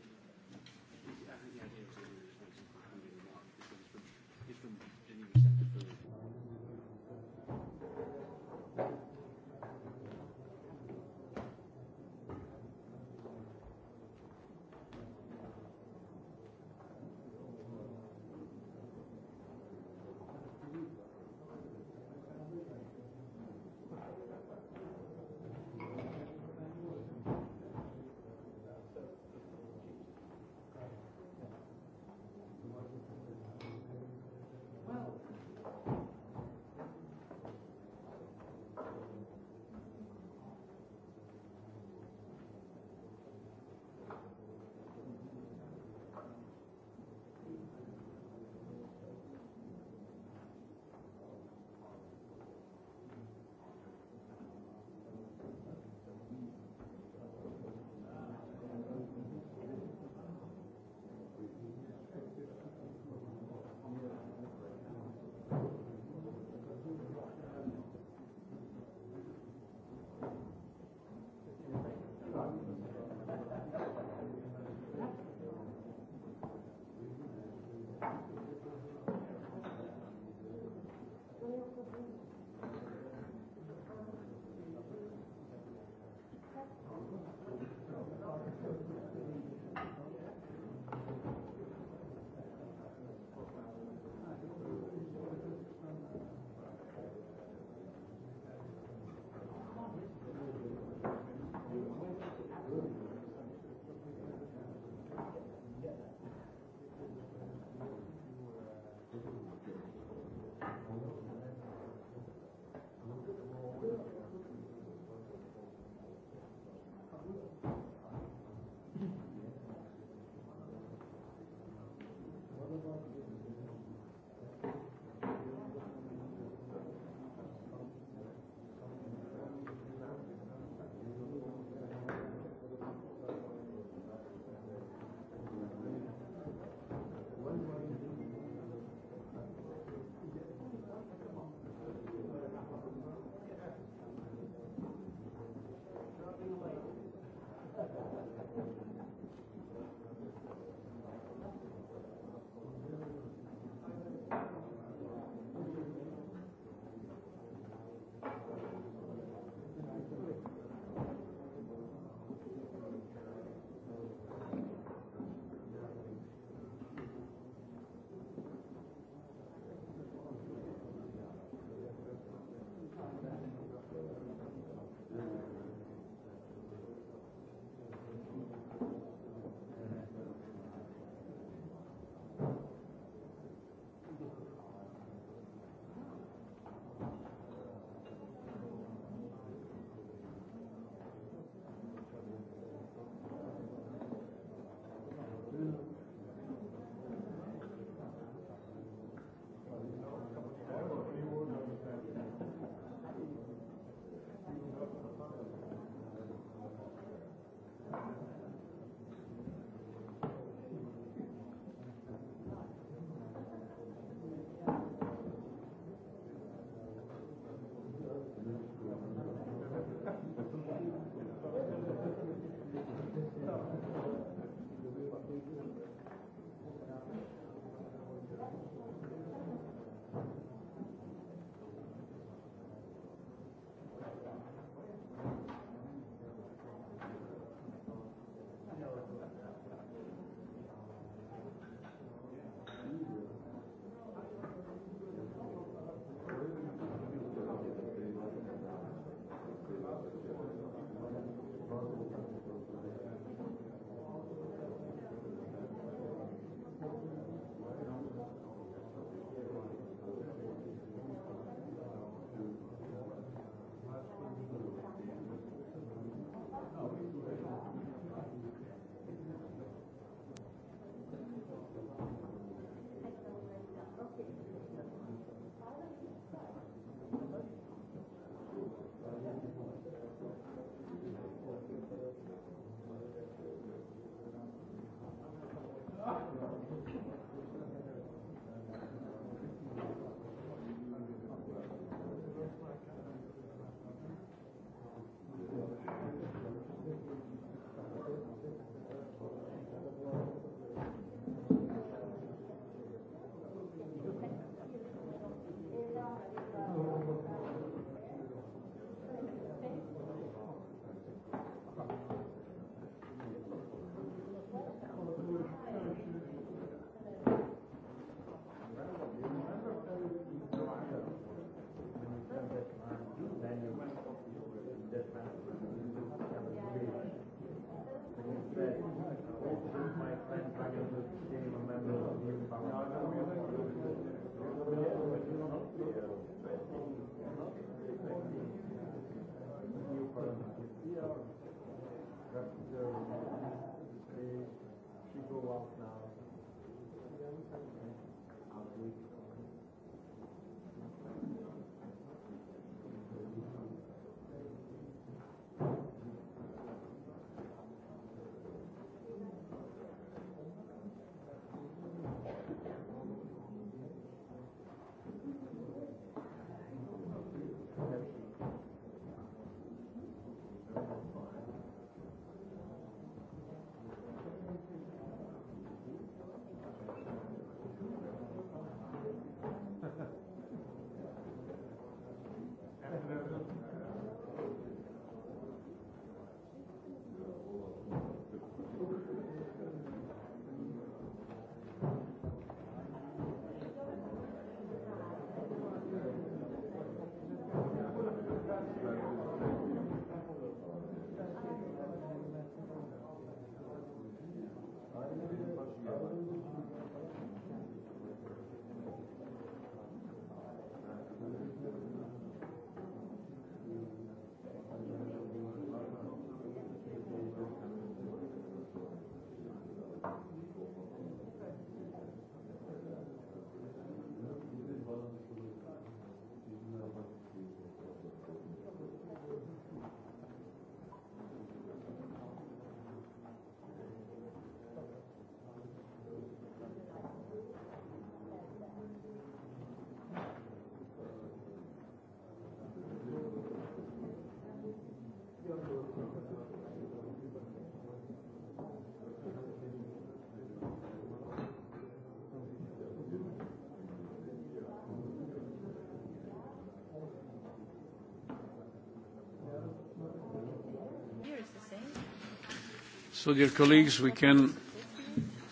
So, dear colleagues, we can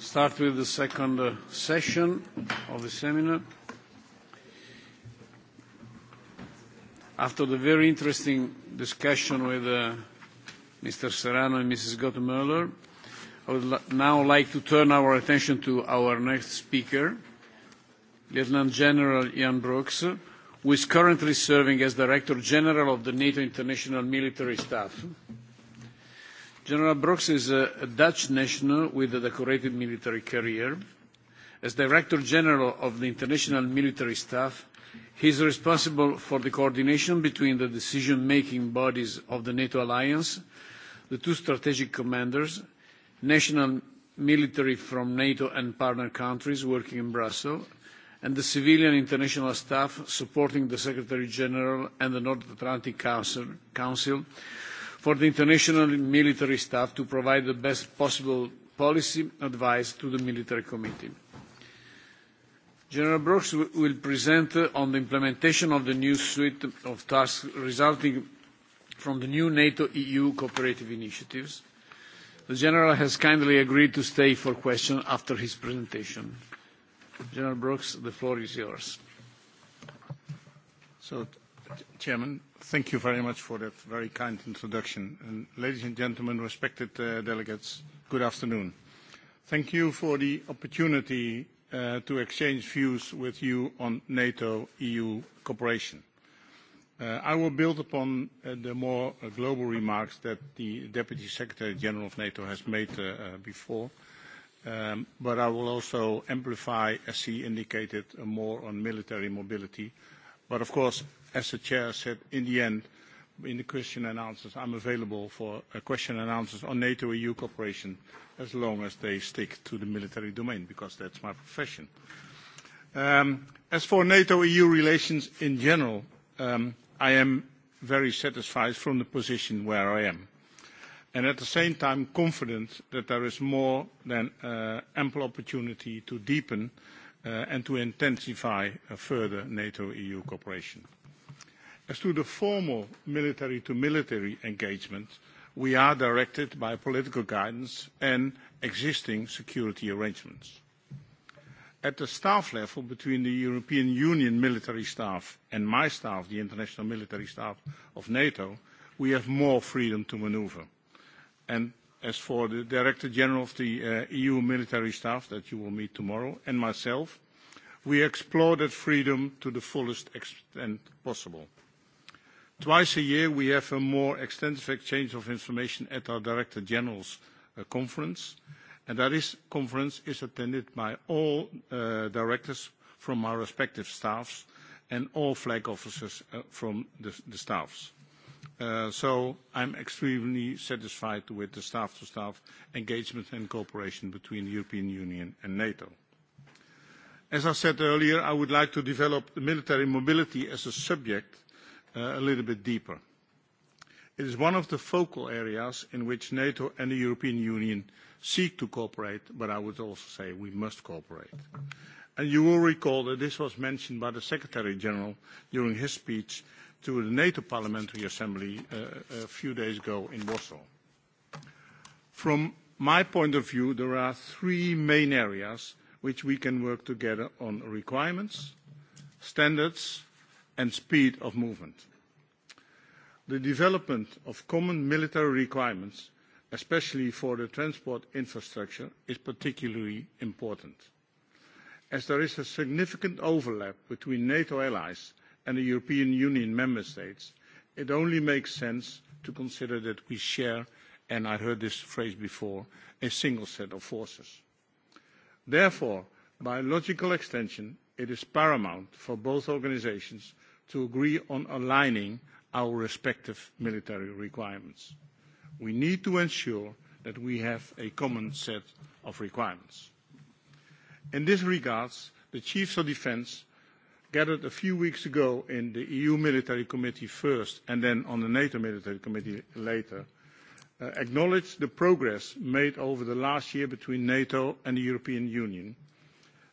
start with the second session of the seminar. After the very interesting discussion with uh, Mr. Serrano and Mrs. Gottemöller, I would now like to turn our attention to our next speaker, Lieutenant General Jan Brooks, who is currently serving as Director General of the NATO International Military Staff. General Brooks is a Dutch national with a decorated military career. As Director General of the International Military Staff, he is responsible for the coordination between the decision-making bodies of the NATO alliance, the two strategic commanders, national military from NATO and partner countries working in Brussels, and the civilian international staff supporting the Secretary General and the North Atlantic Council, for the international military staff to provide the best possible policy advice to the military committee. General Brooks will present on the implementation of the new suite of tasks resulting from the new NATO-EU cooperative initiatives. The General has kindly agreed to stay for questions after his presentation. General Brooks, the floor is yours. So, Chairman, Thank you very much for that very kind introduction. And ladies and gentlemen, respected delegates, good afternoon. Thank you for the opportunity to exchange views with you on NATO-EU cooperation. I will build upon the more global remarks that the Deputy Secretary General of NATO has made before, but I will also amplify, as he indicated, more on military mobility. But of course, as the chair said, in the end, in the question and answers, I'm available for a question and answers on NATO-EU cooperation as long as they stick to the military domain, because that's my profession. As for NATO-EU relations in general, I am very satisfied from the position where I am, and at the same time confident that there is more than ample opportunity to deepen and to intensify further NATO-EU cooperation. As to the formal military-to-military engagement, we are directed by political guidance and existing security arrangements. At the staff level, between the European Union military staff and my staff, the international military staff of NATO, we have more freedom to maneuver. And as for the Director General of the EU military staff that you will meet tomorrow and myself, we explore that freedom to the fullest extent possible Twice a year, we have a more extensive exchange of information at our Director General's conference, and that conference is attended by all directors from our respective staffs and all flag officers from the staffs. So I'm extremely satisfied with the staff-to-staff engagement and cooperation between the European Union and NATO. As I said earlier, I would like to develop military mobility as a subject a little bit deeper. It is one of the focal areas in which NATO and the European Union seek to cooperate, but I would also say we must cooperate. And you will recall that this was mentioned by the Secretary General during his speech to the NATO Parliamentary Assembly a few days ago in Warsaw. From my point of view, there are three main areas which we can work together on requirements, standards, and speed of movement. The development of common military requirements, especially for the transport infrastructure, is particularly important. As there is a significant overlap between NATO allies and the European Union member states, it only makes sense to consider that we share, and I heard this phrase before, a single set of forces. Therefore, by logical extension, it is paramount for both organisations to agree on aligning our respective military requirements. We need to ensure that we have a common set of requirements. In this regard, the Chiefs of Defence gathered a few weeks ago in the EU Military Committee first and then on the NATO Military Committee later, acknowledged the progress made over the last year between NATO and the European Union,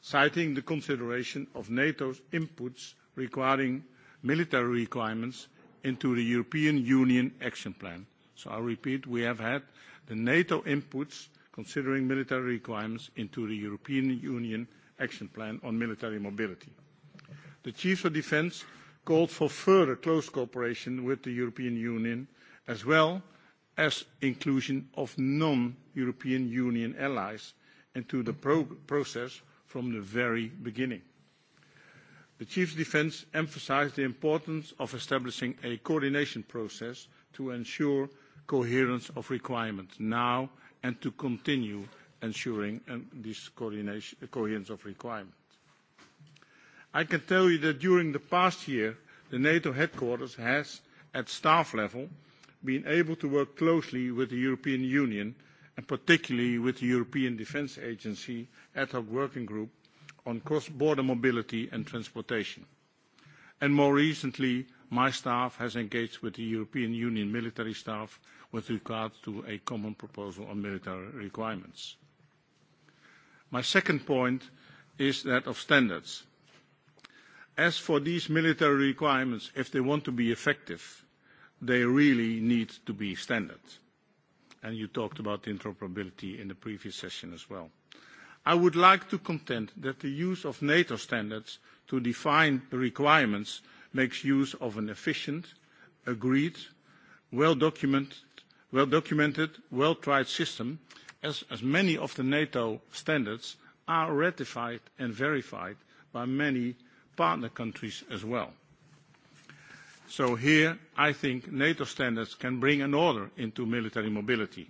citing the consideration of NATO's inputs regarding military requirements into the European Union Action Plan. So I repeat, we have had the NATO inputs considering military requirements into the European Union Action Plan on military mobility. The Chiefs of Defence called for further close cooperation with the European Union, as well as inclusion of non-European Union allies into the process from the very beginning. The Chief of Defence emphasised the importance of establishing a coordination process to ensure coherence of requirements now and to continue ensuring this coherence of requirements. I can tell you that during the past year, the NATO headquarters has, at staff level, been able to work closely with the European Union, and particularly with the European Defence Agency ad hoc working group on cross-border mobility and transportation. And more recently, my staff has engaged with the European Union military staff with regard to a common proposal on military requirements. My second point is that of standards. As for these military requirements, if they want to be effective, they really need to be standard. And you talked about interoperability in the previous session as well. I would like to contend that the use of NATO standards to define the requirements makes use of an efficient, agreed, well-documented, well-tried system, as many of the NATO standards are ratified and verified by many partner countries as well. So Here, I think NATO standards can bring an order into military mobility.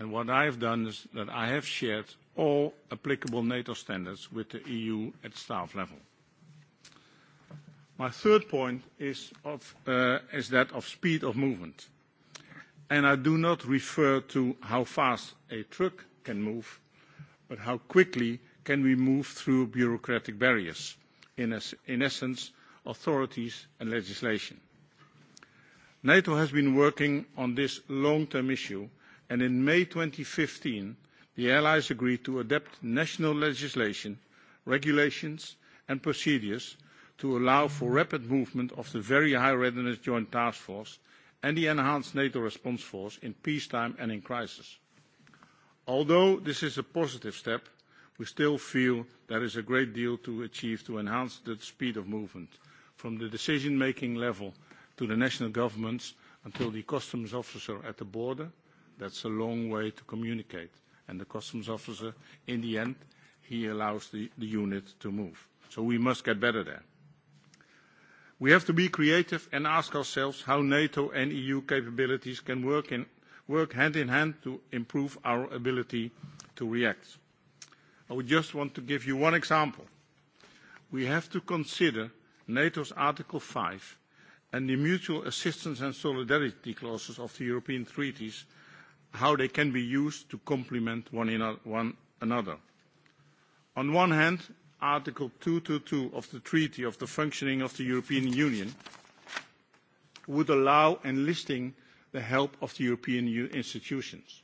and What I have done is that I have shared all applicable NATO standards with the EU at staff level. My third point is that of speed of movement, and I do not refer to how fast a truck can move, but how quickly can we move through bureaucratic barriers, in essence, authorities and legislation. NATO has been working on this long-term issue, and in May fifteen the allies agreed to adapt national legislation, regulations and procedures to allow for rapid movement of the Very High Readiness Joint Task Force and the enhanced NATO response force in peacetime and in crisis. Although this is a positive step, we still feel there is a great deal to achieve to enhance the speed of movement, from the decision-making level to the national governments until the customs officer at the border. That's a long way to communicate and the customs officer. In the end, he allows the, the unit to move. So we must get better there. We have to be creative and ask ourselves how NATO and EU capabilities can work, in, work hand in hand to improve our ability to react. I would just want to give you one example. We have to consider NATO's Article 5 and the mutual assistance and solidarity clauses of the European treaties how they can be used to complement one another. On one hand, Article two hundred and two of the Treaty on the Functioning of the European Union would allow enlisting the help of the European institutions.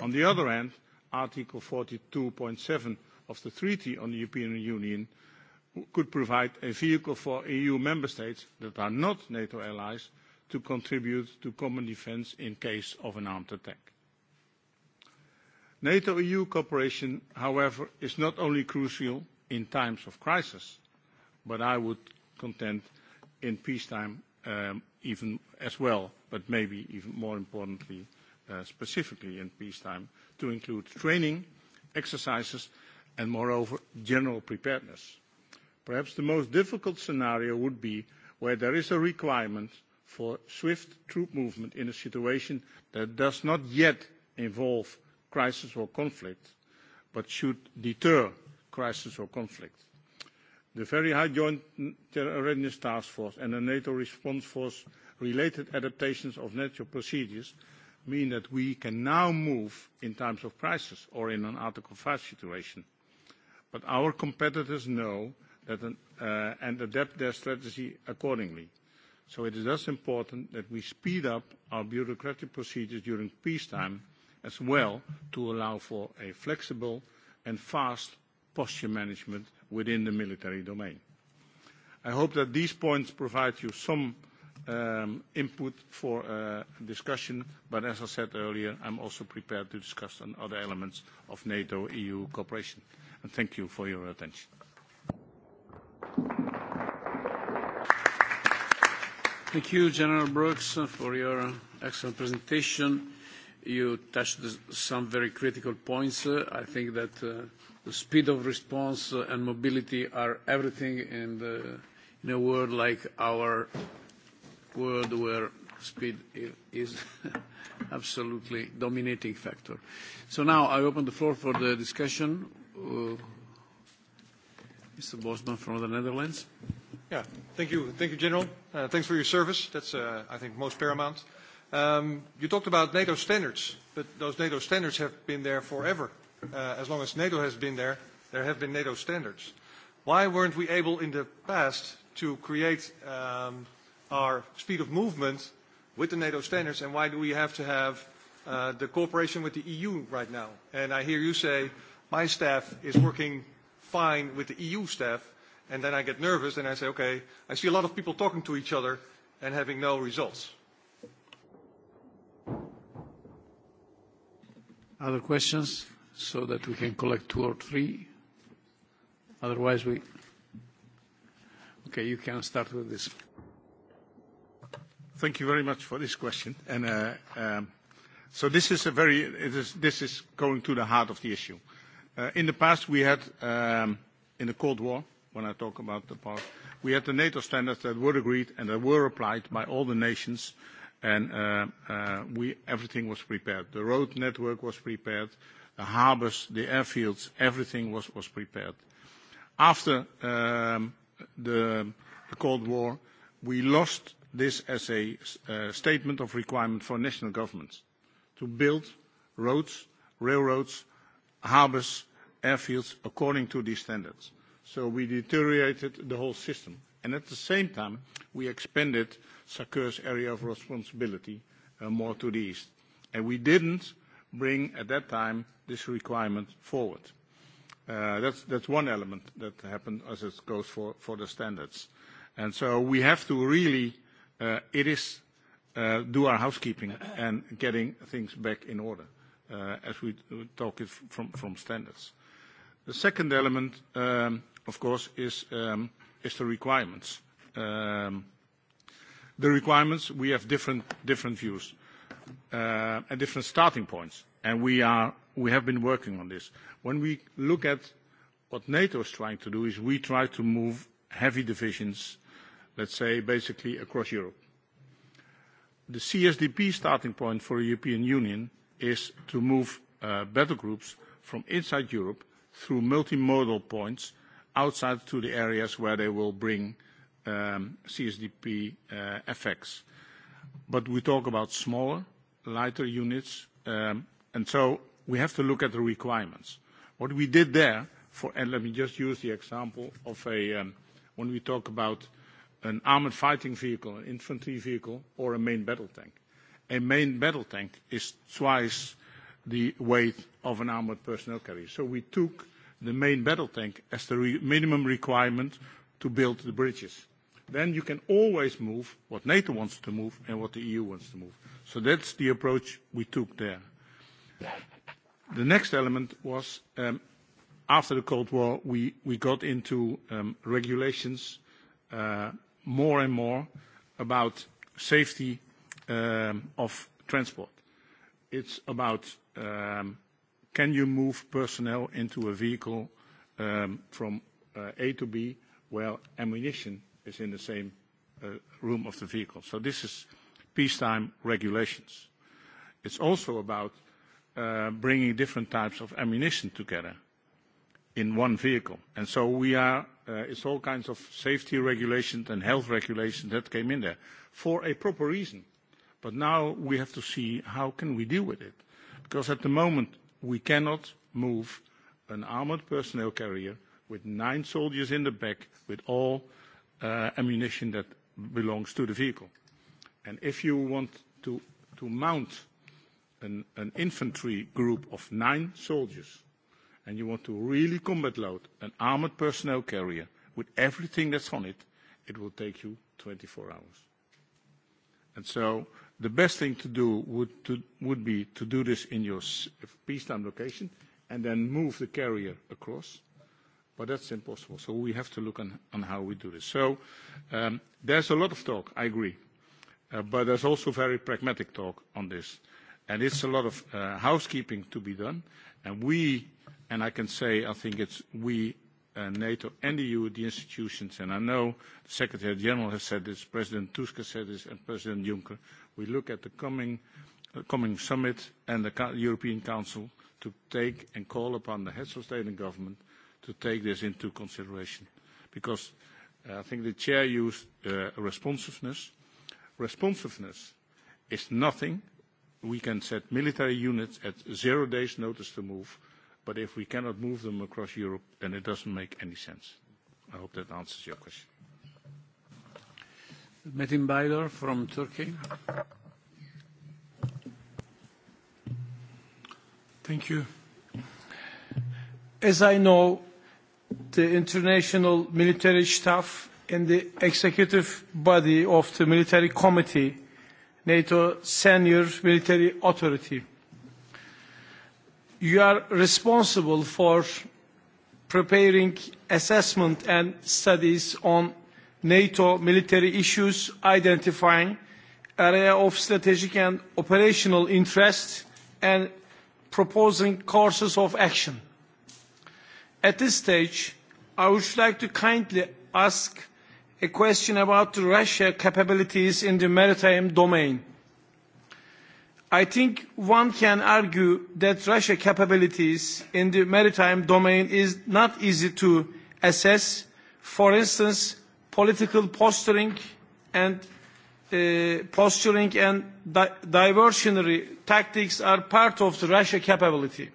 On the other hand, Article forty two seven of the Treaty on the European Union could provide a vehicle for EU member states that are not NATO allies to contribute to common defence in case of an armed attack. NATO-EU cooperation, however, is not only crucial in times of crisis, but I would contend in peacetime even as well, but maybe even more importantly, specifically in peacetime, to include training, exercises, and moreover, general preparedness. Perhaps the most difficult scenario would be where there is a requirement for swift troop movement in a situation that does not yet involve crisis or conflict, but should deter crisis or conflict. The Very High Joint Readiness Task Force and the NATO Response Force related adaptations of natural procedures mean that we can now move in times of crisis or in an Article 5 situation. But our competitors know that an, uh, and adapt their strategy accordingly. So it is thus important that we speed up our bureaucratic procedures during peacetime as well to allow for a flexible and fast posture management within the military domain. I hope that these points provide you some input for discussion, but as I said earlier, I'm also prepared to discuss on other elements of NATO-EU cooperation. And Thank you for your attention. Thank you, General Brooks, for your excellent presentation. You touched some very critical points. I think that the speed of response and mobility are everything in a world like our world, where speed is absolutely dominating factor. So Now I open the floor for the discussion. Mr. Bosman from the Netherlands. Yeah. Thank you. Thank you, General. Thanks for your service. That's, I think, most paramount. Um, you talked about NATO standards, but those NATO standards have been there forever. as long as NATO has been there, there have been NATO standards. Why weren't we able in the past to create our speed of movement with the NATO standards, and why do we have to have the cooperation with the EU right now? And I hear you say, my staff is working fine with the EU staff, and then I get nervous and I say, okay, I see a lot of people talking to each other and having no results. Other questions so that we can collect two or three? Otherwise, we. Okay, you can start with this. Thank you very much for this question. And uh um so This is a very it is this is going to the heart of the issue. Uh In the past, we had um in the Cold War, when I talk about the past, we had the NATO standards that were agreed and that were applied by all the nations and we everything was prepared. The road network was prepared, the harbors, the airfields, everything was was prepared. After the Cold War, we lost this as a statement of requirement for national governments to build roads, railroads, harbors, airfields according to these standards. So we deteriorated the whole system. And at the same time, we expanded SACEUR's area of responsibility more to the east. And we didn't bring, at that time, this requirement forward. That's that's one element that happened as it goes for for the standards. And so we have to really, it is, do our housekeeping and getting things back in order, as we talk it from from standards. The second element, of course, is the requirements. Um the requirements, we have different views and different starting points, and we have been working on this. When we look at what NATO is trying to do, is we try to move heavy divisions, let's say, basically across Europe. The CSDP starting point for the European Union is to move battle groups from inside Europe through multimodal points outside to the areas where they will bring CSDP effects. But we talk about smaller, lighter units, and so we have to look at the requirements. What we did there, for and let me just use the example of a, when we talk about an armored fighting vehicle, an infantry vehicle, or a main battle tank. A main battle tank is twice the weight of an armored personnel carrier. So we took the main battle tank as the minimum requirement to build the bridges then you can always move what NATO wants to move and what the EU wants to move. So that's the approach we took there. The next element was um, after the Cold War, we, we got into um, regulations uh, more and more about safety um, of transport. It's about um, can you move personnel into a vehicle um, from uh, A to B where ammunition is in the same uh, room of the vehicle. So this is peacetime regulations. It's also about uh, bringing different types of ammunition together in one vehicle. And so we are, uh, it's all kinds of safety regulations and health regulations that came in there for a proper reason. But now we have to see how can we deal with it. Because at the moment we cannot move an armored personnel carrier with nine soldiers in the back with all uh, ammunition that belongs to the vehicle. And if you want to, to mount an, an infantry group of nine soldiers, and you want to really combat load an armored personnel carrier with everything that's on it, it will take you 24 hours. And so the best thing to do would, to, would be to do this in your peacetime location and then move the carrier across but that's impossible. So we have to look on, on how we do this. So um, there's a lot of talk, I agree, uh, but there's also very pragmatic talk on this. And it's a lot of uh, housekeeping to be done. And we, and I can say, I think it's we, uh, NATO and the EU, the institutions, and I know the Secretary General has said this, President Tusk has said this, and President Juncker, we look at the coming, uh, coming summit and the European Council to take and call upon the heads of state and government – to take this into consideration because I think the chair used uh, responsiveness. Responsiveness is nothing. We can set military units at zero days' notice to move, but if we cannot move them across Europe, then it doesn't make any sense. I hope that answers your question. Metin Baylor from Turkey. Thank you. As I know, the International Military Staff and the executive body of the Military Committee, NATO Senior Military Authority. You are responsible for preparing assessment and studies on NATO military issues, identifying area of strategic and operational interest, and proposing courses of action At this stage, I would like to kindly ask a question about Russia's capabilities in the maritime domain. I think one can argue that Russia's capabilities in the maritime domain is not easy to assess. For instance, political posturing and posturing and diversionary tactics are part of the Russia capability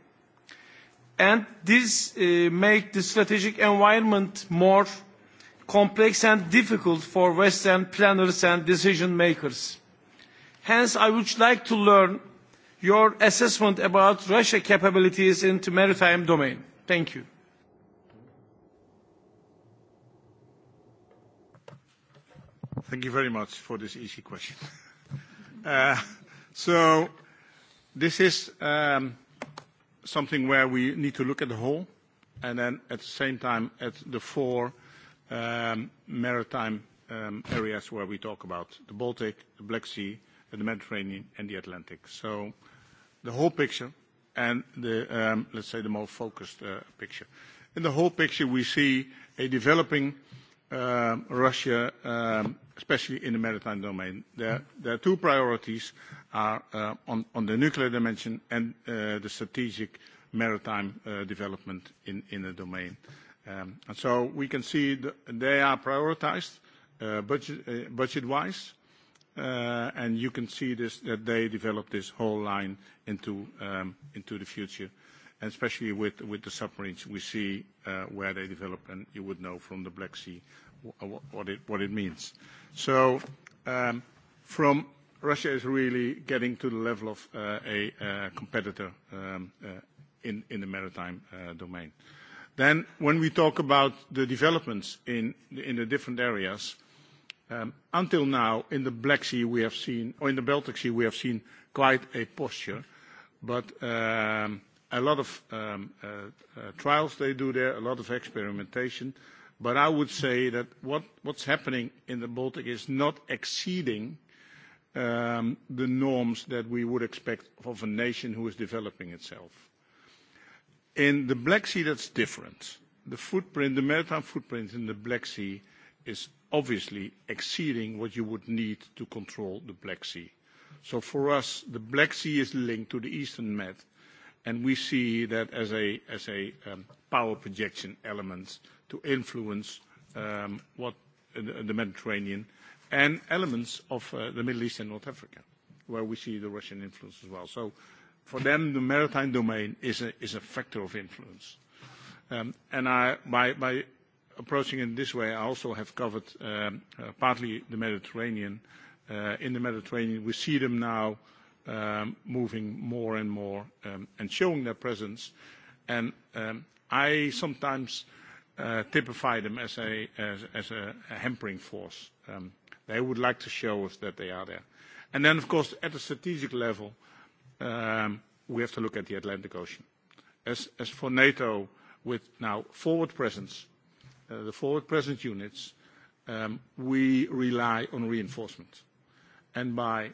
and this makes the strategic environment more complex and difficult for Western planners and decision makers. Hence, I would like to learn your assessment about Russia's capabilities in the maritime domain. Thank you. Thank you very much for this easy question. So this is something where we need to look at the whole, and then at the same time at the four um, maritime um, areas where we talk about the Baltic, the Black Sea, the Mediterranean, and the Atlantic. So the whole picture and the, um, let's say, the more focused uh, picture. In the whole picture, we see a developing Russia, especially in the maritime domain. Their two priorities are on the nuclear dimension and the strategic maritime development in the domain. And so we can see they are prioritized budget-wise, and you can see this, that they develop this whole line into the future and especially with with the submarines, we see uh where they develop, and you would know from the Black Sea what it what it means. So um from Russia is really getting to the level of uh a competitor in in the maritime uh domain. Then when we talk about the developments in in the different areas, um until now, in the Black Sea, we have seen, or in the Baltic Sea, we have seen quite a posture. But um a lot of trials they do there, a lot of experimentation. But I would say that what, what's happening in the Baltic is not exceeding the norms that we would expect of a nation who is developing itself. In the Black Sea, that's different. The footprint, the maritime footprint in the Black Sea is obviously exceeding what you would need to control the Black Sea. So for us, the Black Sea is linked to the Eastern Med and we see that as a as a um, power projection element to influence um, what uh, the Mediterranean and elements of uh, the Middle East and North Africa, where we see the Russian influence as well. So, for them, the maritime domain is a is a factor of influence. Um, and I, by by approaching it this way, I also have covered um, uh, partly the Mediterranean. Uh, in the Mediterranean, we see them now moving more and more and showing their presence. And I sometimes typify them as a as a hampering force. They would like to show us that they are there. And then, of course, at a strategic level, we have to look at the Atlantic Ocean. As for NATO, with now forward presence, the forward presence units, we rely on reinforcement. And by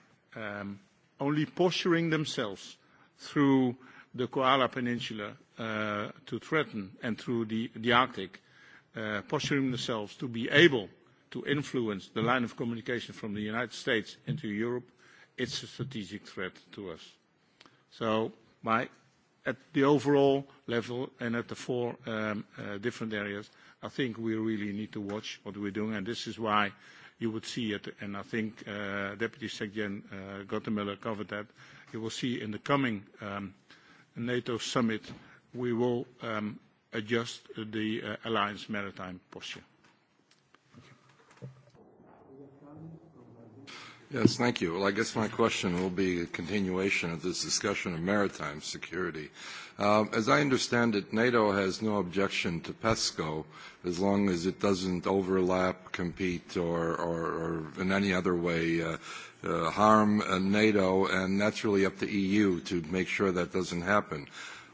only posturing themselves through the Koala Peninsula uh, to threaten and through the, the Arctic, uh, posturing themselves to be able to influence the line of communication from the United States into Europe, it's a strategic threat to us. So my, at the overall level and at the four um, uh, different areas, I think we really need to watch what we're doing, and this is why you would see it, and I think uh, Deputy Sekjen Guatemala covered that. You will see in the coming NATO summit, we will um, adjust the alliance maritime posture. Yes, thank you. Well, I guess my question will be a continuation of this discussion of maritime security. As I understand it, NATO has no objection to PESCO as long as it doesn't overlap, compete, or, or, or in any other way uh, uh, harm NATO, and that's really up to EU to make sure that doesn't happen.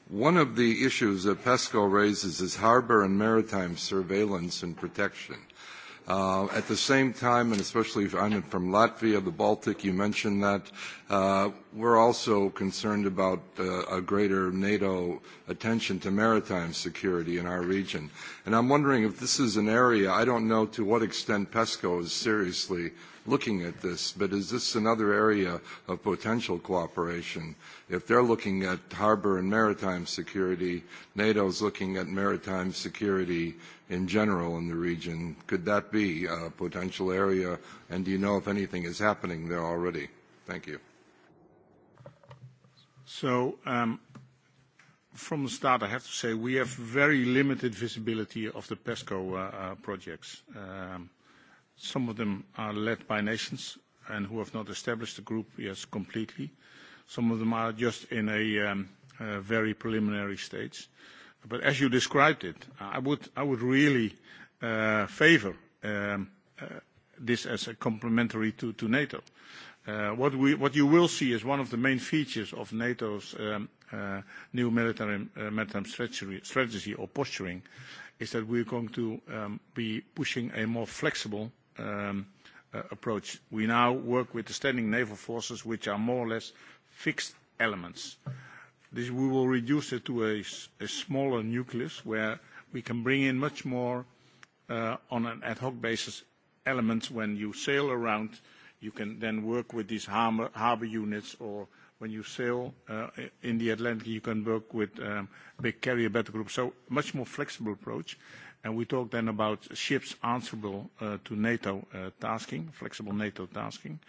One of the issues that PESCO raises is harbor and maritime surveillance and protection. Uh, at the same time, and especially if I'm from Latvia, the Baltic, you mentioned that, uh, we're also concerned about uh, a greater NATO attention to maritime security in our region. And I'm wondering if this is an area, I don't know to what extent PESCO is seriously uh, looking at this, but is this another area of potential cooperation? If they're looking at harbor and maritime security, NATO's looking at maritime security in general in the region. Could that be a potential area? And do you know if anything is happening there already? Thank you. So, um from the start, I have to say, we have very limited visibility of the PESCO projects. Um Some of them are led by nations and who have not established the group yet completely. Some of them are just in a very preliminary stage. But as you described it, I would I would really favor this as a complementary to to NATO. What we what you will see is one of the main features of NATO's new military maritime strategy or posturing is that we're going to be pushing a more flexible approach. We now work with the standing naval forces, which are more or less fixed elements. This we will reduce it to a smaller nucleus where we can bring in much more on an ad hoc basis elements. When you sail around, you can then work with these harbor units, or when you sail in the Atlantic, you can work with big carrier battle groups. So much more flexible approach. And we talked then about ships answerable to NATO tasking, flexible NATO tasking,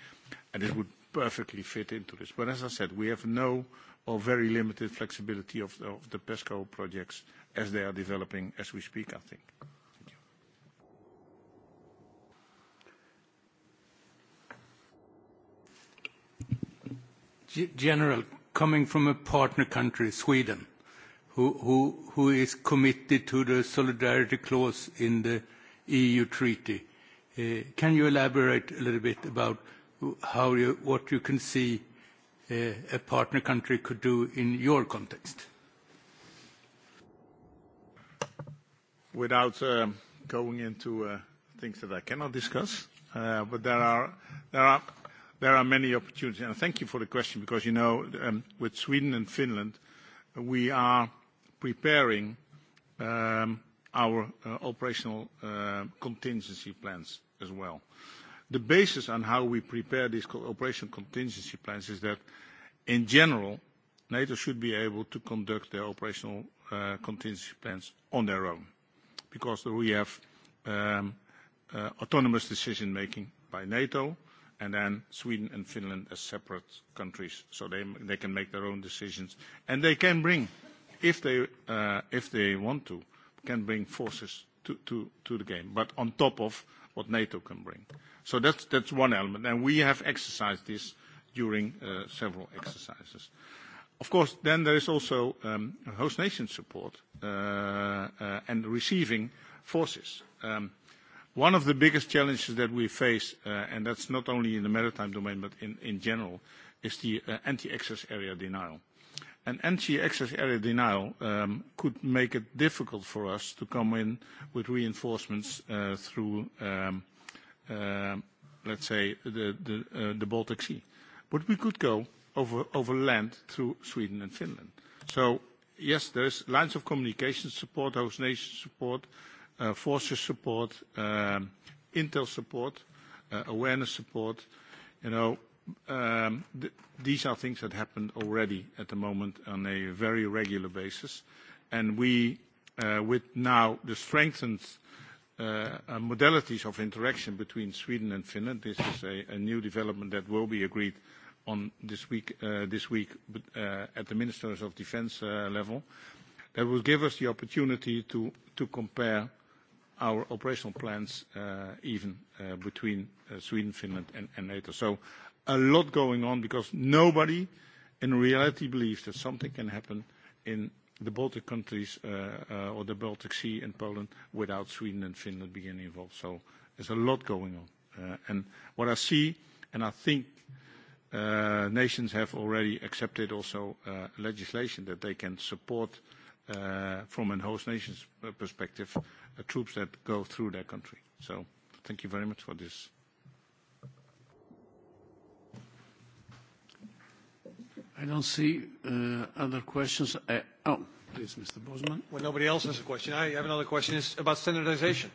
and this would perfectly fit into this. But as I said, we have no or very limited flexibility of the of the PESCO projects as they are developing as we speak, I think. General, coming from a partner country, Sweden, who, who, who is committed to the solidarity clause in the EU treaty. Uh, can you elaborate a little bit about how you, what you can see uh, a partner country could do in your context? Without uh, going into uh, things that I cannot discuss, uh, but there are, there are There are many opportunities, and thank you for the question because, you know, um with Sweden and Finland, we are preparing our operational contingency plans as well. The basis on how we prepare these operational contingency plans is that, in general, NATO should be able to conduct their operational contingency plans on their own because we have autonomous decision-making by NATO and then Sweden and Finland as separate countries, so they can make their own decisions. and They can bring if they, uh, if they want to, can bring forces to, to, to the game, but on top of what NATO can bring. So that's, that's one element, and we have exercised this during uh, several exercises. Of course, then there is also um, host nation support uh, uh, and receiving forces. Um, one of the biggest challenges that we face, uh, and that's not only in the maritime domain but in, in general, is the uh, anti-access area denial. Uh, An anti access area denial um, could make it difficult for us to come in with reinforcements uh, through, let's say, the, the, uh, the Baltic Sea. But we could go over, over land through Sweden and Finland. So, yes, there is lines of communication support, host nation support, uh, forces support, um, intel support, uh, awareness support. You know, These are things that happen already at the moment on a very regular basis. and We, with now the strengthened modalities of interaction between Sweden and Finland, this is a new development that will be agreed on this week at the ministers of defense level. That will give us the opportunity to compare our operational plans even between Sweden, Finland, and NATO. So a lot going on because nobody in reality believes that something can happen in the Baltic countries or the Baltic Sea and Poland without Sweden and Finland being involved. So there's a lot going on. And what I see, and I think nations have already accepted also legislation that they can support from a host nation's perspective troops that go through their country. So thank you very much for this I don't see uh, other questions. oh, please, Mr. Bosman. Well, nobody else has a question. I have another question. It's about standardization.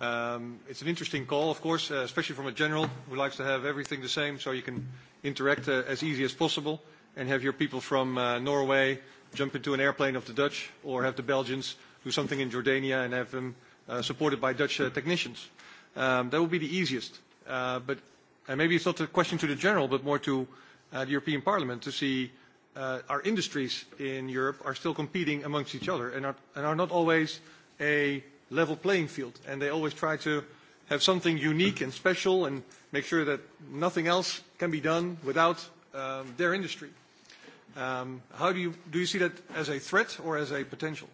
Um, it's an interesting call, of course, uh, especially from a general who likes to have everything the same so you can interact as easy as possible and have your people from uh, Norway jump into an airplane of the Dutch or have the Belgians do something in Jordania and have them uh, supported by Dutch uh, technicians. Um, that would be the easiest. Uh, but and maybe it's not a question to the general, but more to the European Parliament to see uh our industries in Europe are still competing amongst each other and are and are not always a level playing field. And they always try to have something unique and special and make sure that nothing else can be done without um their industry. How do you do you see that as a threat or as a potential?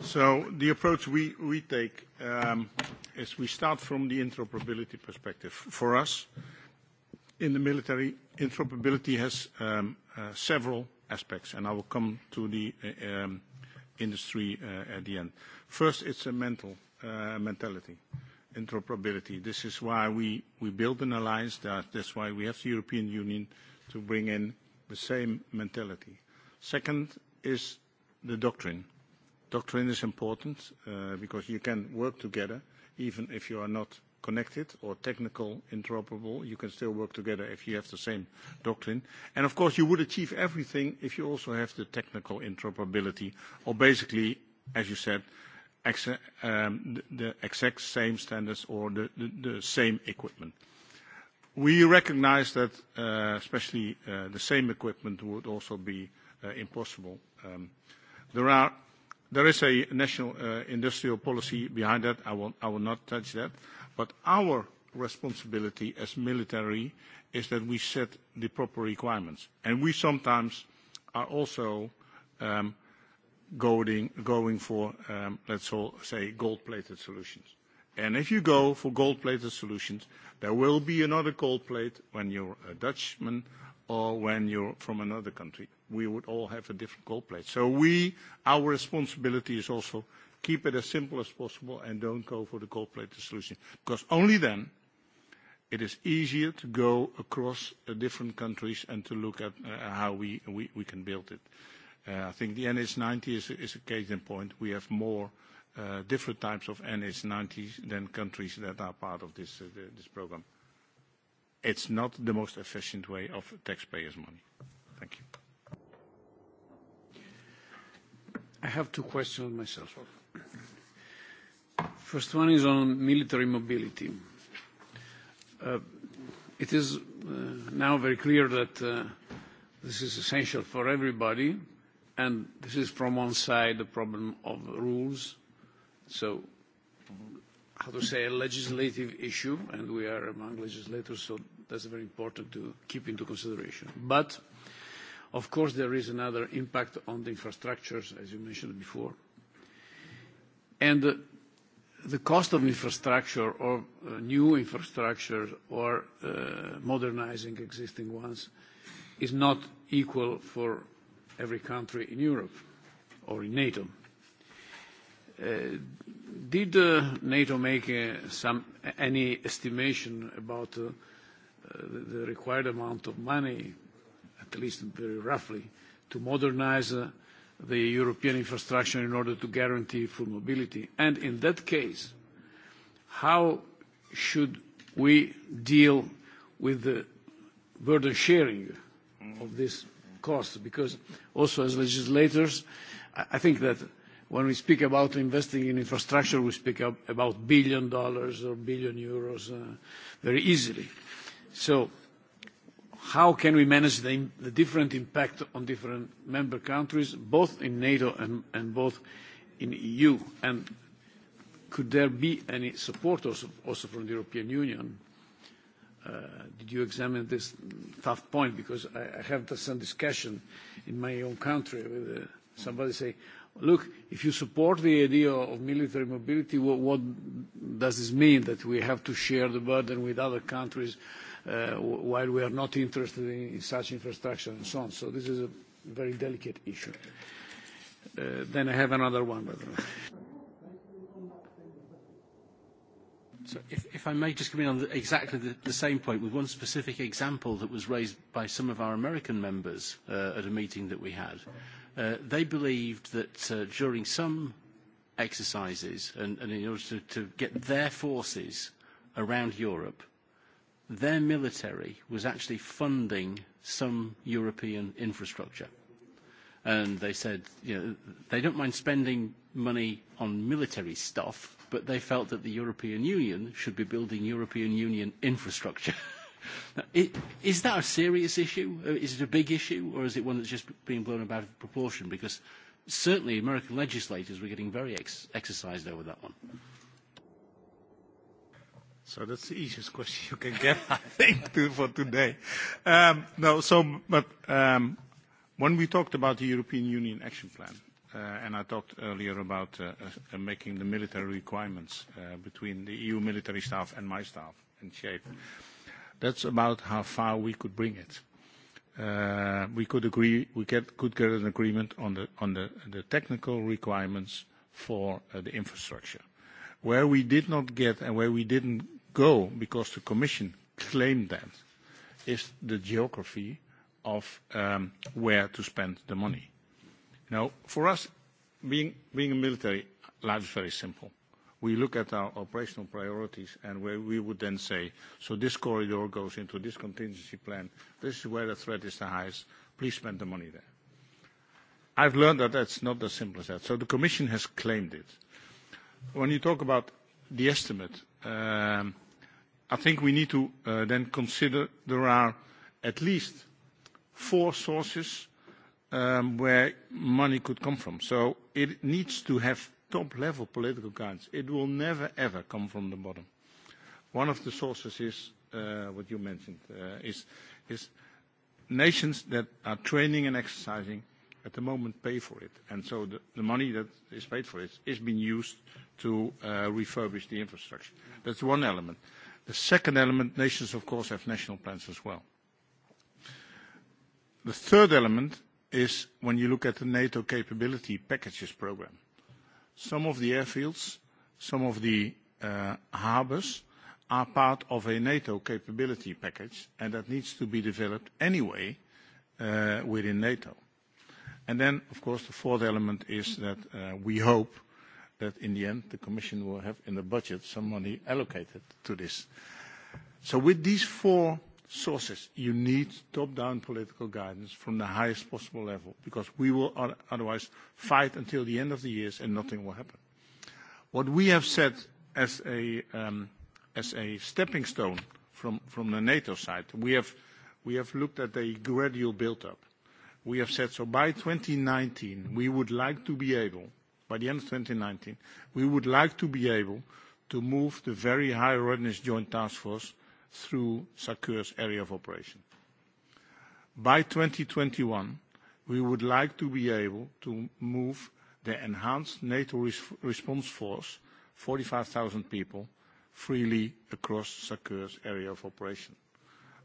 So the approach we we take um is we start from the interoperability perspective. For us, in the military, interoperability has several aspects, and I will come to the industry at the end. First, it's a mental mentality, interoperability. This is why we build an alliance. That's why we have the European Union to bring in the same mentality. Second is the doctrine. Doctrine is important because you can work together even if you are not connected or technical interoperable, you can still work together if you have the same doctrine. And of course, you would achieve everything if you also have the technical interoperability, or basically, as you said, ex um, the exact same standards or the, the, the same equipment. We recognize that uh, especially uh, the same equipment would also be uh, impossible. Um, there are There is a national uh, industrial policy behind that. I will, I will not touch that. But our responsibility as military is that we set the proper requirements. And we sometimes are also um, going, going for, um, let's all say, gold-plated solutions. And if you go for gold-plated solutions, there will be another gold plate when you're a Dutchman or when you're from another country. We would all have a different gold plate. So we, our responsibility is also keep it as simple as possible and don't go for the gold-plated solution, because only then it is easier to go across different countries and to look at how we we can build it. I think the NH90 is a case in point. We have more different types of NH90s than countries that are part of this program. It's not the most efficient way of taxpayers' money. Thank you. I have two questions myself. First one is on military mobility. It is now very clear that this is essential for everybody, and this is from one side, the problem of rules. So how to say, a legislative issue, and we are among legislators, so that's very important to keep into consideration. But of course, there is another impact on the infrastructures, as you mentioned before. And the cost of infrastructure or new infrastructure or modernizing existing ones is not equal for every country in Europe or in NATO. Did NATO make any estimation about the required amount of money, at least very roughly, to modernize the European infrastructure in order to guarantee full mobility? And in that case, how should we deal with the burden sharing of this cost? Because also as legislators, I think that when we speak about investing in infrastructure, we speak about billion dollars or billion euros very easily. So how can we manage the, the different impact on different member countries, both in NATO and, and both in EU? And could there be any support also, also from the European Union? Uh, did you examine this tough point? Because I, I have some discussion in my own country with uh, somebody say, look, if you support the idea of military mobility, what, what does this mean that we have to share the burden with other countries while we are not interested in such infrastructure and so on. So this is a very delicate issue. Then I have another one, by way. So if I may just come in on exactly the same point with one specific example that was raised by some of our American members at a meeting that we had. They believed that during some exercises and in order to get their forces around Europe, their military was actually funding some European infrastructure. And they said, you know, they don't mind spending money on military stuff, but they felt that the European Union should be building European Union infrastructure. Is that a serious issue? Is it a big issue, or is it one that's just being blown about of proportion? Because certainly American legislators were getting very ex- exercised over that one. So that's the easiest question you can get, I think, to, for today. Um, no, so, but um, when we talked about the European Union Action Plan, uh, and I talked earlier about uh, uh, making the military requirements uh, between the EU military staff and my staff in shape, that's about how far we could bring it. Uh, we could agree, we get, could get an agreement on the, on the, the technical requirements for uh, the infrastructure. Where we did not get and where we didn't go, because the Commission claimed that, is the geography of um, where to spend the money. Now, for us, being, being a military, life is very simple. We look at our operational priorities and where we would then say, so this corridor goes into this contingency plan. This is where the threat is the highest. Please spend the money there. I've learned that that's not as simple as that. So the Commission has claimed it. When you talk about the estimate, um, I think we need to then consider there are at least four sources where money could come from. So it needs to have top-level political guidance. It will never, ever come from the bottom. One of the sources is what you mentioned, is, nations that are training and exercising at the moment pay for it. And so the, the money that is paid for it is being used to refurbish the infrastructure. That's one element. The second element, nations of course have national plans as well. The third element is when you look at the NATO capability packages program. Some of the airfields, some of the uh, harbors are part of a NATO capability package and that needs to be developed anyway uh, within NATO. And then, of course, the fourth element is that uh, we hope that in the end, the commission will have in the budget some money allocated to this. So with these four sources, you need top-down political guidance from the highest possible level, because we will otherwise fight until the end of the years and nothing will happen. What we have said as a stepping stone from the NATO side, we have looked at a gradual build-up. We have said, so by 2019, we would like to be able by the end of 2019, we would like to be able to move the Very High Readiness Joint Task Force through SACEUR's area of operation. By 2021, we would like to be able to move the enhanced NATO response force, 45,000 people, freely across SACEUR's area of operation.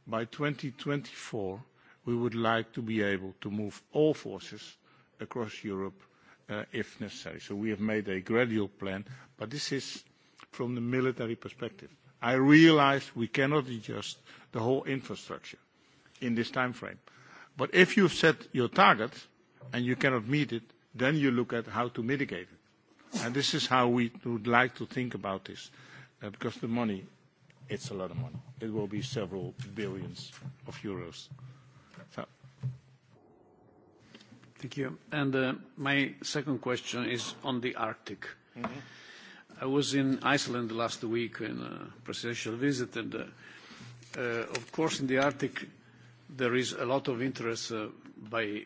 By 2024, we would like to be able to move all forces across Europe if necessary. So we have made a gradual plan, but this is from the military perspective. I realize we cannot adjust the whole infrastructure in this time frame. But if you've set your target and you cannot meet it, then you look at how to mitigate it. And this is how we would like to think about this, because the money, it's a lot of money. It will be several billions of euros. Thank you. And My second question is on the Arctic. I was in Iceland last week in a presidential visit, and of course, in the Arctic, there is a lot of interest by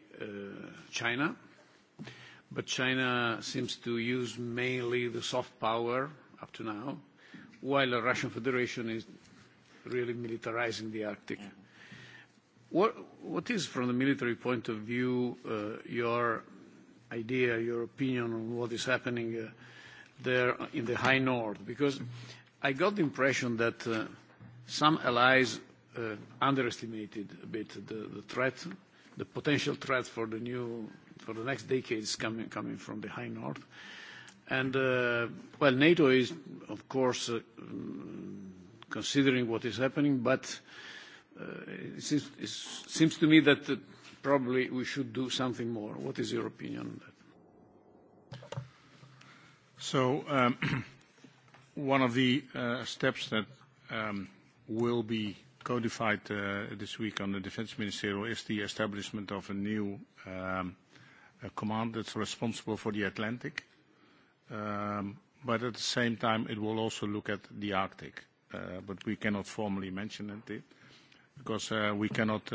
China, but China seems to use mainly the soft power up to now, while the Russian Federation is really militarizing the Arctic. What is, from the military point of view, your idea, your opinion on what is happening there in the High North? Because I got the impression that some allies underestimated a bit the threat, the potential threat for the new, for the next decades coming coming from the High North. And well, NATO is, of course, considering what is happening, but it seems, it seems to me that probably we should do something more. What is your opinion on that? So um, one of the uh, steps that um, will be codified uh, this week on the Defense Ministerial is the establishment of a new um, a command that's responsible for the Atlantic. Um, but at the same time, it will also look at the Arctic. Uh, but we cannot formally mention it because we cannot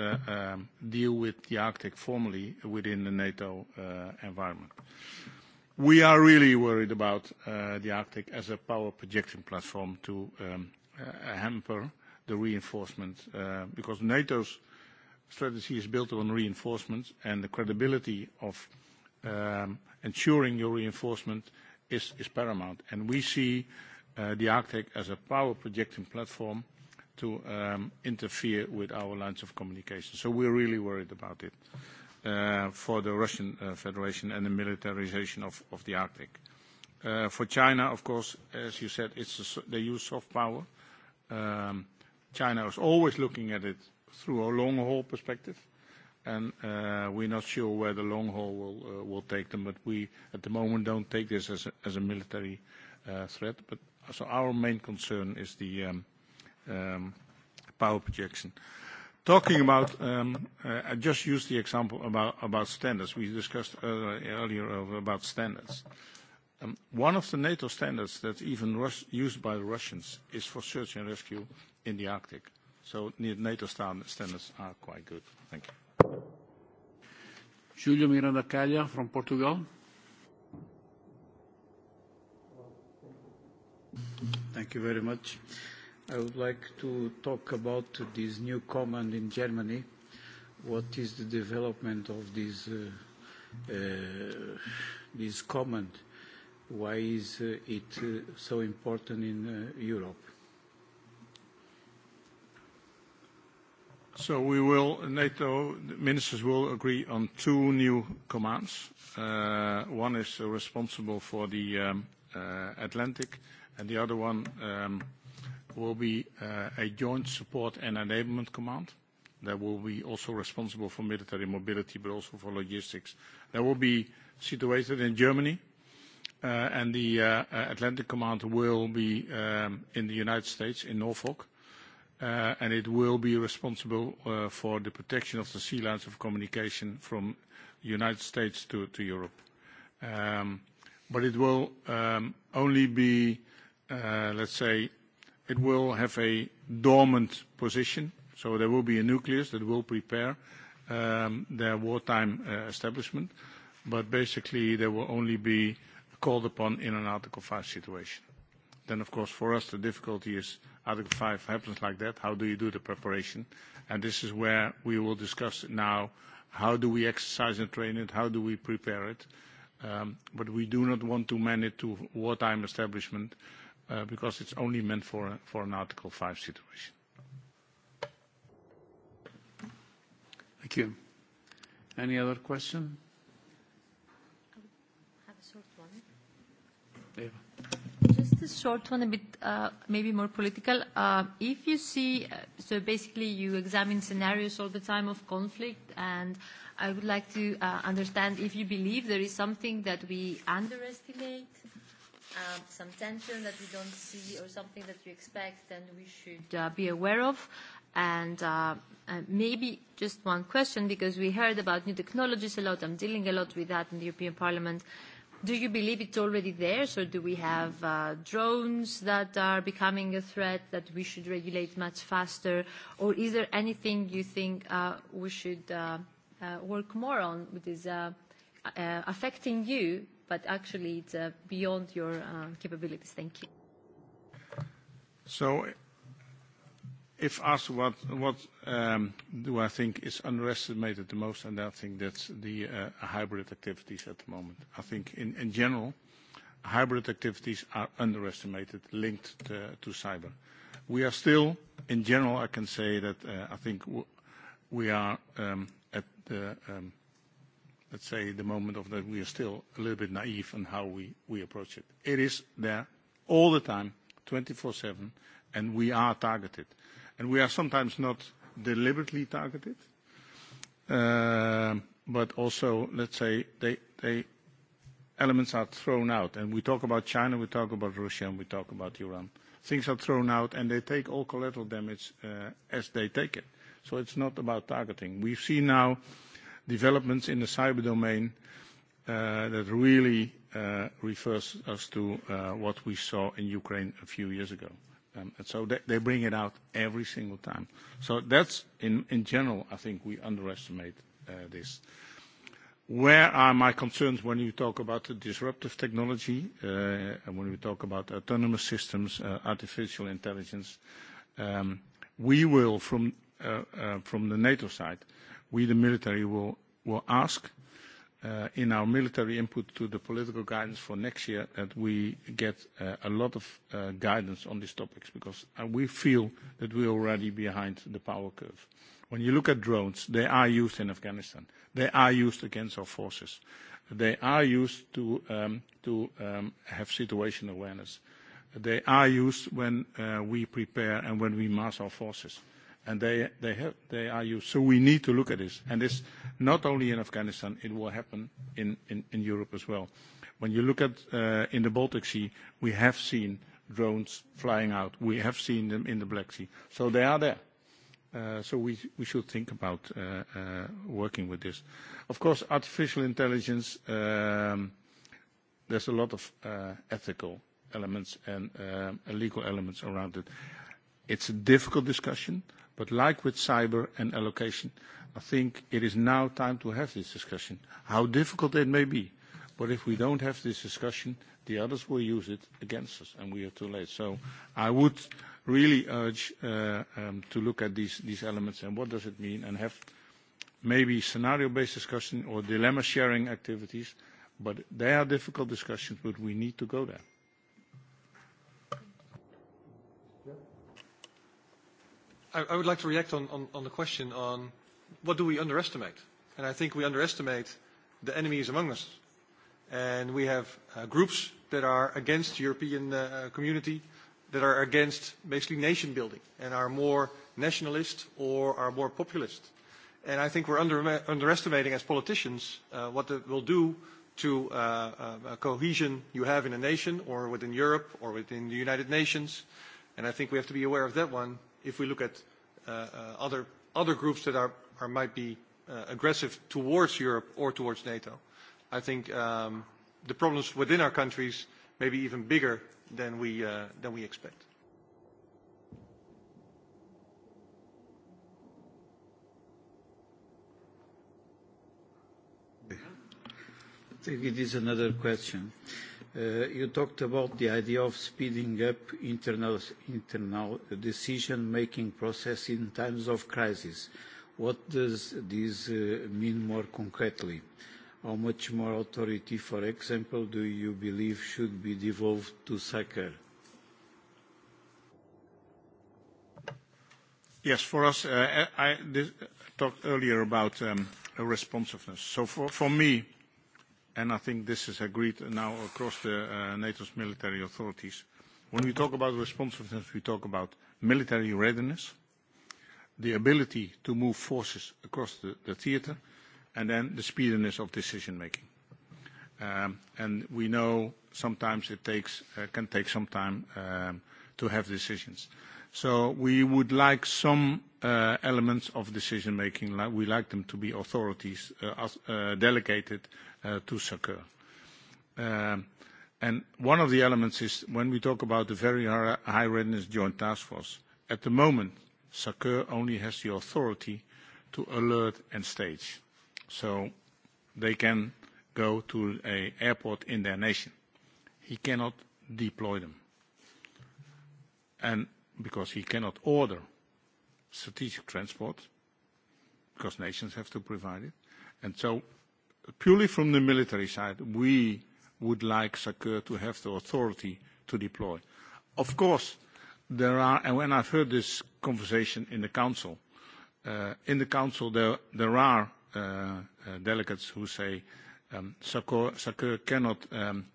deal with the Arctic formally within the NATO environment. We are really worried about the Arctic as a power projection platform to hamper the reinforcement, because NATO's strategy is built on reinforcement, and the credibility of ensuring your reinforcement is paramount. We see the Arctic as a power projection platform to um, interfere with our lines of communication. So we're really worried about it uh, for the Russian uh, Federation and the militarization of, of the Arctic. Uh, for China, of course, as you said, it's a, they use soft power. Um, China is always looking at it through a long-haul perspective, and uh, we're not sure where the long haul will, uh, will take them, but we, at the moment, don't take this as a, as a military uh, threat. But so our main concern is the um, – um, power projection. Talking about, um, uh, I just used the example about, about standards. We discussed uh, earlier about standards. Um, one of the NATO standards that's even Rus- used by the Russians is for search and rescue in the Arctic. So NATO standards are quite good. Thank you. Julio Miranda Calha from Portugal. Thank you very much. I would like to talk about this new command in Germany. What is the development of this uh, uh, this command? Why is uh, it uh, so important in uh, Europe? So we will, NATO ministers will agree on two new commands. Uh, one is responsible for the um, uh, Atlantic, and the other one. Um, will be a joint support and enablement command that will be also responsible for military mobility, but also for logistics. That will be situated in Germany, and the Atlantic Command will be in the United States, in Norfolk, and it will be responsible for the protection of the sea lines of communication from the United States to Europe. But it will only be, let's say, it will have a dormant position, so there will be a nucleus that will prepare their wartime establishment, but basically they will only be called upon in an Article 5 situation. Then, of course, for us, the difficulty is Article 5 happens like that, how do you do the preparation? And this is where we will discuss now, how do we exercise and train it? How do we prepare it? But we do not want to man it to wartime establishment because it's only meant for, a, for an Article 5 situation. Thank you. Any other question? I have a short one. Eva. Just a short one, a bit uh, maybe more political. Uh, if you see, uh, so basically you examine scenarios all the time of conflict, and I would like to uh, understand if you believe there is something that we underestimate um, some tension that we don't see or something that you expect and we should uh, be aware of. And uh, maybe just one question, because we heard about new technologies a lot. I'm dealing a lot with that in the European Parliament. Do you believe it's already there? So do we have uh, drones that are becoming a threat that we should regulate much faster? Or is there anything you think uh, we should uh, uh, work more on, which is uh, uh, affecting you but actually it's uh, beyond your uh, capabilities. Thank you. So if asked what, what um, do I think is underestimated the most, and I think that's the uh, hybrid activities at the moment. I think in, in general, hybrid activities are underestimated, linked to, to cyber. We are still, in general, I can say that uh, I think w we are um, at the um, let's say, the moment of that we are still a little bit naive on how we, we approach it. It is there all the time, 24/7, and we are targeted. And we are sometimes not deliberately targeted, but also, let's say, they, they elements are thrown out. And we talk about China, we talk about Russia, and we talk about Iran. Things are thrown out, and they take all collateral damage uh, as they take it. So it's not about targeting. We've seen now developments in the cyber domain that really refers us to what we saw in Ukraine a few years ago. And so they they bring it out every single time. So that's in in general, I think we underestimate this. Where are my concerns when you talk about the disruptive technology, and when we talk about autonomous systems, artificial intelligence? We will, from the NATO side, we, the military, will, will ask uh, in our military input to the political guidance for next year that we get uh, a lot of uh, guidance on these topics because uh, we feel that we're already behind the power curve. When you look at drones, they are used in Afghanistan. They are used against our forces. They are used to, um, to um, have situational awareness. They are used when uh, we prepare and when we mass our forces and they they have they are used. So we need to look at this, and this not only in Afghanistan, it will happen in in, in Europe as well. When you look at uh, in the Baltic Sea, we have seen drones flying out. We have seen them in the Black Sea, so they are there. Uh, so we we should think about uh, uh, working with this. Of course, artificial intelligence. Um, there's a lot of uh, ethical elements and uh, legal elements around it. It's a difficult discussion But like with cyber and allocation, I think it is now time to have this discussion, how difficult it may be. But if we don't have this discussion, the others will use it against us, and we are too late. So I would really urge uh, um, to look at these, these elements and what does it mean, and have maybe scenario-based discussion or dilemma-sharing activities. But they are difficult discussions, but we need to go there. I, I would like to react on, on, on the question on what do we underestimate? And I think we underestimate the enemies among us. And we have uh, groups that are against the European uh, community, that are against basically nation building, and are more nationalist or are more populist. And I think we're under, underestimating as politicians uh, what that will do to uh, uh, cohesion you have in a nation or within Europe or within the United Nations. And I think we have to be aware of that one if we look at other other groups that are might be aggressive towards Europe or towards NATO, I think the problems within our countries may be even bigger than we than we expect. I think it is another question. Uh, you talked about the idea of speeding up internal, internal decision-making process in times of crisis. What does this uh, mean more concretely? How much more authority, for example, do you believe should be devolved to SACER? Yes, for us, uh, I, I talked earlier about um, responsiveness. So for, for me, and I think this is agreed now across the NATO's military authorities. When we talk about responsiveness, we talk about military readiness, the ability to move forces across the, theatre theater, and then the speediness of decision making. and we know sometimes it takes, can take some time to have decisions. So we would like some uh, elements of decision making. We like them to be authorities uh, uh, delegated uh, to SACEUR. and one of the elements is when we talk about the very high readiness joint task force. At the moment, SACEUR only has the authority to alert and stage. So they can go to an airport in their nation. He cannot deploy them. And because he cannot order strategic transport, because nations have to provide it. And so purely from the military side, we would like SACEUR to have the authority to deploy. Of course, there are, and when I've heard this conversation in the council, uh, in the council there, there are uh, uh, delegates who say um, SACEUR cannot um,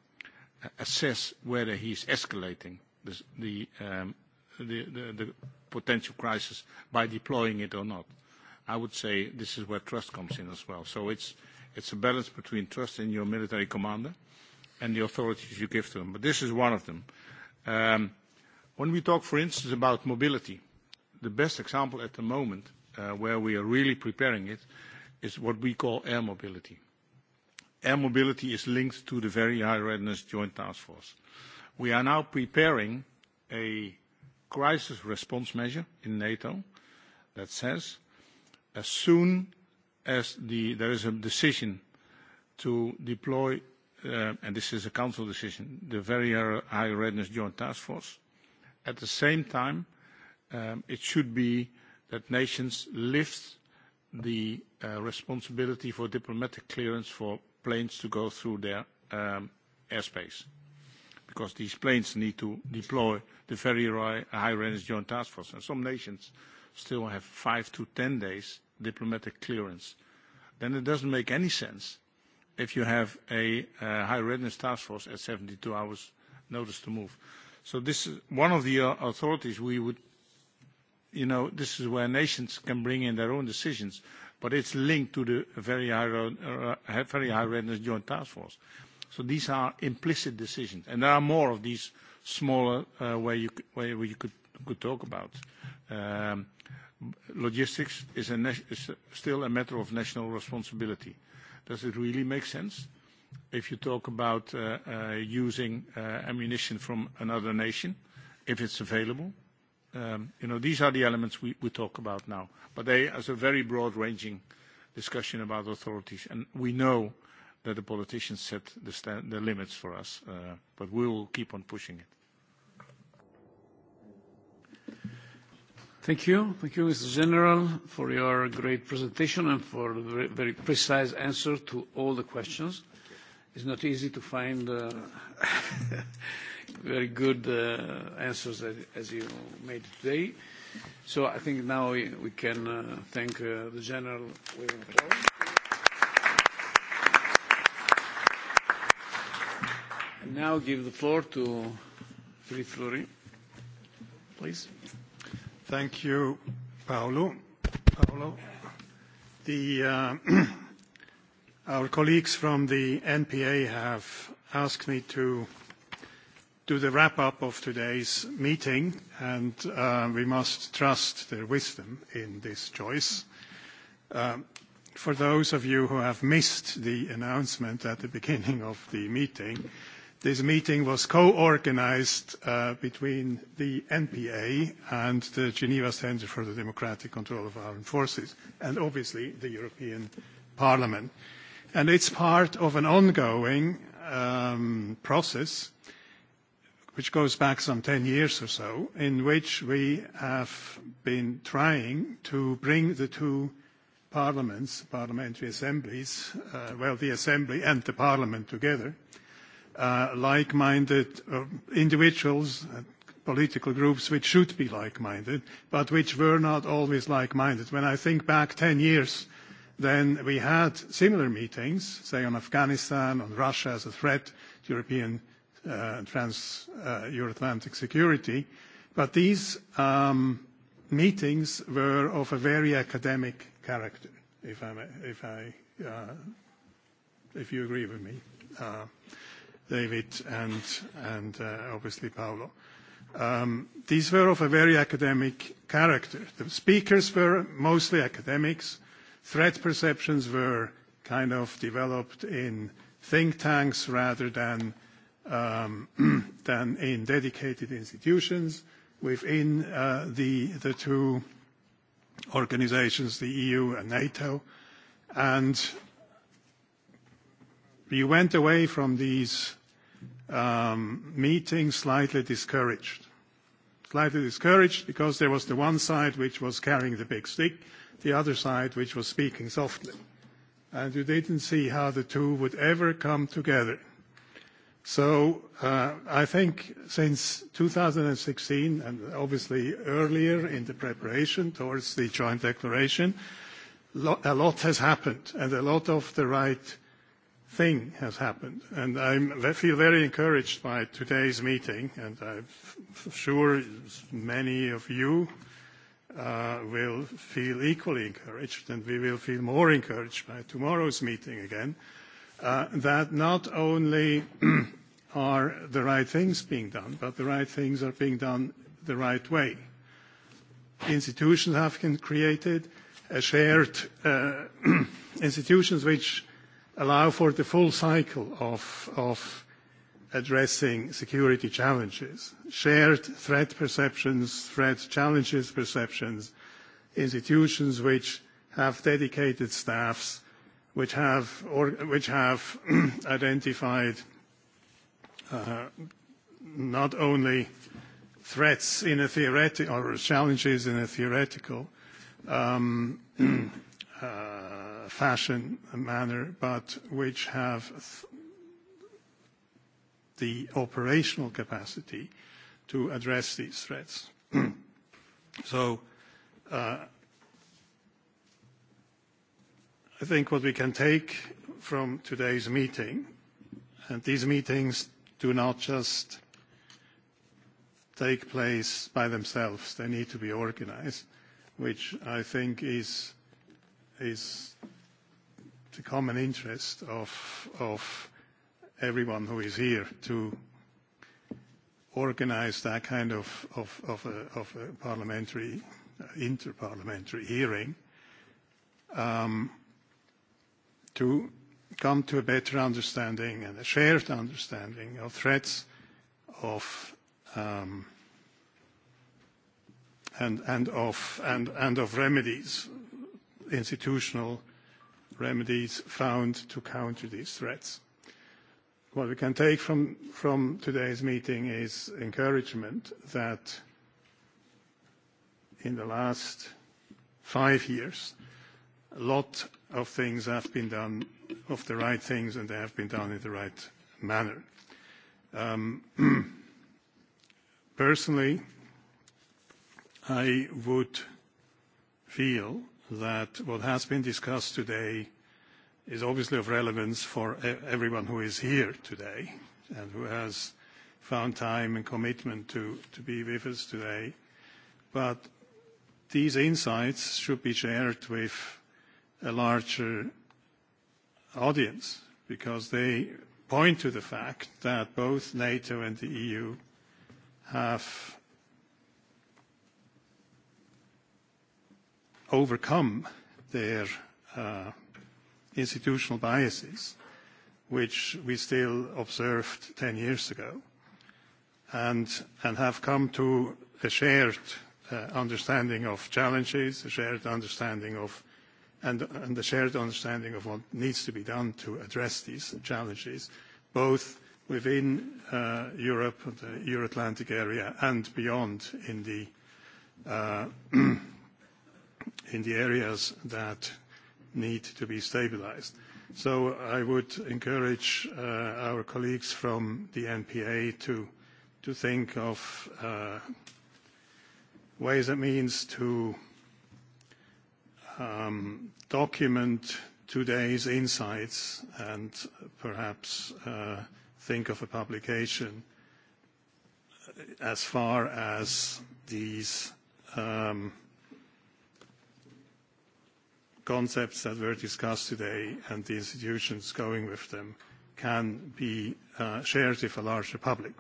assess whether he's escalating the, the um, the, the, the potential crisis by deploying it or not. I would say this is where trust comes in as well. So it's, it's a balance between trust in your military commander and the authorities you give to them. But this is one of them. when we talk, for instance, about mobility, the best example at the moment where we are really preparing it is what we call air mobility. Air mobility is linked to the Very High Readiness Joint Task Force. We are now preparing a crisis response measure in NATO that says as soon as the, there is a decision to deploy, uh, and this is a council decision, the very high readiness joint task force, at the same time, um, it should be that nations lift the uh, responsibility for diplomatic clearance for planes to go through their um, airspace because these planes need to deploy the very high range joint task force. And some nations still have five to ten days diplomatic clearance. Then it doesn't make any sense if you have a uh, high readiness task force at 72 hours notice to move. So this is one of the uh, authorities we would, you know, this is where nations can bring in their own decisions, but it's linked to the very high, uh, very high readiness joint task force. So these are implicit decisions, and there are more of these smaller uh, where you where you could could talk about. Um, logistics is, a is still a matter of national responsibility. Does it really make sense? If you talk about uh, uh, using uh, ammunition from another nation, if it's available, um, you know these are the elements we, we talk about now. But they as a very broad-ranging discussion about authorities, and we know that the politicians set the, stand, the limits for us, uh, but we will keep on pushing it. Thank you. Thank you, Mr. General, for your great presentation and for the very, very precise answer to all the questions. It's not easy to find uh, very good uh, answers as you made today. So I think now we, we can uh, thank uh, the General. now give the floor to Philippe Fleury, please. Thank you, Paolo. Paolo. Our colleagues from the NPA have asked me to do the wrap-up of today's meeting, and we must trust their wisdom in this choice. For those of you who have missed the announcement at the beginning of the meeting, This meeting was co-organized between the NPA and the Geneva Center for the Democratic Control of Armed Forces, and obviously the European Parliament. And It's part of an ongoing process which goes back some 10 years or so, in which we have been trying to bring the two parliaments, parliamentary assemblies, well, the assembly and the parliament together, like-minded individuals, political groups which should be like-minded, but which were not always like-minded. When I think back 10 years, then we had similar meetings, say on Afghanistan, on Russia as a threat, to European trans Euro-Atlantic security. But these um meetings were of a very academic character, if I, if I, uh, if you agree with me. Uh, David, and, and uh, obviously Paolo. these were of a very academic character. The speakers were mostly academics. Threat perceptions were kind of developed in think tanks rather than, in dedicated institutions within the, the two organizations, the EU and NATO. And We went away from these meetings slightly discouraged. Slightly discouraged because there was the one side which was carrying the big stick, the other side which was speaking softly. And you didn't see how the two would ever come together. So I think since 2016, and obviously earlier in the preparation towards the joint declaration, a lot has happened, and a lot of the right thing has happened. And I feel very encouraged by today's meeting, and I'm sure many of you will feel equally encouraged, and we will feel more encouraged by tomorrow's meeting again, that not only are the right things being done, but the right things are being done the right way. Institutions have been created, a shared institutions which allow for the full cycle of addressing security challenges, shared threat perceptions, threat challenges perceptions, institutions which have dedicated staffs, which have identified not only threats in a theoretical or challenges in a theoretical fashion manner, but which have the operational capacity to address these threats. So, I think what we can take from today's meeting, and these meetings do not just take place by themselves. They need to be organized, which I think is is the common interest of, of everyone who is here to organize that kind of, of, of, a, of a parliamentary, interparliamentary hearing um, to come to a better understanding and a shared understanding of threats of um, and, and, of, and, and of remedies, institutional remedies found to counter these threats. What we can take from, from today's meeting is encouragement that in the last five years, a lot of things have been done, of the right things, and they have been done in the right manner. Um, personally, I would feel that what has been discussed today is obviously of relevance for everyone who is here today and who has found time and commitment to be with us today. But these insights should be shared with a larger audience because they point to the fact that both NATO and the EU have overcome their uh, institutional biases, which we still observed 10 years ago, and, and have come to a shared uh, understanding of challenges, a shared understanding of and, and a shared understanding of what needs to be done to address these challenges, both within uh, Europe, the Euro-Atlantic area, and beyond in the uh, in the areas that need to be stabilized. So I would encourage our colleagues from the NPA to think of ways and means to document today's insights and perhaps think of a publication as far as these concepts that were discussed today and the institutions going with them can be shared with a larger public.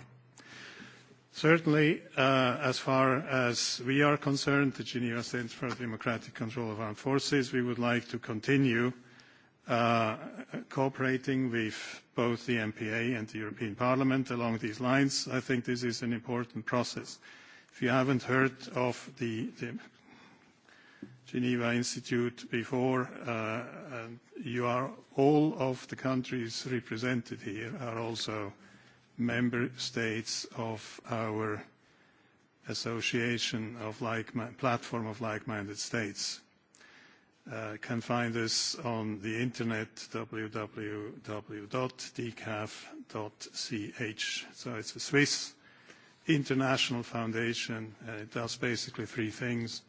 Certainly, as far as we are concerned, the Geneva Center for Democratic Control of Armed Forces, we would like to continue cooperating with both the MPA and the European Parliament along these lines. I think this is an important process. If you haven't heard of the Geneva Institute before, and you are all of the countries represented here are also member states of our association of like platform of like-minded states. Uh, can find us on the internet www.decaf.ch. So it's a Swiss international foundation, and it does basically three things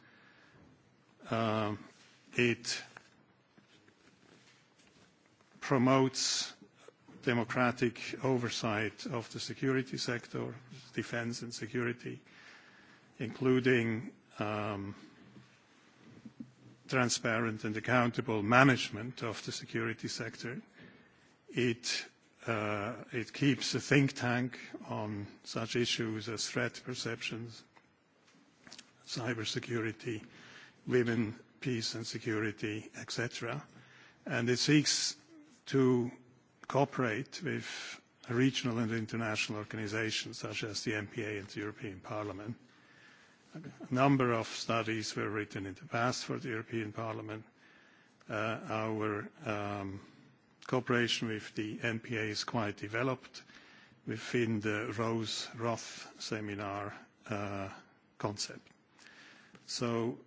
It promotes democratic oversight of the security sector, defense and security, including transparent and accountable management of the security sector. It it keeps a think tank on such issues as threat perceptions, cybersecurity, women, peace and security, etc. And it seeks to cooperate with regional and international organizations such as the MPA and the European Parliament. A number of studies were written in the past for the European Parliament. Uh, our um, cooperation with the NPA is quite developed within the Rose-Roth seminar uh, concept. So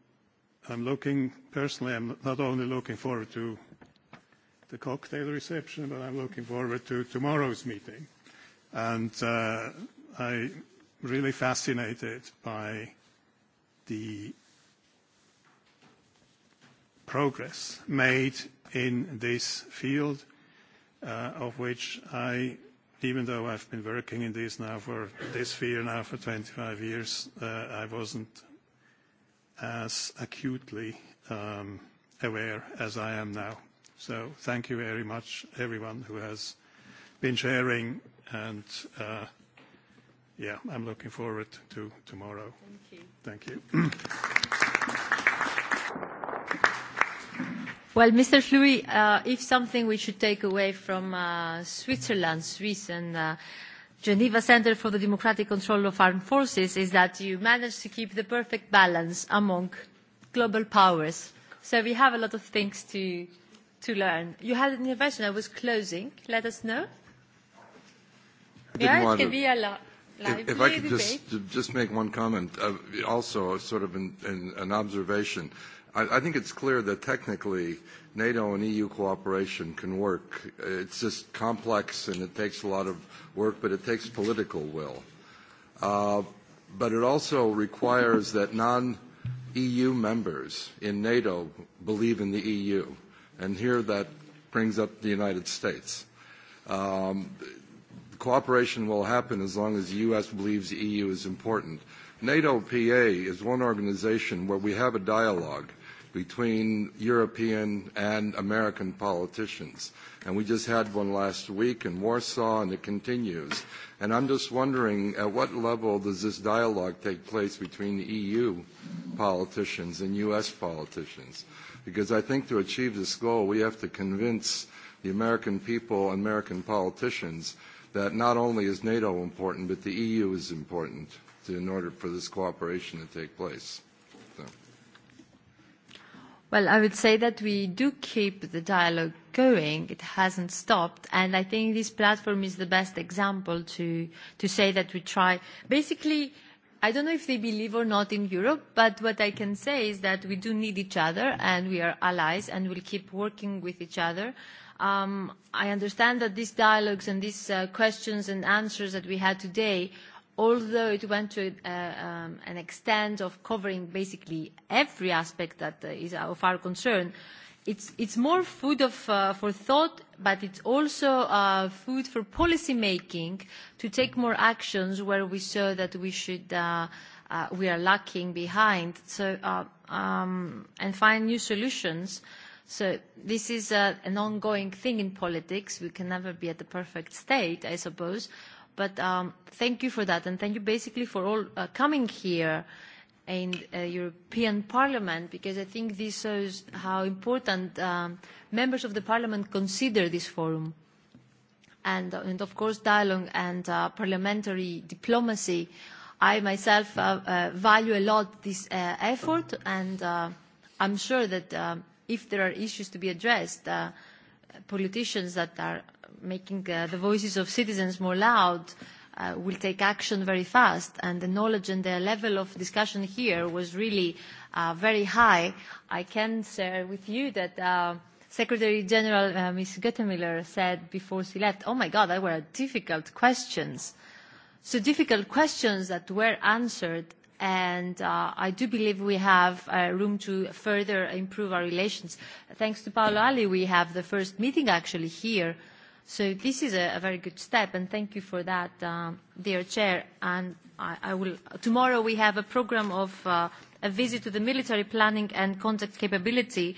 I'm looking personally, I'm not only looking forward to the cocktail reception, but I'm looking forward to tomorrow's meeting. And uh, I'm really fascinated by the progress made in this field, uh, of which I, even though I've been working in this now for this sphere now for 25 years, uh, I wasn't as acutely um, aware as I am now. So thank you very much, everyone who has been sharing, and yeah, I'm looking forward to tomorrow. Thank you. Well, Mr. Fleury, uh, if something we should take away from uh, Switzerland, Swiss, and uh, Geneva Center for the Democratic Control of Armed Forces is that you managed to keep the perfect balance among global powers. So we have a lot of things to, to learn. You had an intervention. I was closing. Let us know. Yeah, it can be a lot. If, if I could just, just make one comment, uh, also sort of an, an, an observation. Uh, I, I think it's clear that technically NATO and EU cooperation can work. It's just complex and it takes a lot of work, but it takes political will. Uh, but it also requires that non-EU members in NATO believe in the EU. And here that brings up the United States. Um, cooperation will happen as long as the U.S. believes the EU is important. NATO PA is one organization where we have a dialogue between European and American politicians. And we just had one last week in Warsaw, and it continues. And I'm just wondering, at what level does this dialogue take place between the EU politicians and U.S. politicians? Because I think to achieve this goal, we have to convince the American people and American politicians that not only is NATO important, but the EU is important in order for this cooperation to take place. Well, I would say that we do keep the dialogue going. It hasn't stopped. And I think this platform is the best example to, to say that we try. Basically, I don't know if they believe or not in Europe, but what I can say is that we do need each other and we are allies and we'll keep working with each other. Um, I understand that these dialogues and these uh, questions and answers that we had today although it went to uh, um, an extent of covering basically every aspect that uh, is of our concern, it's, it's more food of, uh, for thought, but it's also uh, food for policy making to take more actions where we saw that we should uh, uh, we are lacking behind. So uh, um, and find new solutions. So this is uh, an ongoing thing in politics. We can never be at the perfect state, I suppose But um, thank you for that, and thank you basically for all uh, coming here in uh, European Parliament, because I think this shows how important um, members of the Parliament consider this forum. And, and of course, dialogue and uh, parliamentary diplomacy. I myself uh, uh, value a lot this uh, effort, and uh, I'm sure that um, if there are issues to be addressed, uh, politicians that are making uh the voices of citizens more loud will take action very fast. And the knowledge and the level of discussion here was really uh very high. I can share with you that Secretary General uh, Ms. Guttemiller said before she left, oh my God, that were difficult questions. So difficult questions that were answered and uh, I do believe we have uh, room to further improve our relations. Thanks to Paolo Ali, we have the first meeting actually here So this is a, a very good step, and thank you for that, um dear Chair. And I, I will, tomorrow we have a program of uh, a visit to the military planning and contact capability.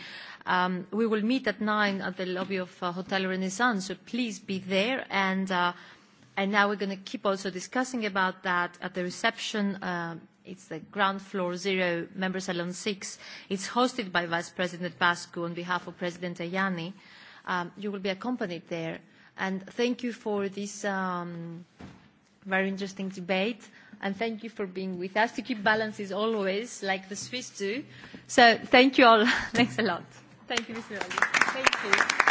Um, we will meet at nine at the lobby of uh, Hotel Renaissance, so please be there. And, uh, and now we're going to keep also discussing about that at the reception uh, It's the ground floor zero, member salon six. It's hosted by Vice President Bascu on behalf of President Ayani. Um, you will be accompanied there And thank you for this um, very interesting debate. And thank you for being with us to keep balances always, like the Swiss do. So thank you all. Thanks a lot. Thank you, Mr. Thank you.